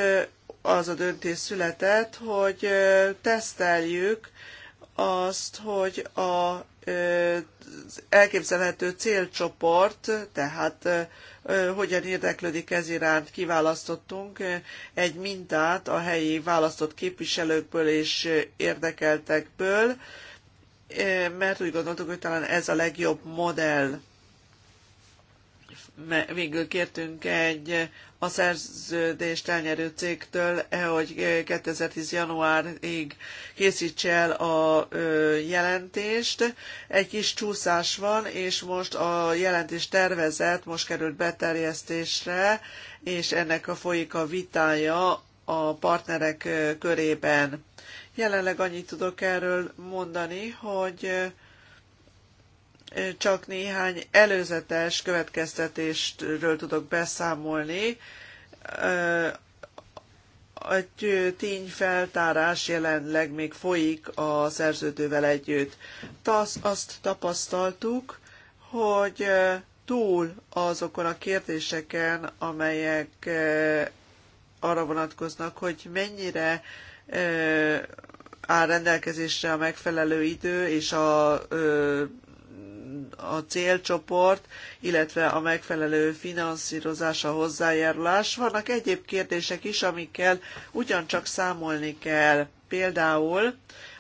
az a döntés született, hogy teszteljük azt, hogy a elképzelhető célcsoport, tehát hogyan érdeklődik ez iránt, kiválasztottunk egy mintát a helyi választott képviselőkből és érdekeltekből, mert úgy gondoltuk, hogy talán ez a legjobb modell. Végül kértünk egy a szerződést elnyerő cégtől, eh, hogy 2010. januárig készíts el a jelentést. Egy kis csúszás van, és most a jelentés tervezet most került beterjesztésre, és ennek a folyik a vitája a partnerek körében Jelenleg annyit tudok erről mondani, hogy eh, csak néhány előzetes következtetésről tudok beszámolni. Eh, egy tényfeltárás jelenleg még folyik a szerződővel együtt. Azt tapasztaltuk, hogy eh, túl azokon a kérdéseken, amelyek arra vonatkoznak, hogy mennyire uh, áll rendelkezésre a megfelelő idő és a, a célcsoport, illetve a megfelelő finanszírozása hozzájárulás. Vannak egyéb kérdések is, amikkel ugyancsak számolni kell. Például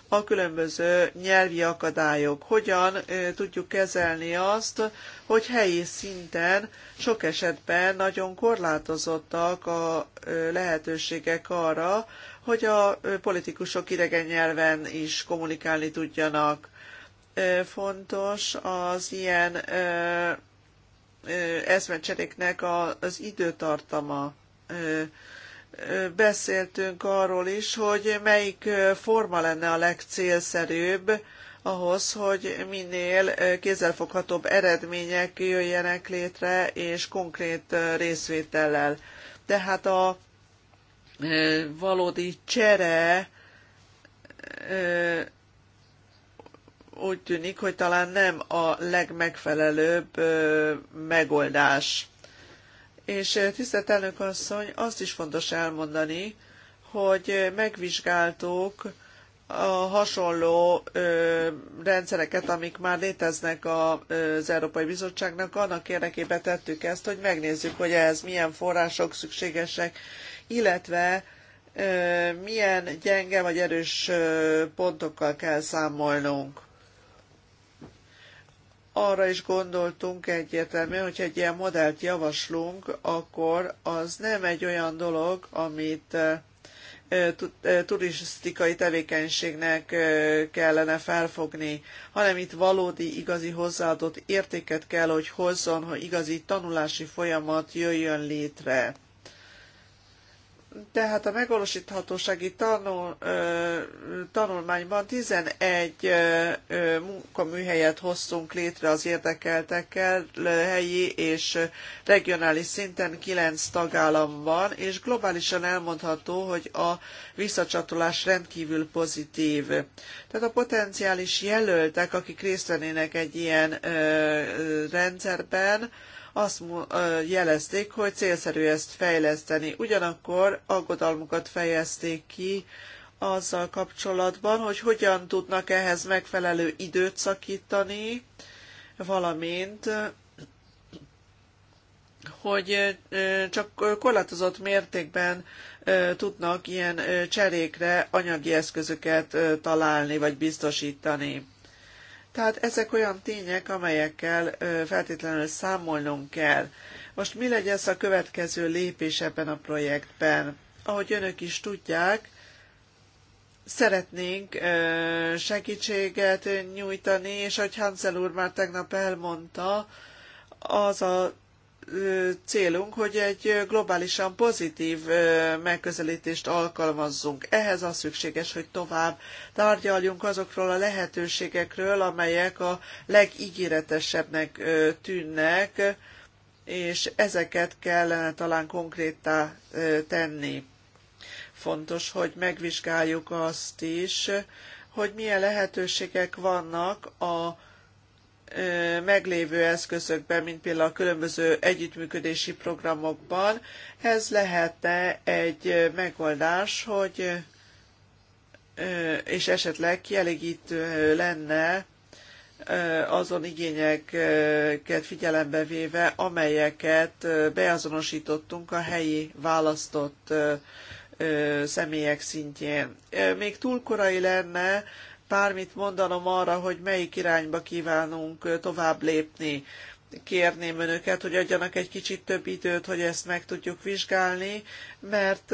a különböző nyelvi akadályok. Hogyan tudjuk kezelni azt, hogy helyi szinten sok esetben nagyon korlátozottak a lehetőségek arra, hogy a politikusok idegen nyelven is kommunikálni tudjanak. Fontos az ilyen eszmecseréknek az időtartama beszéltünk arról is, hogy melyik forma lenne a legcélszerűbb ahhoz, hogy minél kézzelfoghatóbb eredmények jöjjenek létre, és konkrét részvétellel. Tehát a valódi csere úgy tűnik, hogy talán nem a legmegfelelőbb megoldás. És tisztelt elnök asszony, azt is fontos elmondani, hogy megvizsgáltuk a hasonló rendszereket, amik már léteznek a, az Európai Bizottságnak, annak érdekében tettük ezt, hogy megnézzük, hogy ehhez milyen források szükségesek, illetve milyen gyenge vagy erős pontokkal kell számolnunk arra is gondoltunk egyértelműen, hogy egy ilyen modellt javaslunk, akkor az nem egy olyan dolog, amit turisztikai tevékenységnek kellene felfogni, hanem itt valódi, igazi hozzáadott értéket kell, hogy hozzon, hogy igazi tanulási folyamat jöjjön létre. Tehát a megvalósíthatósági tanul, tanulmányban 11 munkaműhelyet hoztunk létre az érdekeltekkel helyi és regionális szinten 9 tagállamban, és globálisan elmondható, hogy a visszacsatolás rendkívül pozitív. Tehát a potenciális jelöltek, akik részt vennének egy ilyen rendszerben, azt jelezték, hogy célszerű ezt fejleszteni. Ugyanakkor aggodalmukat fejezték ki azzal kapcsolatban, hogy hogyan tudnak ehhez megfelelő időt szakítani, valamint hogy csak korlátozott mértékben tudnak ilyen cserékre anyagi eszközöket találni vagy biztosítani. Tehát ezek olyan tények, amelyekkel feltétlenül számolnunk kell. Most mi legyen a következő lépés ebben a projektben? Ahogy önök is tudják, szeretnénk segítséget nyújtani, és ahogy Hansel úr már tegnap elmondta, az a célunk, hogy egy globálisan pozitív megközelítést alkalmazzunk. Ehhez az szükséges, hogy tovább tárgyaljunk azokról a lehetőségekről, amelyek a legígéretesebbnek tűnnek, és ezeket kellene talán konkrétá tenni. Fontos, hogy megvizsgáljuk azt is, hogy milyen lehetőségek vannak a meglévő eszközökben, mint például a különböző együttműködési programokban, ez lehetne egy megoldás, hogy és esetleg kielégítő lenne azon igényeket figyelembe véve, amelyeket beazonosítottunk a helyi választott személyek szintjén. Még túl korai lenne bármit mondanom arra, hogy melyik irányba kívánunk tovább lépni. Kérném önöket, hogy adjanak egy kicsit több időt, hogy ezt meg tudjuk vizsgálni, mert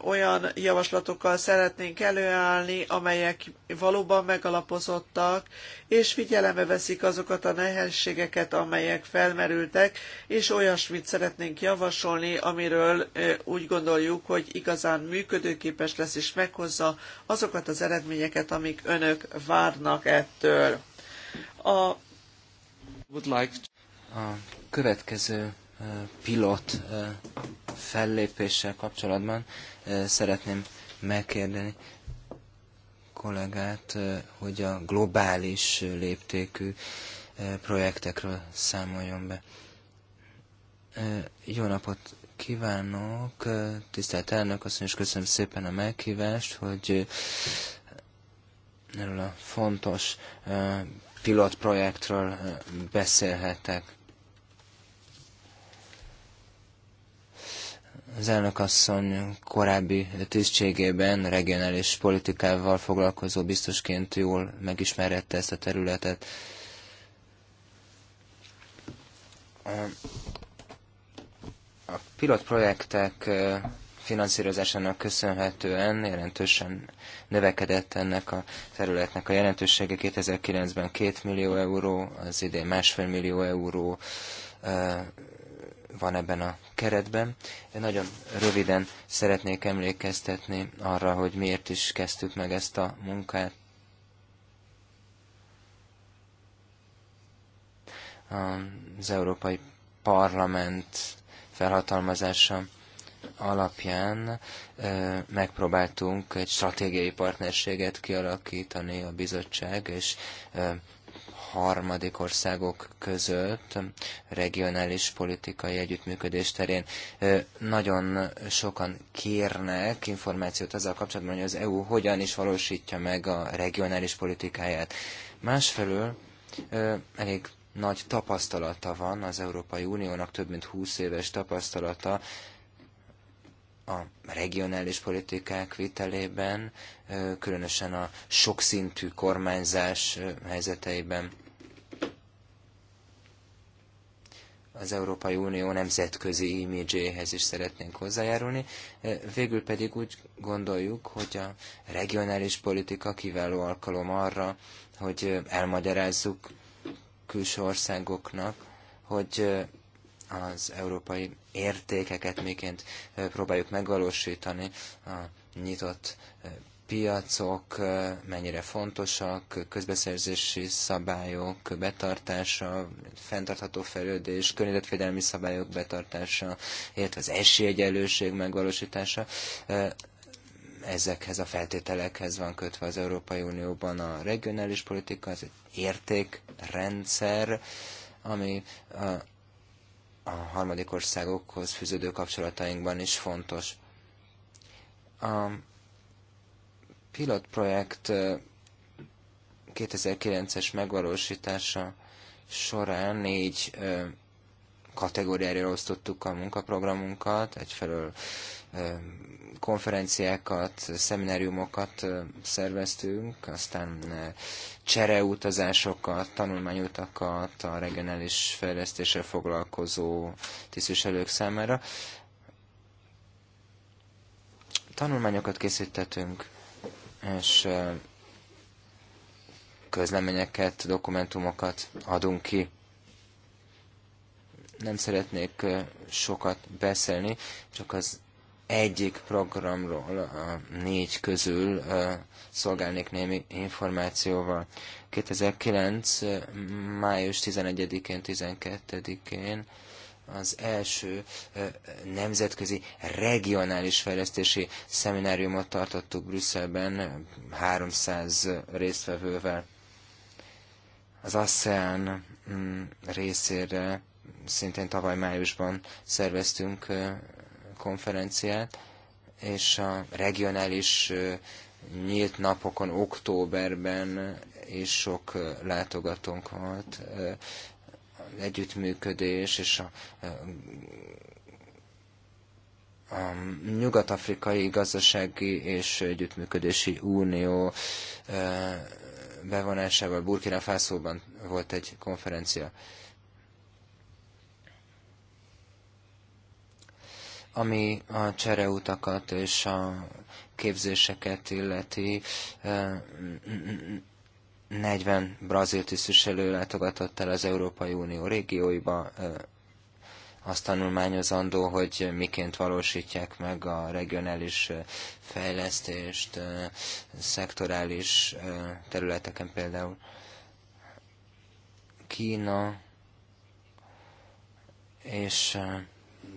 olyan javaslatokkal szeretnénk előállni, amelyek valóban megalapozottak, és figyelembe veszik azokat a nehézségeket, amelyek felmerültek, és olyasmit szeretnénk javasolni, amiről úgy gondoljuk, hogy igazán működőképes lesz, és meghozza azokat az eredményeket, amik önök várnak ettől. A, a következő pilot fellépéssel kapcsolatban szeretném megkérdeni kollégát, hogy a globális léptékű projektekről számoljon be. Jó napot kívánok, tisztelt elnök, azt is köszönöm szépen a meghívást, hogy erről a fontos pilotprojektről beszélhetek. Az elnökasszony korábbi tisztségében regionális politikával foglalkozó biztosként jól megismerhette ezt a területet. A pilotprojektek finanszírozásának köszönhetően jelentősen növekedett ennek a területnek a jelentősége. 2009-ben 2 millió euró, az idén másfél millió euró van ebben a keretben. Én nagyon röviden szeretnék emlékeztetni arra, hogy miért is kezdtük meg ezt a munkát. Az Európai Parlament felhatalmazása alapján megpróbáltunk egy stratégiai partnerséget kialakítani a bizottság és harmadik országok között regionális politikai együttműködés terén. Nagyon sokan kérnek információt azzal kapcsolatban, hogy az EU hogyan is valósítja meg a regionális politikáját. Másfelől elég nagy tapasztalata van az Európai Uniónak, több mint 20 éves tapasztalata a regionális politikák vitelében, különösen a sokszintű kormányzás helyzeteiben. az Európai Unió nemzetközi imidzséhez is szeretnénk hozzájárulni. Végül pedig úgy gondoljuk, hogy a regionális politika kiváló alkalom arra, hogy elmagyarázzuk külső országoknak, hogy az európai értékeket miként próbáljuk megvalósítani a nyitott piacok mennyire fontosak, közbeszerzési szabályok betartása, fenntartható fejlődés, környezetvédelmi szabályok betartása, illetve az esélyegyelőség megvalósítása. Ezekhez a feltételekhez van kötve az Európai Unióban a regionális politika, az egy értékrendszer, ami a harmadik országokhoz fűződő kapcsolatainkban is fontos. A pilotprojekt 2009-es megvalósítása során négy kategóriára osztottuk a munkaprogramunkat, egyfelől konferenciákat, szemináriumokat szerveztünk, aztán csereutazásokat, tanulmányutakat a regionális fejlesztéssel foglalkozó tisztviselők számára. Tanulmányokat készítettünk, és közleményeket, dokumentumokat adunk ki. Nem szeretnék sokat beszélni, csak az egyik programról a négy közül szolgálnék némi információval. 2009. május 11-én, 12-én az első nemzetközi regionális fejlesztési szemináriumot tartottuk Brüsszelben 300 résztvevővel. Az ASEAN mm, részére szintén tavaly májusban szerveztünk konferenciát, és a regionális nyílt napokon októberben is sok látogatónk volt. Együttműködés és a, a Nyugat-Afrikai Gazdasági és Együttműködési Unió bevonásával Burkina Fászóban volt egy konferencia. Ami a csereutakat és a képzéseket illeti, 40 brazil tisztviselő látogatott el az Európai Unió régióiba, azt tanulmányozandó, hogy miként valósítják meg a regionális fejlesztést, szektorális területeken például. Kína és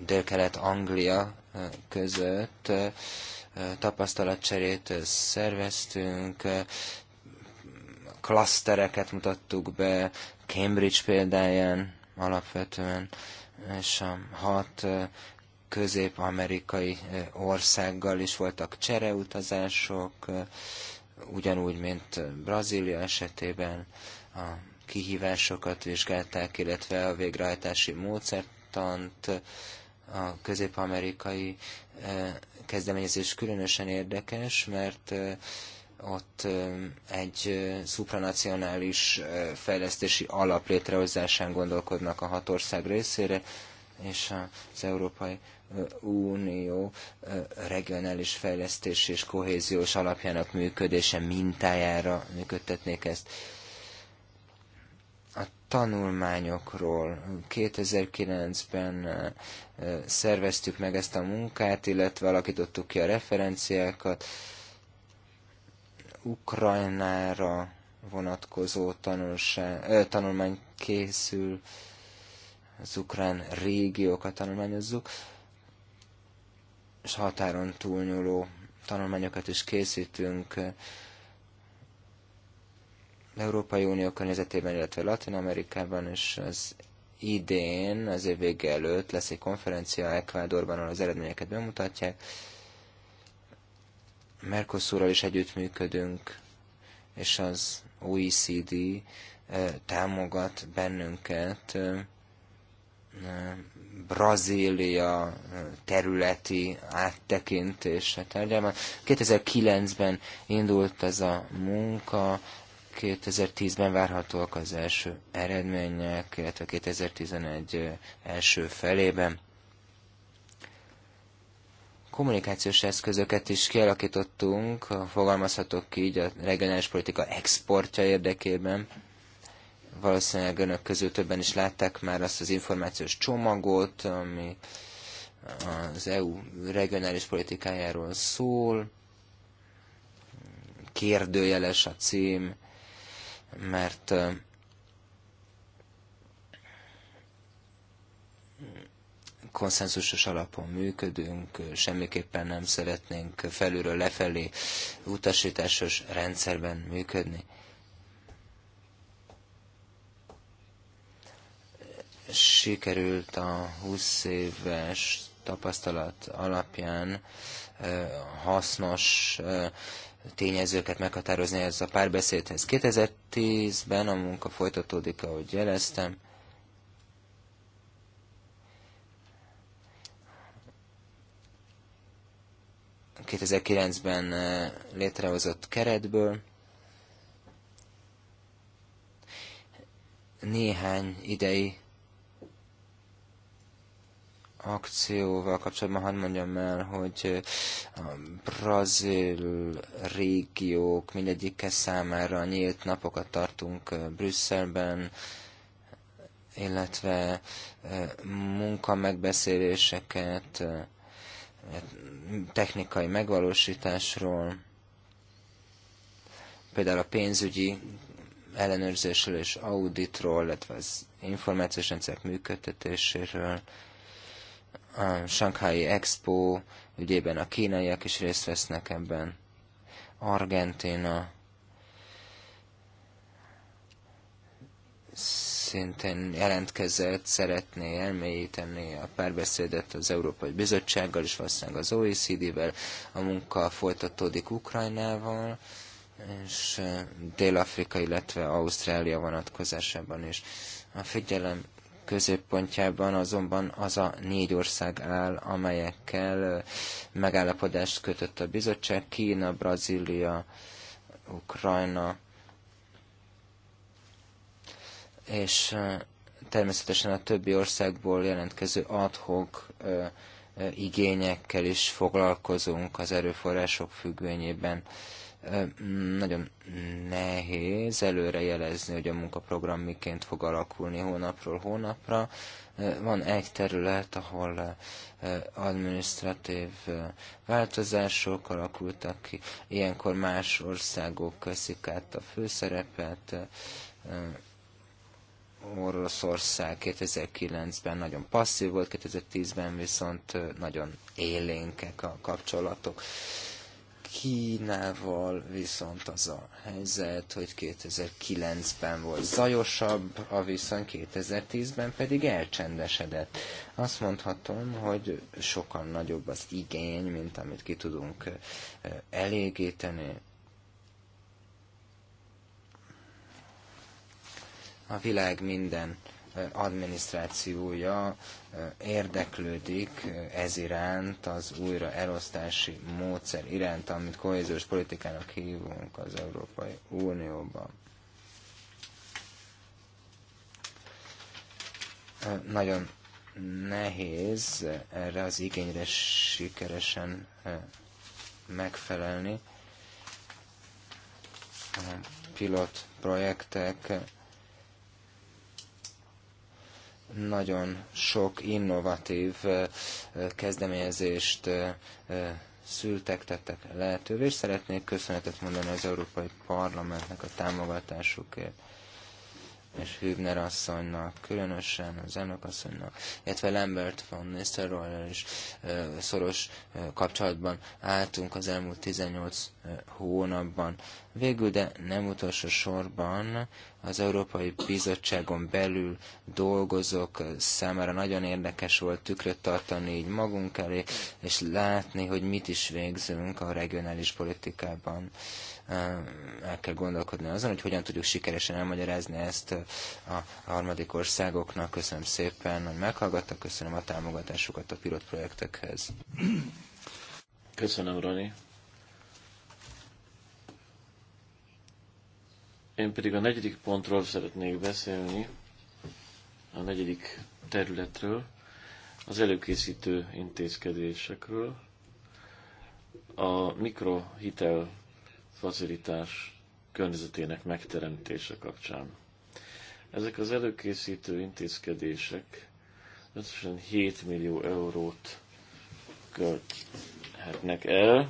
Dél-Kelet-Anglia eh, között eh, tapasztalatcserét eh, szerveztünk, klasztereket mutattuk be, Cambridge példáján alapvetően, és a hat közép-amerikai országgal is voltak csereutazások, ugyanúgy, mint Brazília esetében a kihívásokat vizsgálták, illetve a végrehajtási módszertant, a közép-amerikai e, kezdeményezés különösen érdekes, mert e, ott e, egy szupranacionális fejlesztési alap létrehozásán gondolkodnak a hat ország részére, és az Európai Unió regionális fejlesztési és kohéziós alapjának működése mintájára működtetnék ezt a tanulmányokról. 2009-ben eh, eh, szerveztük meg ezt a munkát, illetve alakítottuk ki a referenciákat Ukrajnára vonatkozó eh, tanulmány készül, az ukrán régiókat tanulmányozzuk, és határon túlnyúló tanulmányokat is készítünk Európai Unió környezetében, illetve Latin Amerikában, és az idén, az év vége előtt lesz egy konferencia Ecuadorban, ahol az eredményeket bemutatják. Mercosurral is együttműködünk, és az OECD eh, támogat bennünket eh, Brazília eh, területi áttekintése tárgyában. 2009-ben indult ez a munka, 2010-ben várhatóak az első eredmények, illetve 2011 első felében. Kommunikációs eszközöket is kialakítottunk, fogalmazhatok így a regionális politika exportja érdekében. Valószínűleg önök közül többen is látták már azt az információs csomagot, ami az EU regionális politikájáról szól. Kérdőjeles a cím, mert konszenzusos alapon működünk, semmiképpen nem szeretnénk felülről lefelé utasításos rendszerben működni. Sikerült a 20 éves tapasztalat alapján hasznos tényezőket meghatározni ez a párbeszédhez. 2010-ben a munka folytatódik, ahogy jeleztem. A 2009-ben eh, létrehozott keretből néhány idei akcióval kapcsolatban hadd mondjam el, hogy a brazil régiók mindegyike számára nyílt napokat tartunk Brüsszelben, illetve munkamegbeszéléseket, technikai megvalósításról, például a pénzügyi ellenőrzésről és auditról, illetve az információs rendszerek működtetéséről, a Shanghai Expo ügyében a kínaiak is részt vesznek ebben. Argentina szintén jelentkezett, szeretné elmélyíteni a párbeszédet az Európai Bizottsággal és valószínűleg az OECD-vel, a munka folytatódik Ukrajnával, és eh, Dél-Afrika, illetve Ausztrália vonatkozásában is. A figyelem középpontjában azonban az a négy ország áll, amelyekkel megállapodást kötött a bizottság, Kína, Brazília, Ukrajna, és természetesen a többi országból jelentkező adhok igényekkel is foglalkozunk az erőforrások függvényében. Nagyon nehéz előrejelezni, hogy a munkaprogram miként fog alakulni hónapról hónapra. Van egy terület, ahol administratív változások alakultak ki. Ilyenkor más országok köszik át a főszerepet, Oroszország 2009-ben nagyon passzív volt, 2010-ben viszont nagyon élénkek a kapcsolatok. Kínával viszont az a helyzet, hogy 2009-ben volt zajosabb a viszony, 2010-ben pedig elcsendesedett. Azt mondhatom, hogy sokkal nagyobb az igény, mint amit ki tudunk elégíteni. A világ minden adminisztrációja érdeklődik ez iránt, az újra elosztási módszer iránt, amit kohéziós politikának hívunk az Európai Unióban. Nagyon nehéz erre az igényre sikeresen megfelelni. Pilot projektek nagyon sok innovatív eh, eh, kezdeményezést eh, szültek, tettek lehetővé, és szeretnék köszönetet mondani az Európai Parlamentnek a támogatásukért és Hübner asszonynak, különösen az elnök asszonynak, illetve Lambert von Nistelrooy is szoros kapcsolatban álltunk az elmúlt 18 hónapban. Végül, de nem utolsó sorban az Európai Bizottságon belül dolgozók számára nagyon érdekes volt tükröt tartani így magunk elé, és látni, hogy mit is végzünk a regionális politikában. Eh, el kell gondolkodni azon, hogy hogyan tudjuk sikeresen elmagyarázni ezt eh, a harmadik országoknak. Köszönöm szépen, hogy meghallgattak, köszönöm a támogatásukat a pilot projektekhez. Köszönöm, Rani. Én pedig a negyedik pontról szeretnék beszélni, a negyedik területről, az előkészítő intézkedésekről, a mikrohitel facilitás környezetének megteremtése kapcsán. Ezek az előkészítő intézkedések összesen 7 millió eurót költhetnek el,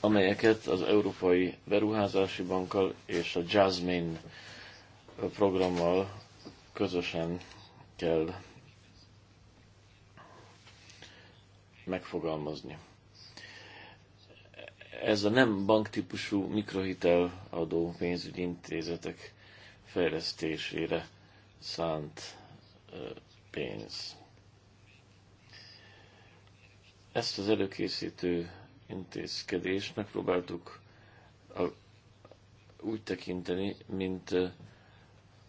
amelyeket az Európai Beruházási Bankkal és a Jasmine programmal közösen kell megfogalmazni ez a nem banktípusú mikrohitel adó pénzügyi intézetek fejlesztésére szánt pénz. Ezt az előkészítő intézkedést megpróbáltuk a, úgy tekinteni, mint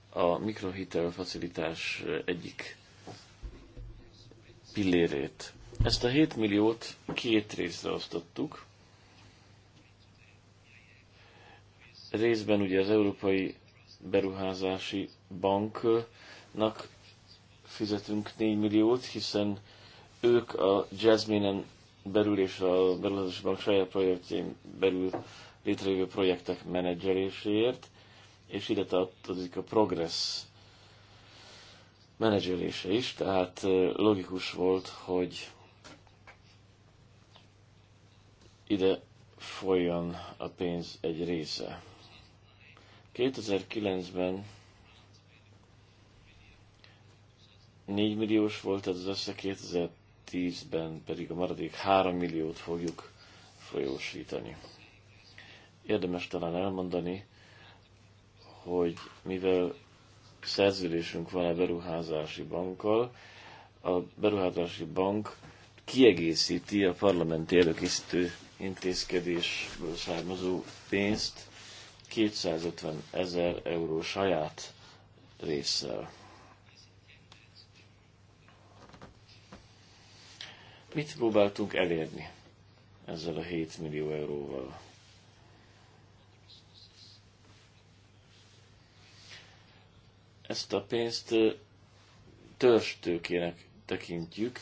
a mikrohitel facilitás egyik pillérét. Ezt a 7 milliót két részre osztottuk. részben ugye az Európai Beruházási Banknak fizetünk 4 milliót, hiszen ők a Jasmine-en belül és a Beruházási Bank saját projektjén belül létrejövő projektek menedzseléséért, és ide tartozik a Progress menedzselése is, tehát logikus volt, hogy ide folyjon a pénz egy része. 2009-ben 4 milliós volt ez az össze, 2010-ben pedig a maradék 3 milliót fogjuk folyósítani. Érdemes talán elmondani, hogy mivel szerződésünk van a beruházási bankkal, a beruházási bank kiegészíti a parlamenti előkészítő intézkedésből származó pénzt, 250 ezer euró saját részsel. Mit próbáltunk elérni ezzel a 7 millió euróval? Ezt a pénzt törstőkének tekintjük,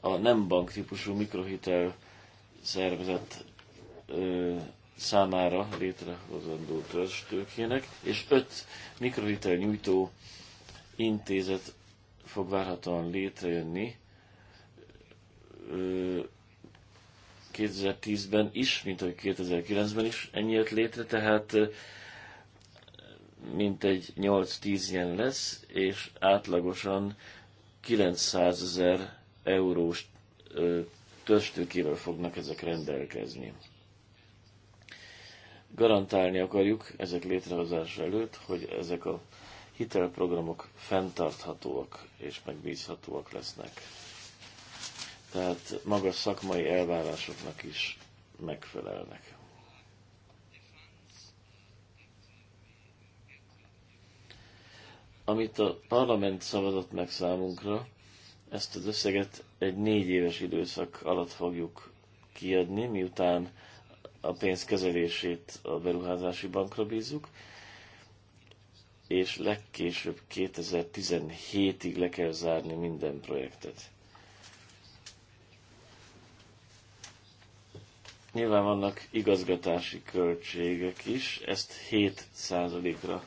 a nem bank típusú mikrohitel szervezet számára létrehozandó törzstőkének, és öt mikrovitel nyújtó intézet fog várhatóan létrejönni 2010-ben is, mint ahogy 2009-ben is ennyi jött létre, tehát mintegy 8-10 ilyen lesz, és átlagosan 900 ezer eurós törzstőkével fognak ezek rendelkezni garantálni akarjuk ezek létrehozása előtt, hogy ezek a hitelprogramok fenntarthatóak és megbízhatóak lesznek. Tehát magas szakmai elvárásoknak is megfelelnek. Amit a parlament szavazott meg számunkra, ezt az összeget egy négy éves időszak alatt fogjuk kiadni, miután a pénz kezelését a beruházási bankra bízzuk, és legkésőbb 2017-ig le kell zárni minden projektet. Nyilván vannak igazgatási költségek is, ezt 7%-ra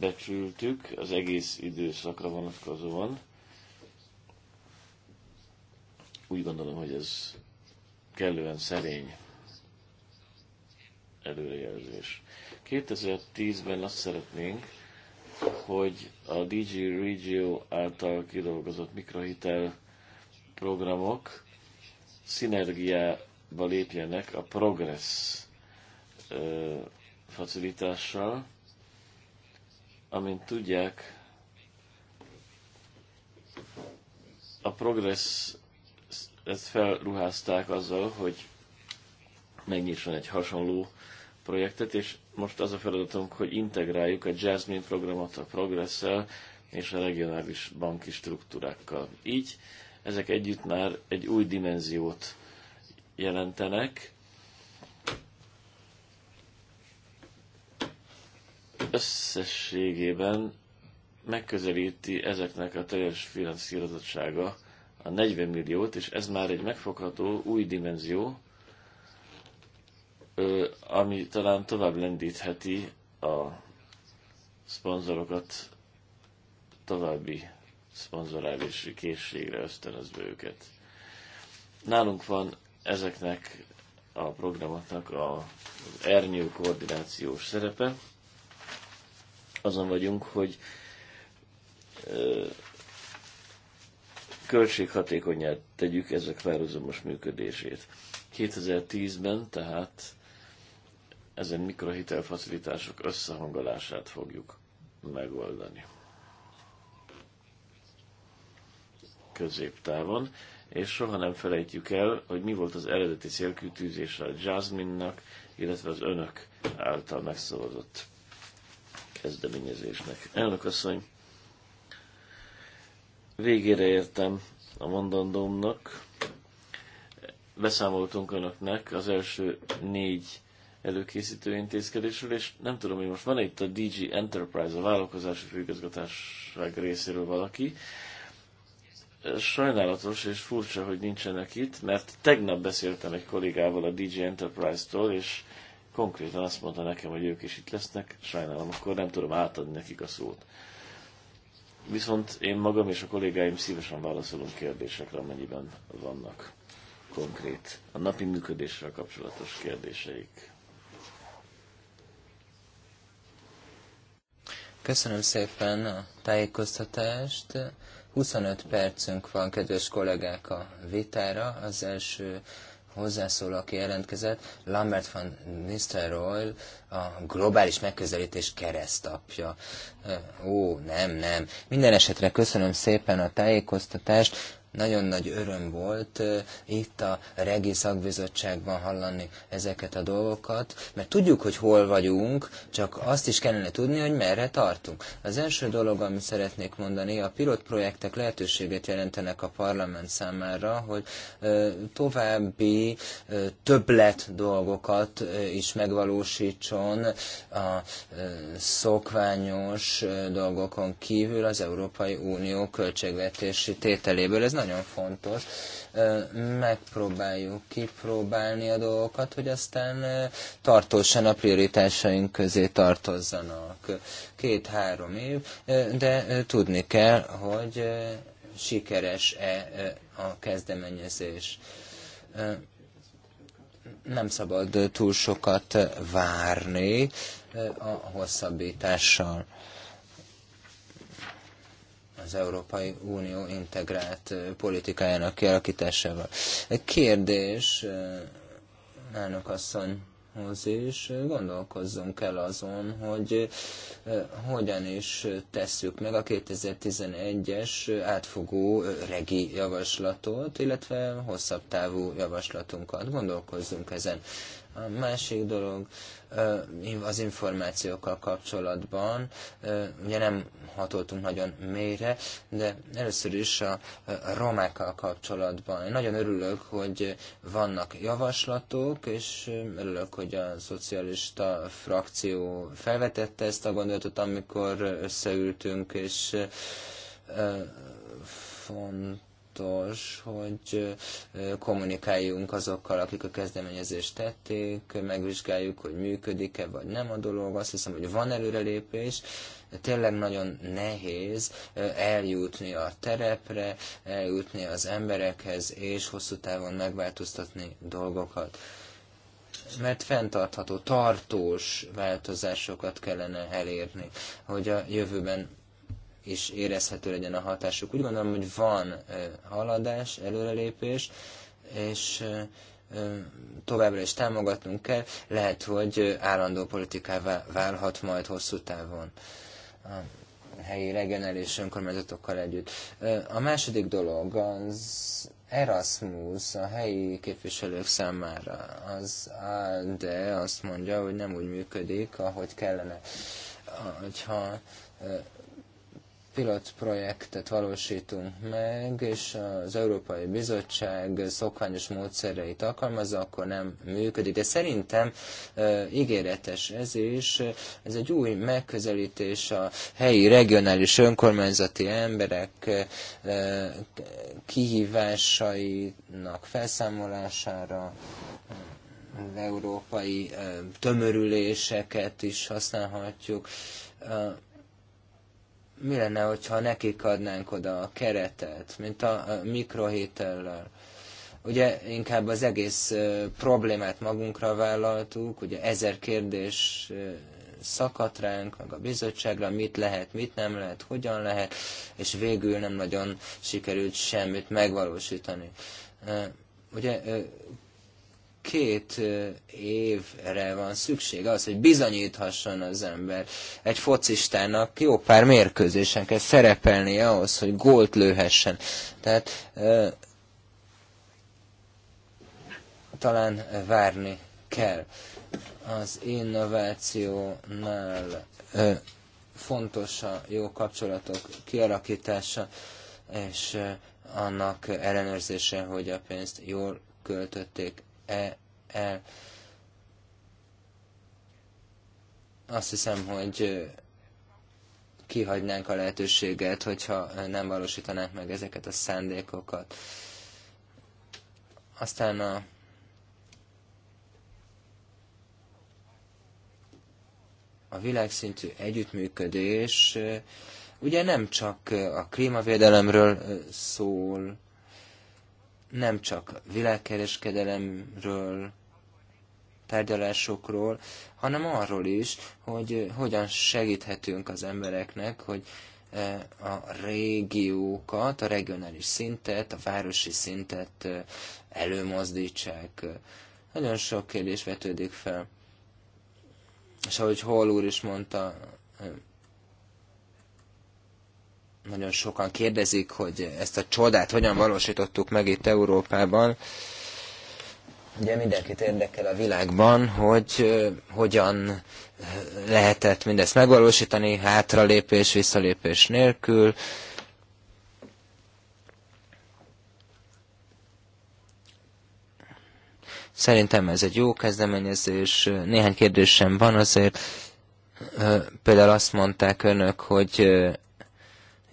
becsültük az egész időszakra vonatkozóan. Úgy gondolom, hogy ez kellően szerény előrejelzés. 2010-ben azt szeretnénk, hogy a DG Regio által kidolgozott mikrohitel programok szinergiába lépjenek a Progress facilitással, amint tudják, a Progress ezt felruházták azzal, hogy megnyisson egy hasonló projektet, és most az a feladatunk, hogy integráljuk a Jasmine programot a progress és a regionális banki struktúrákkal. Így ezek együtt már egy új dimenziót jelentenek. Összességében megközelíti ezeknek a teljes finanszírozottsága a 40 milliót, és ez már egy megfogható új dimenzió, ami talán tovább lendítheti a szponzorokat további szponzorális készségre ösztönözve őket. Nálunk van ezeknek a programoknak a ernyő koordinációs szerepe. Azon vagyunk, hogy költséghatékonyá tegyük ezek párhuzamos működését. 2010-ben tehát ezen mikrohitelfacilitások összehangolását fogjuk megoldani középtávon, és soha nem felejtjük el, hogy mi volt az eredeti célkütűzése a Jasmine-nak, illetve az önök által megszavazott kezdeményezésnek. Elnök asszony, végére értem a mondandómnak. Beszámoltunk önöknek az első négy előkészítő intézkedésről, és nem tudom, hogy most van itt a DG Enterprise, a vállalkozási főigazgatásság részéről valaki. Sajnálatos és furcsa, hogy nincsenek itt, mert tegnap beszéltem egy kollégával a DG Enterprise-tól, és konkrétan azt mondta nekem, hogy ők is itt lesznek, sajnálom, akkor nem tudom átadni nekik a szót. Viszont én magam és a kollégáim szívesen válaszolunk kérdésekre, amennyiben vannak konkrét, a napi működéssel kapcsolatos kérdéseik. Köszönöm szépen a tájékoztatást. 25 percünk van, kedves kollégák, a vitára. Az első hozzászóló, aki jelentkezett, Lambert van Nistelrooy, a globális megközelítés keresztapja. Ó, nem, nem. Minden esetre köszönöm szépen a tájékoztatást. Nagyon nagy öröm volt itt a Regi Szakbizottságban hallani ezeket a dolgokat, mert tudjuk, hogy hol vagyunk, csak azt is kellene tudni, hogy merre tartunk. Az első dolog, amit szeretnék mondani, a projektek lehetőséget jelentenek a parlament számára, hogy további többlet dolgokat is megvalósítson a szokványos dolgokon kívül az Európai Unió költségvetési tételéből. Ez nagyon fontos. Megpróbáljuk kipróbálni a dolgokat, hogy aztán tartósan a prioritásaink közé tartozzanak. Két-három év, de tudni kell, hogy sikeres-e a kezdeményezés nem szabad túl sokat várni a hosszabbítással az Európai Unió integrált politikájának kialakításával. Egy kérdés, elnök asszonyhoz is, gondolkozzunk el azon, hogy hogyan is tesszük meg a 2011-es átfogó regi javaslatot, illetve hosszabb távú javaslatunkat. Gondolkozzunk ezen. A másik dolog az információkkal kapcsolatban, ugye nem hatoltunk nagyon mélyre, de először is a romákkal kapcsolatban. Én nagyon örülök, hogy vannak javaslatok, és örülök, hogy a szocialista frakció felvetette ezt a gondolatot, amikor összeültünk, és font fontos, hogy kommunikáljunk azokkal, akik a kezdeményezést tették, megvizsgáljuk, hogy működik-e vagy nem a dolog. Azt hiszem, hogy van előrelépés, tényleg nagyon nehéz eljutni a terepre, eljutni az emberekhez, és hosszú távon megváltoztatni dolgokat mert fenntartható, tartós változásokat kellene elérni, hogy a jövőben és érezhető legyen a hatásuk. Úgy gondolom, hogy van haladás, előrelépés, és továbbra is támogatnunk kell, lehet, hogy állandó politikává válhat majd hosszú távon a helyi regionális önkormányzatokkal együtt. A második dolog az Erasmus a helyi képviselők számára. Az de azt mondja, hogy nem úgy működik, ahogy kellene. Hogyha pilotprojektet valósítunk meg, és az Európai Bizottság szokványos módszereit alkalmazza, akkor nem működik. De szerintem e, ígéretes ez is. Ez egy új megközelítés a helyi, regionális, önkormányzati emberek e, kihívásainak felszámolására európai e, tömörüléseket is használhatjuk. E, mi lenne, hogyha nekik adnánk oda a keretet, mint a mikrohétellel? Ugye inkább az egész problémát magunkra vállaltuk, ugye ezer kérdés szakadt ránk, meg a bizottságra, mit lehet, mit nem lehet, hogyan lehet, és végül nem nagyon sikerült semmit megvalósítani. Ugye két évre van szükség az, hogy bizonyíthasson az ember. Egy focistának jó pár mérkőzésen kell szerepelnie ahhoz, hogy gólt lőhessen. Tehát talán várni kell. Az innovációnál fontos a jó kapcsolatok kialakítása, és annak ellenőrzése, hogy a pénzt jól költötték -e e. Azt hiszem, hogy kihagynánk a lehetőséget, hogyha nem valósítanánk meg ezeket a szándékokat. Aztán a a világszintű együttműködés ugye nem csak a klímavédelemről szól, nem csak világkereskedelemről, tárgyalásokról, hanem arról is, hogy hogyan segíthetünk az embereknek, hogy e, a régiókat, a regionális szintet, a városi szintet e, előmozdítsák. Nagyon sok kérdés vetődik fel. És ahogy Hall úr is mondta, e, nagyon sokan kérdezik, hogy ezt a csodát hogyan valósítottuk meg itt Európában. Ugye mindenkit érdekel a világban, hogy hogyan lehetett mindezt megvalósítani, hátralépés, visszalépés nélkül. Szerintem ez egy jó kezdeményezés. Néhány kérdésem van azért. Például azt mondták önök, hogy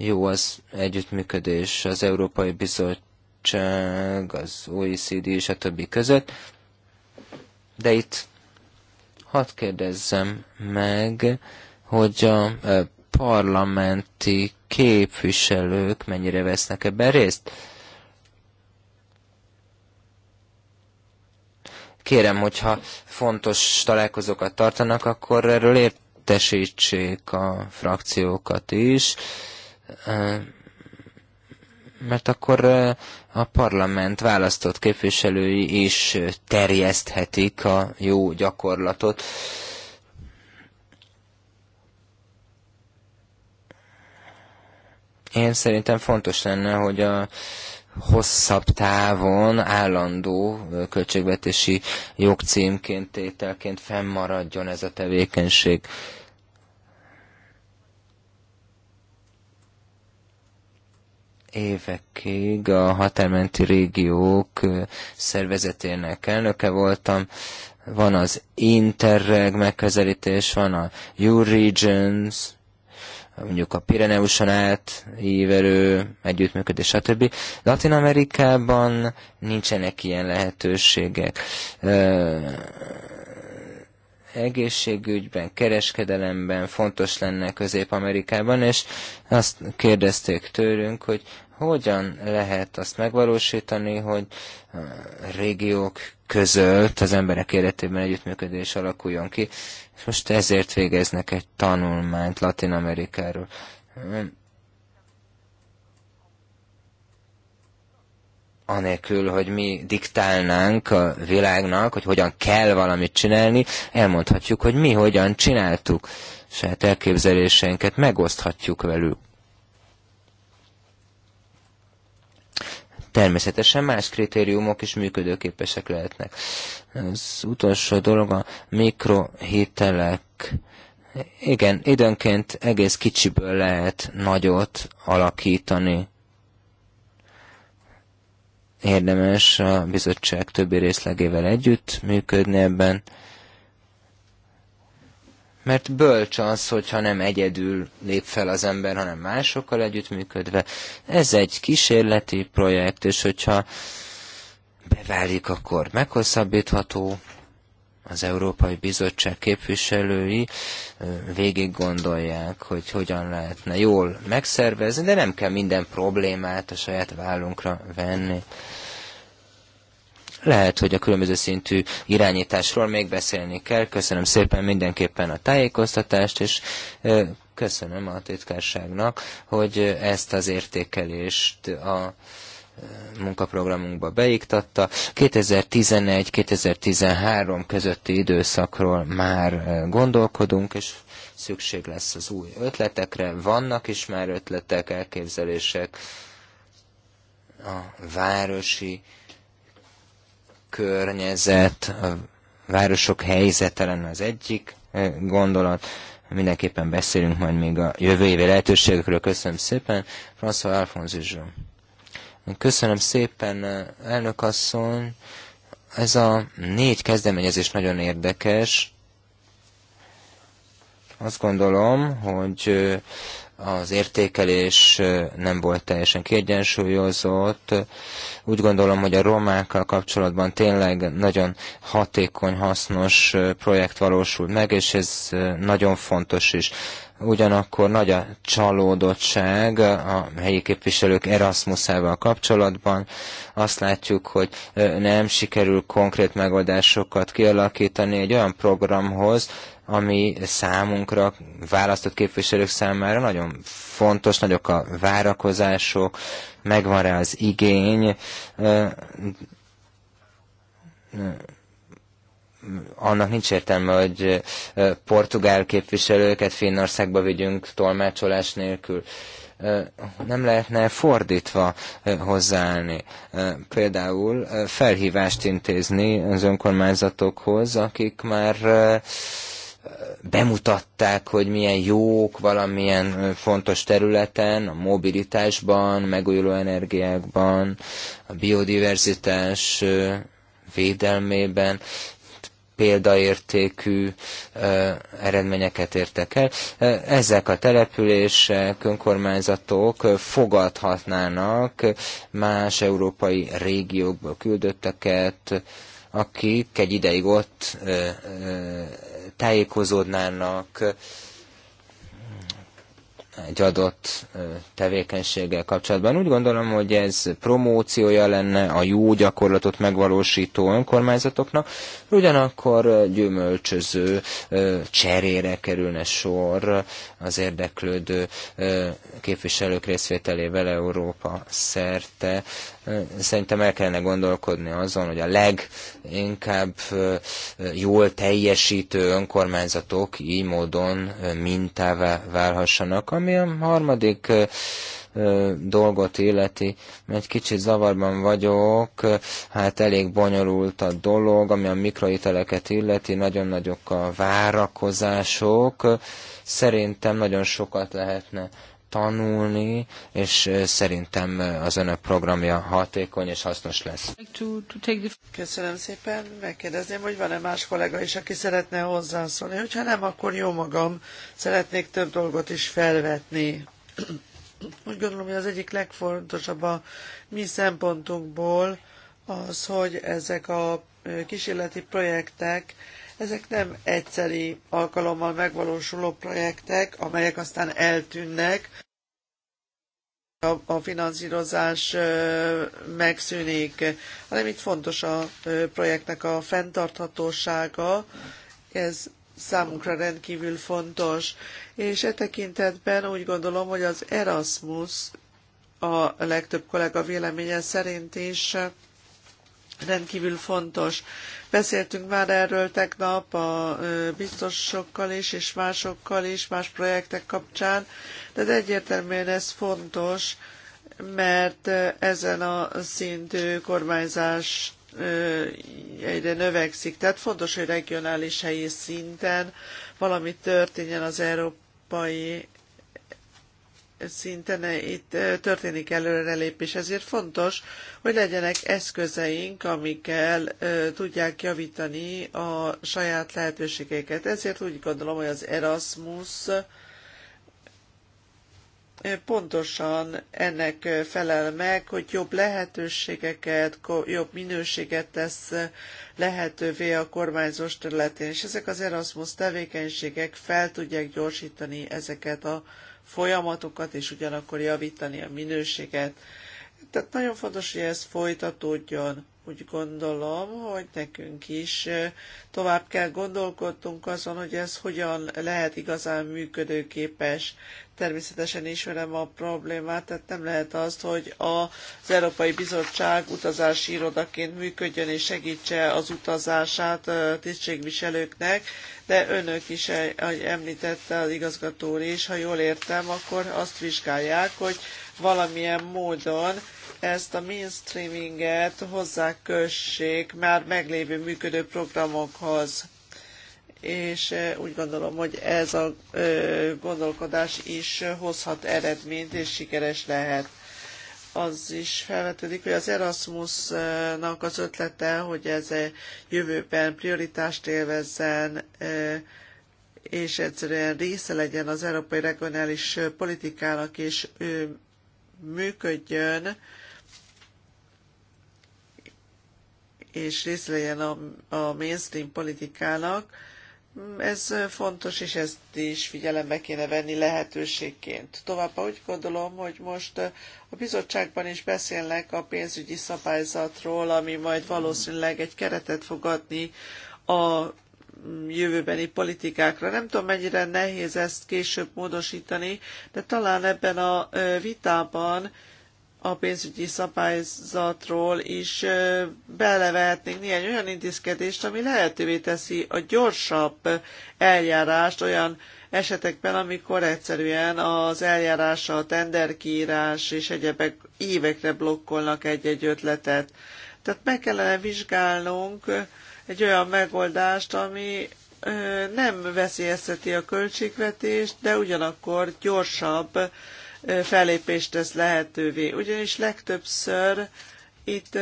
jó az együttműködés az Európai Bizottság, az OECD és a többi között, de itt hadd kérdezzem meg, hogy a e, parlamenti képviselők mennyire vesznek ebben részt. Kérem, hogyha fontos találkozókat tartanak, akkor erről értesítsék a frakciókat is mert akkor a parlament választott képviselői is terjeszthetik a jó gyakorlatot. Én szerintem fontos lenne, hogy a hosszabb távon állandó költségvetési jogcímként, tételként fennmaradjon ez a tevékenység. évekig a határmenti régiók szervezetének elnöke voltam. Van az Interreg megközelítés, van a U-Regions, mondjuk a Pireneuson át, ívelő, együttműködés, stb. Latin Amerikában nincsenek ilyen lehetőségek egészségügyben, kereskedelemben fontos lenne Közép-Amerikában, és azt kérdezték tőlünk, hogy hogyan lehet azt megvalósítani, hogy a régiók között az emberek életében együttműködés alakuljon ki, és most ezért végeznek egy tanulmányt Latin Amerikáról. anélkül, hogy mi diktálnánk a világnak, hogy hogyan kell valamit csinálni, elmondhatjuk, hogy mi hogyan csináltuk, saját elképzeléseinket megoszthatjuk velük. Természetesen más kritériumok is működőképesek lehetnek. Az utolsó dolog a mikrohitelek. Igen, időnként egész kicsiből lehet nagyot alakítani érdemes a bizottság többi részlegével együtt működni ebben, mert bölcs az, hogyha nem egyedül lép fel az ember, hanem másokkal együttműködve. Ez egy kísérleti projekt, és hogyha beválik, akkor meghosszabbítható, az Európai Bizottság képviselői végig gondolják, hogy hogyan lehetne jól megszervezni, de nem kell minden problémát a saját vállunkra venni. Lehet, hogy a különböző szintű irányításról még beszélni kell. Köszönöm szépen mindenképpen a tájékoztatást, és köszönöm a titkárságnak, hogy ezt az értékelést a munkaprogramunkba beiktatta. 2011-2013 közötti időszakról már gondolkodunk, és szükség lesz az új ötletekre. Vannak is már ötletek, elképzelések a városi környezet, a városok helyzete lenne az egyik gondolat. Mindenképpen beszélünk majd még a jövő évi lehetőségekről. Köszönöm szépen. François Alphonse Zsó. Köszönöm szépen, elnök asszony. Ez a négy kezdeményezés nagyon érdekes. Azt gondolom, hogy az értékelés nem volt teljesen kiegyensúlyozott. Úgy gondolom, hogy a romákkal kapcsolatban tényleg nagyon hatékony, hasznos projekt valósult meg, és ez nagyon fontos is ugyanakkor nagy a csalódottság a helyi képviselők Erasmusával kapcsolatban. Azt látjuk, hogy nem sikerül konkrét megoldásokat kialakítani egy olyan programhoz, ami számunkra, választott képviselők számára nagyon fontos, nagyok a várakozások, megvan rá az igény, annak nincs értelme, hogy portugál képviselőket Finnországba vigyünk tolmácsolás nélkül. Nem lehetne fordítva hozzáállni. Például felhívást intézni az önkormányzatokhoz, akik már bemutatták, hogy milyen jók valamilyen fontos területen, a mobilitásban, megújuló energiákban, a biodiverzitás védelmében példaértékű eredményeket értek el. Ezek a települések, önkormányzatok fogadhatnának más európai régiókba küldötteket, akik egy ideig ott tájékozódnának, egy adott tevékenységgel kapcsolatban. Úgy gondolom, hogy ez promóciója lenne a jó gyakorlatot megvalósító önkormányzatoknak, ugyanakkor gyümölcsöző cserére kerülne sor az érdeklődő képviselők részvételével Európa szerte Szerintem el kellene gondolkodni azon, hogy a leginkább jól teljesítő önkormányzatok így módon mintává válhassanak, ami a harmadik dolgot illeti. Egy kicsit zavarban vagyok, hát elég bonyolult a dolog, ami a mikroiteleket illeti, nagyon nagyok a várakozások. Szerintem nagyon sokat lehetne tanulni, és szerintem az önök programja hatékony és hasznos lesz. Köszönöm szépen. Megkérdezném, hogy van-e más kollega is, aki szeretne hozzászólni. Hogyha nem, akkor jó magam. Szeretnék több dolgot is felvetni. Úgy gondolom, hogy az egyik legfontosabb a mi szempontunkból az, hogy ezek a kísérleti projektek ezek nem egyszeri alkalommal megvalósuló projektek, amelyek aztán eltűnnek, a, a finanszírozás megszűnik, hanem itt fontos a projektnek a fenntarthatósága, ez számunkra rendkívül fontos, és e tekintetben úgy gondolom, hogy az Erasmus a legtöbb kollega véleménye szerint is rendkívül fontos. Beszéltünk már erről tegnap a biztosokkal is, és másokkal is, más projektek kapcsán, de egyértelműen ez fontos, mert ezen a szintű kormányzás egyre növekszik. Tehát fontos, hogy regionális helyi szinten valami történjen az európai szinten eh, itt eh, történik előrelépés, ezért fontos, hogy legyenek eszközeink, amikkel eh, tudják javítani a saját lehetőségeket. Ezért úgy gondolom, hogy az Erasmus pontosan ennek felel meg, hogy jobb lehetőségeket, jobb minőséget tesz lehetővé a kormányzós területén, és ezek az Erasmus tevékenységek fel tudják gyorsítani ezeket a folyamatokat, és ugyanakkor javítani a minőséget. Tehát nagyon fontos, hogy ez folytatódjon úgy gondolom, hogy nekünk is tovább kell gondolkodnunk azon, hogy ez hogyan lehet igazán működőképes. Természetesen ismerem a problémát, tehát nem lehet azt, hogy az Európai Bizottság utazási irodaként működjön és segítse az utazását tisztségviselőknek, de önök is, eh, ahogy említette az igazgató is, ha jól értem, akkor azt vizsgálják, hogy valamilyen módon ezt a mainstreaminget hozzákössék már meglévő működő programokhoz. És úgy gondolom, hogy ez a gondolkodás is hozhat eredményt, és sikeres lehet az is felvetődik, hogy az Erasmusnak az ötlete, hogy ez a jövőben prioritást élvezzen, és egyszerűen része legyen az európai regionális politikának, és működjön, és részt legyen a, a mainstream politikának, ez fontos, és ezt is figyelembe kéne venni lehetőségként. Továbbá úgy gondolom, hogy most a bizottságban is beszélnek a pénzügyi szabályzatról, ami majd valószínűleg egy keretet fogadni a jövőbeni politikákra. Nem tudom, mennyire nehéz ezt később módosítani, de talán ebben a vitában a pénzügyi szabályzatról is belevehetnénk néhány olyan intézkedést, ami lehetővé teszi a gyorsabb eljárást olyan esetekben, amikor egyszerűen az eljárás, a tenderkiírás és egyebek évekre blokkolnak egy-egy ötletet. Tehát meg kellene vizsgálnunk egy olyan megoldást, ami nem veszélyezteti a költségvetést, de ugyanakkor gyorsabb fellépést tesz lehetővé. Ugyanis legtöbbször itt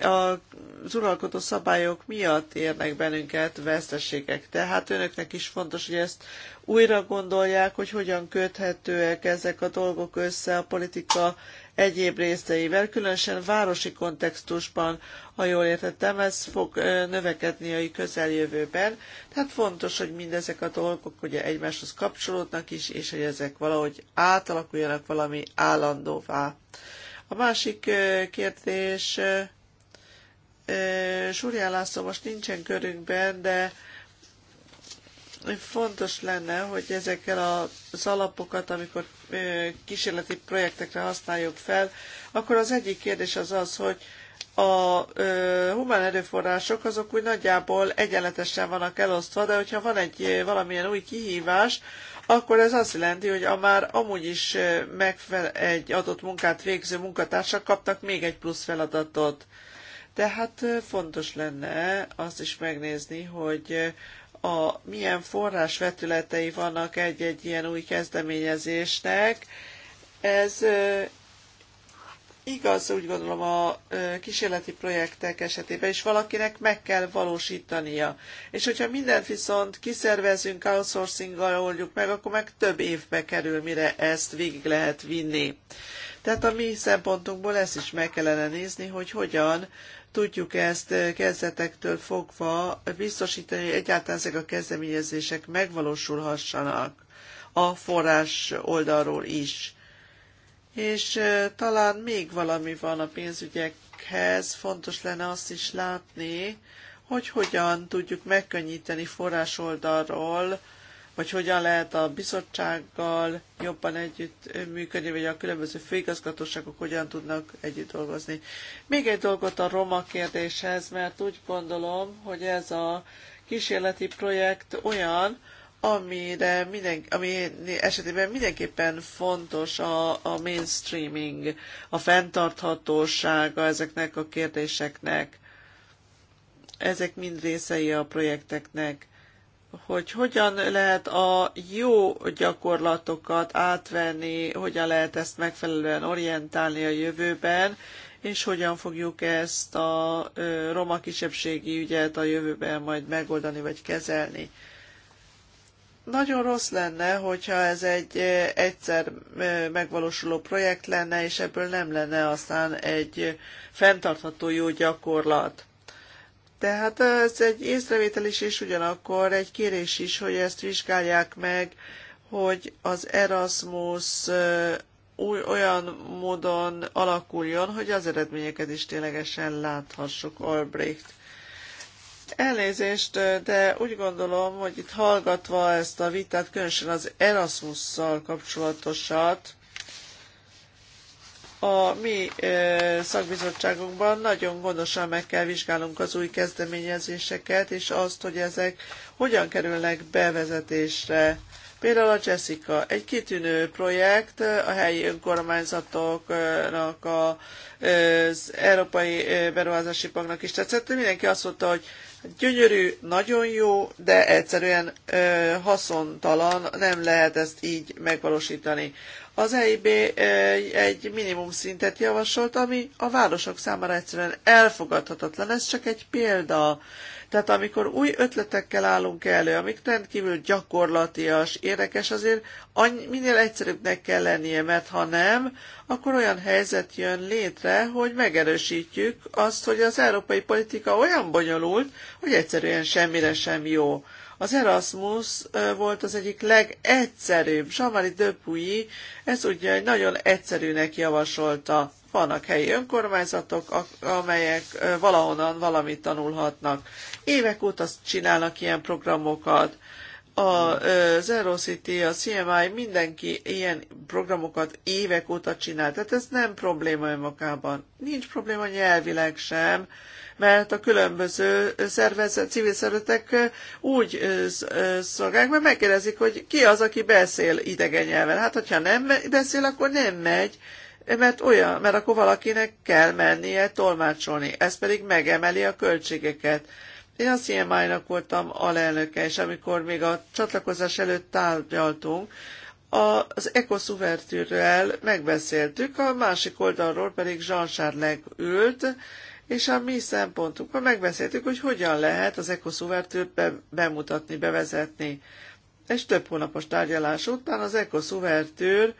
az uralkodó szabályok miatt érnek bennünket veszteségek. Tehát önöknek is fontos, hogy ezt újra gondolják, hogy hogyan köthetőek ezek a dolgok össze a politika egyéb részeivel, különösen városi kontextusban, ha jól értettem, ez fog növekedni a közeljövőben. Tehát fontos, hogy mindezek a dolgok ugye egymáshoz kapcsolódnak is, és hogy ezek valahogy átalakuljanak valami állandóvá. A másik kérdés, Súrján László most nincsen körünkben, de fontos lenne, hogy ezekkel az alapokat, amikor kísérleti projektekre használjuk fel, akkor az egyik kérdés az az, hogy a ö, humán erőforrások azok úgy nagyjából egyenletesen vannak elosztva, de hogyha van egy valamilyen új kihívás, akkor ez azt jelenti, hogy a már amúgy is megfele- egy adott munkát végző munkatársak kaptak még egy plusz feladatot. Tehát fontos lenne azt is megnézni, hogy a, milyen forrásvetületei vannak egy-egy ilyen új kezdeményezésnek. Ez igaz, úgy gondolom a kísérleti projektek esetében is valakinek meg kell valósítania. És hogyha mindent viszont kiszervezünk, outsourcing-gal oldjuk meg, akkor meg több évbe kerül, mire ezt végig lehet vinni. Tehát a mi szempontunkból ezt is meg kellene nézni, hogy hogyan tudjuk ezt eh, kezdetektől fogva biztosítani, hogy egyáltalán ezek a kezdeményezések megvalósulhassanak a forrás oldalról is. És eh, talán még valami van a pénzügyekhez, fontos lenne azt is látni, hogy hogyan tudjuk megkönnyíteni forrásoldalról vagy hogyan lehet a bizottsággal jobban együtt működni, vagy a különböző főigazgatóságok hogyan tudnak együtt dolgozni. Még egy dolgot a roma kérdéshez, mert úgy gondolom, hogy ez a kísérleti projekt olyan, amire minden, ami esetében mindenképpen fontos a, a mainstreaming, a fenntarthatósága ezeknek a kérdéseknek. Ezek mind részei a projekteknek hogy hogyan lehet a jó gyakorlatokat átvenni, hogyan lehet ezt megfelelően orientálni a jövőben, és hogyan fogjuk ezt a roma kisebbségi ügyet a jövőben majd megoldani vagy kezelni. Nagyon rossz lenne, hogyha ez egy egyszer megvalósuló projekt lenne, és ebből nem lenne aztán egy fenntartható jó gyakorlat. Tehát ez egy észrevétel is, és ugyanakkor egy kérés is, hogy ezt vizsgálják meg, hogy az Erasmus új, olyan módon alakuljon, hogy az eredményeket is ténylegesen láthassuk, Albrecht. Elnézést, de úgy gondolom, hogy itt hallgatva ezt a vitát, különösen az Erasmusszal kapcsolatosat, a mi szakbizottságunkban nagyon gondosan meg kell vizsgálnunk az új kezdeményezéseket, és azt, hogy ezek hogyan kerülnek bevezetésre. Például a Jessica, egy kitűnő projekt a helyi önkormányzatoknak, az Európai Beruházási Banknak is tetszett. Mindenki azt mondta, hogy gyönyörű, nagyon jó, de egyszerűen haszontalan, nem lehet ezt így megvalósítani. Az EIB eh, egy minimum szintet javasolt, ami a városok számára egyszerűen elfogadhatatlan. Ez csak egy példa. Tehát amikor új ötletekkel állunk elő, amik rendkívül gyakorlatias, érdekes, azért minél egyszerűbbnek kell lennie, mert ha nem, akkor olyan helyzet jön létre, hogy megerősítjük azt, hogy az európai politika olyan bonyolult, hogy egyszerűen semmire sem jó. Az Erasmus volt az egyik legegyszerűbb. Samari Döpui ezt ugye egy nagyon egyszerűnek javasolta. Vannak helyi önkormányzatok, amelyek valahonnan valamit tanulhatnak. Évek óta csinálnak ilyen programokat a Zero City, a CMI, mindenki ilyen programokat évek óta csinál. Tehát ez nem probléma önmagában. Nincs probléma nyelvileg sem, mert a különböző szervezet, civil szervezetek úgy szolgálják, mert megkérdezik, hogy ki az, aki beszél idegen nyelven. Hát, hogyha nem beszél, akkor nem megy, mert olyan, mert akkor valakinek kell mennie tolmácsolni. Ez pedig megemeli a költségeket. Én a CMI-nak voltam alelnöke, és amikor még a csatlakozás előtt tárgyaltunk, az ekoszuvertűrrel megbeszéltük, a másik oldalról pedig Jean charles ült, és a mi szempontunkban megbeszéltük, hogy hogyan lehet az EcoSuvertőt be, bemutatni, bevezetni. És több hónapos tárgyalás után az EcoSuvertőr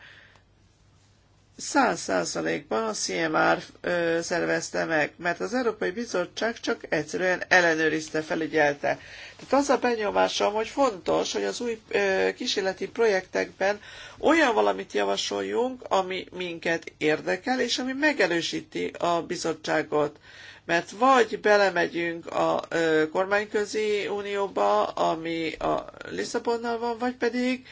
száz százalékban a CMR ö, szervezte meg, mert az Európai Bizottság csak egyszerűen ellenőrizte, felügyelte. Tehát az a benyomásom, hogy fontos, hogy az új ö, kísérleti projektekben olyan valamit javasoljunk, ami minket érdekel, és ami megerősíti a bizottságot. Mert vagy belemegyünk a ö, kormányközi unióba, ami a Lisszabonnal van, vagy pedig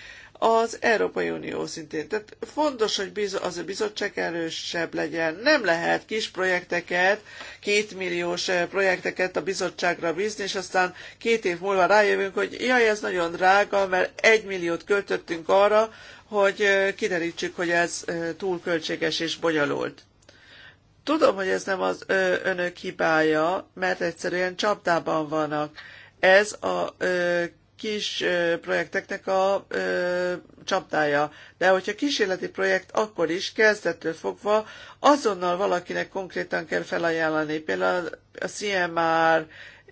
az Európai Unió szintén. Tehát fontos, hogy az a bizottság erősebb legyen. Nem lehet kis projekteket, kétmilliós eh, projekteket a bizottságra bízni, és aztán két év múlva rájövünk, hogy jaj, ez nagyon drága, mert egy milliót költöttünk arra, hogy eh, kiderítsük, hogy ez eh, túl költséges és bonyolult. Tudom, hogy ez nem az önök hibája, mert egyszerűen csapdában vannak. Ez a kis projekteknek a ö, csapdája. De hogyha kísérleti projekt, akkor is kezdettől fogva azonnal valakinek konkrétan kell felajánlani. Például a CMR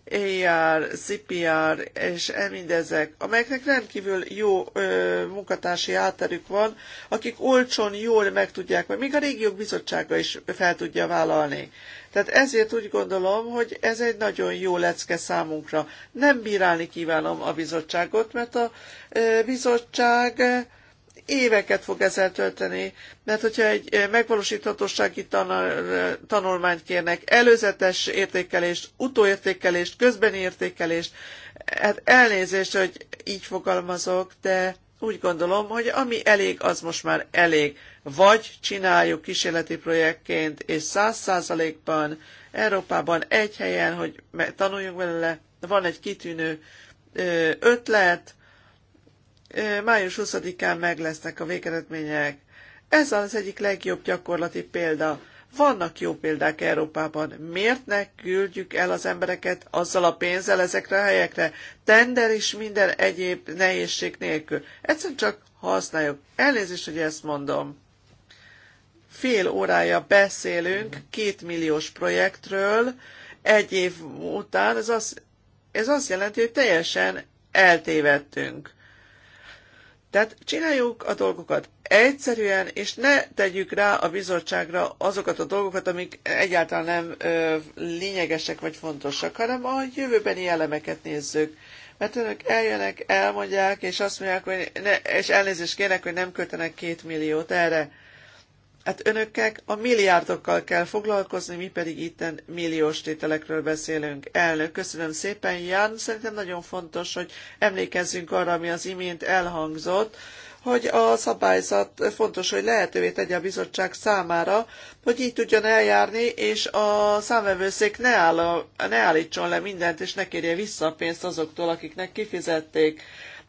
AR, CPR és mindezek, amelyeknek rendkívül jó ö, munkatársi átterük van, akik olcsón jól meg tudják, mert még a régiók bizottsága is fel tudja vállalni. Tehát ezért úgy gondolom, hogy ez egy nagyon jó lecke számunkra. Nem bírálni kívánom a bizottságot, mert a ö, bizottság éveket fog ezzel tölteni, mert hogyha egy megvalósíthatósági tanulmányt kérnek, előzetes értékelést, utóértékelést, közbeni értékelést, hát elnézést, hogy így fogalmazok, de úgy gondolom, hogy ami elég, az most már elég. Vagy csináljuk kísérleti projektként, és száz százalékban Európában egy helyen, hogy tanuljunk belőle, van egy kitűnő ötlet, május 20-án meg lesznek a végeredmények. Ez az egyik legjobb gyakorlati példa. Vannak jó példák Európában. Miért ne küldjük el az embereket azzal a pénzzel ezekre a helyekre? Tender is minden egyéb nehézség nélkül. Egyszerűen csak használjuk. Elnézést, hogy ezt mondom. Fél órája beszélünk két milliós projektről, egy év után, ez azt, ez azt jelenti, hogy teljesen eltévedtünk. Tehát csináljuk a dolgokat egyszerűen, és ne tegyük rá a bizottságra azokat a dolgokat, amik egyáltalán nem ö, lényegesek vagy fontosak, hanem a jövőbeni elemeket nézzük. Mert önök eljönnek, elmondják, és azt mondják, hogy ne, és elnézést kérnek, hogy nem kötenek két milliót erre. Hát önöknek a milliárdokkal kell foglalkozni, mi pedig itten milliós tételekről beszélünk. Elnök, köszönöm szépen, Ján. Szerintem nagyon fontos, hogy emlékezzünk arra, ami az imént elhangzott, hogy a szabályzat fontos, hogy lehetővé tegye a bizottság számára, hogy így tudjon eljárni, és a számvevőszék ne, áll, ne állítson le mindent, és ne kérje vissza a pénzt azoktól, akiknek kifizették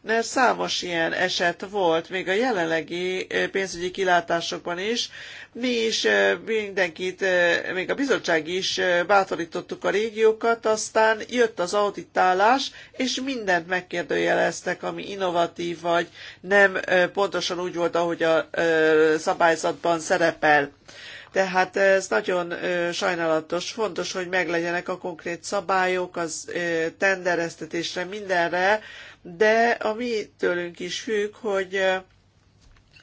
mert számos ilyen eset volt, még a jelenlegi pénzügyi kilátásokban is. Mi is mindenkit, még a bizottság is bátorítottuk a régiókat, aztán jött az auditálás, és mindent megkérdőjeleztek, ami innovatív vagy nem pontosan úgy volt, ahogy a szabályzatban szerepel. Tehát ez nagyon sajnálatos. Fontos, hogy meglegyenek a konkrét szabályok az tendereztetésre, mindenre, de a mi tőlünk is függ, hogy eh,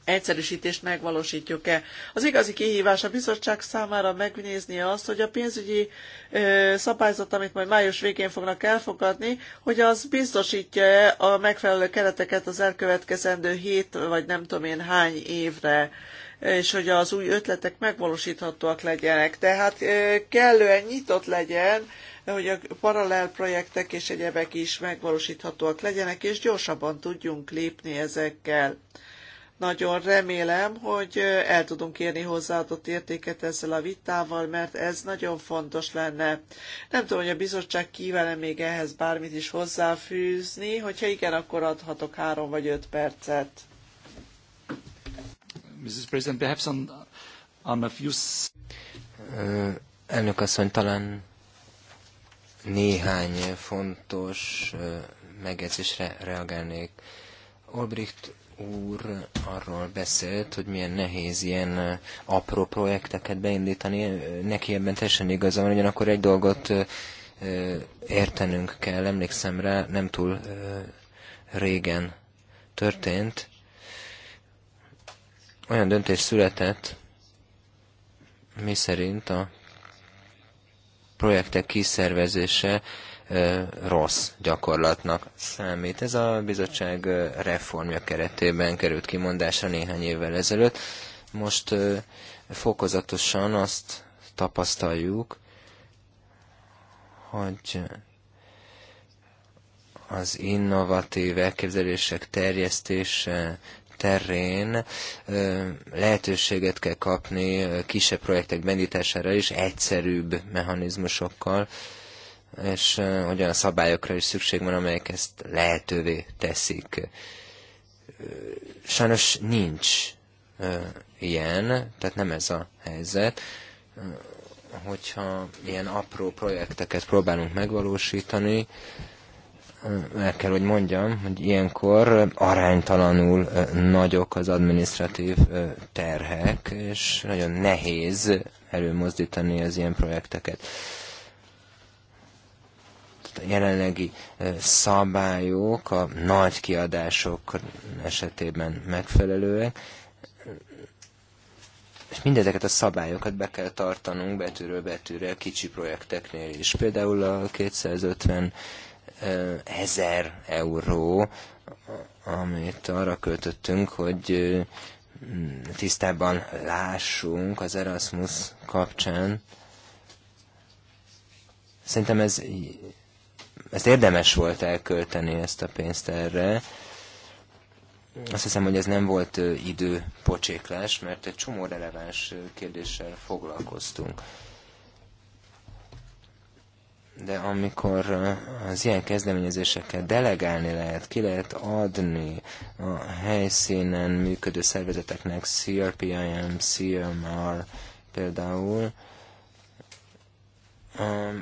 egyszerűsítést megvalósítjuk-e. Az igazi kihívás a bizottság számára megnézni azt, hogy a pénzügyi ö, eh, szabályzat, amit majd május végén fognak elfogadni, hogy az biztosítja -e a megfelelő kereteket az elkövetkezendő hét, vagy nem tudom én hány évre és hogy az új ötletek megvalósíthatóak legyenek. Tehát kellően nyitott legyen, hogy a paralel projektek és egyebek is megvalósíthatóak legyenek, és gyorsabban tudjunk lépni ezekkel. Nagyon remélem, hogy el tudunk érni hozzáadott értéket ezzel a vitával, mert ez nagyon fontos lenne. Nem tudom, hogy a bizottság kívánne még ehhez bármit is hozzáfűzni, hogyha igen, akkor adhatok három vagy öt percet. Mrs. President, perhaps on, on a few... Elnök asszony, talán néhány fontos megjegyzésre reagálnék. Olbricht úr arról beszélt, hogy milyen nehéz ilyen apró projekteket beindítani. Neki ebben teljesen igaza van, ugyanakkor egy dolgot értenünk kell. Emlékszem rá, nem túl régen történt, olyan döntés született, mi szerint a projektek kiszervezése rossz gyakorlatnak számít. Ez a bizottság reformja keretében került kimondásra néhány évvel ezelőtt. Most fokozatosan azt tapasztaljuk, hogy az innovatív elképzelések terjesztése, terén lehetőséget kell kapni kisebb projektek bendítására is, egyszerűbb mechanizmusokkal, és olyan szabályokra is szükség van, amelyek ezt lehetővé teszik. Sajnos nincs ilyen, tehát nem ez a helyzet. Hogyha ilyen apró projekteket próbálunk megvalósítani, el kell, hogy mondjam, hogy ilyenkor aránytalanul nagyok az administratív terhek, és nagyon nehéz előmozdítani az ilyen projekteket. a jelenlegi szabályok a nagy kiadások esetében megfelelőek, és mindezeket a szabályokat be kell tartanunk betűről betűre kicsi projekteknél is. Például a 250 ezer euró, amit arra költöttünk, hogy tisztában lássunk az Erasmus kapcsán. Szerintem ez, ez érdemes volt elkölteni ezt a pénzt erre. Azt hiszem, hogy ez nem volt időpocséklás, mert egy csomó releváns kérdéssel foglalkoztunk de amikor az ilyen kezdeményezéseket delegálni lehet, ki lehet adni a helyszínen működő szervezeteknek, CRPIM, CMR például,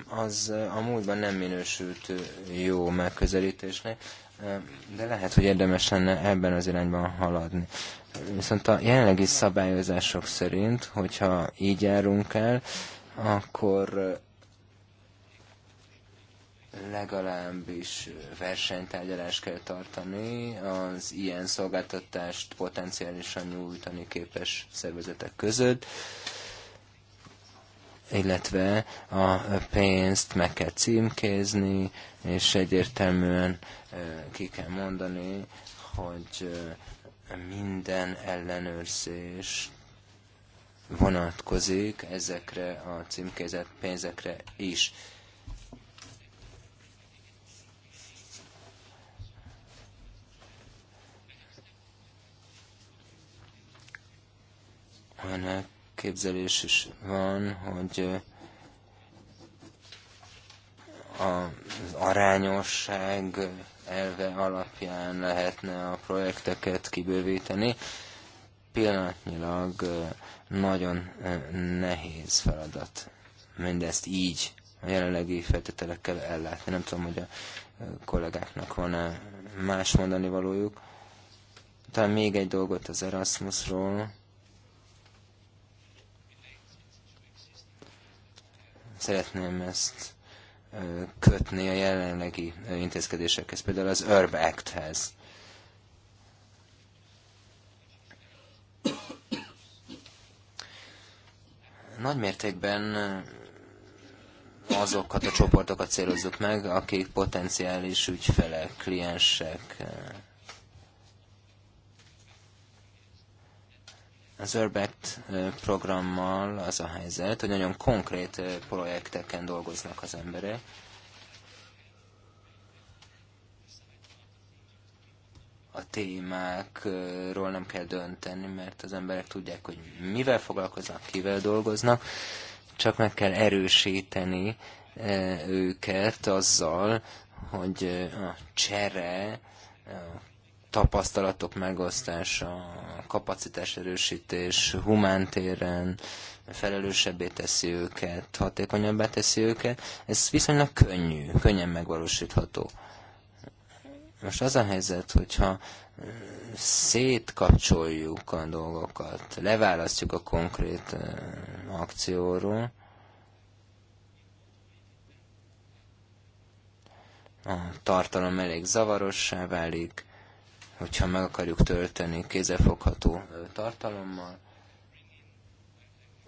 az a múltban nem minősült jó megközelítésnek, de lehet, hogy érdemes lenne ebben az irányban haladni. Viszont a jelenlegi szabályozások szerint, hogyha így járunk el, akkor legalábbis versenytárgyalást kell tartani az ilyen szolgáltatást potenciálisan nyújtani képes szervezetek között, illetve a pénzt meg kell címkézni, és egyértelműen ki kell mondani, hogy minden ellenőrzés vonatkozik ezekre a címkézett pénzekre is. olyan elképzelés is van, hogy az arányosság elve alapján lehetne a projekteket kibővíteni. Pillanatnyilag nagyon nehéz feladat mindezt így a jelenlegi feltételekkel ellátni. Nem tudom, hogy a kollégáknak van-e más mondani valójuk. Talán még egy dolgot az Erasmusról. szeretném ezt kötni a jelenlegi intézkedésekhez, például az ERB Act-hez. Nagy mértékben azokat a csoportokat célozzuk meg, akik potenciális ügyfelek, kliensek, Az Urbact programmal az a helyzet, hogy nagyon konkrét projekteken dolgoznak az emberek, a témákról nem kell dönteni, mert az emberek tudják, hogy mivel foglalkoznak, kivel dolgoznak, csak meg kell erősíteni őket azzal, hogy a csere, a tapasztalatok megosztása, kapacitás erősítés humántéren felelősebbé teszi őket, hatékonyabbá teszi őket. Ez viszonylag könnyű, könnyen megvalósítható. Most az a helyzet, hogyha szétkapcsoljuk a dolgokat, leválasztjuk a konkrét akcióról, a tartalom elég zavarossá válik, hogyha meg akarjuk tölteni kézefogható tartalommal,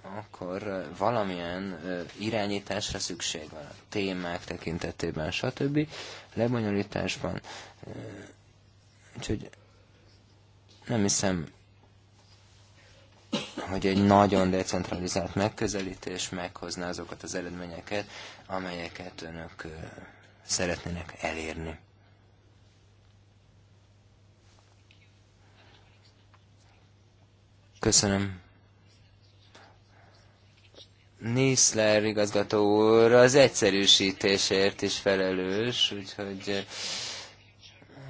akkor valamilyen irányításra szükség van a témák tekintetében, stb. lebonyolításban. Úgyhogy nem hiszem, hogy egy nagyon decentralizált megközelítés meghozná azokat az eredményeket, amelyeket önök szeretnének elérni. Köszönöm. Nisler igazgató úr az egyszerűsítésért is felelős, úgyhogy eh,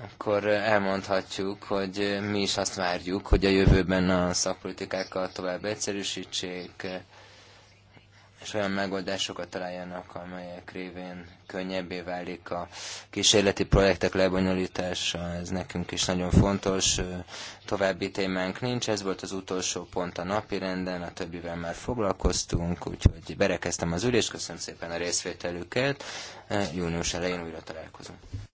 akkor elmondhatjuk, hogy mi is azt várjuk, hogy a jövőben a szakpolitikákkal tovább egyszerűsítsék, és olyan megoldásokat találjanak, amelyek révén könnyebbé válik a kísérleti projektek lebonyolítása, ez nekünk is nagyon fontos. További témánk nincs, ez volt az utolsó pont a napi renden, a többivel már foglalkoztunk, úgyhogy berekeztem az ülést, köszönöm szépen a részvételüket, június elején újra találkozunk.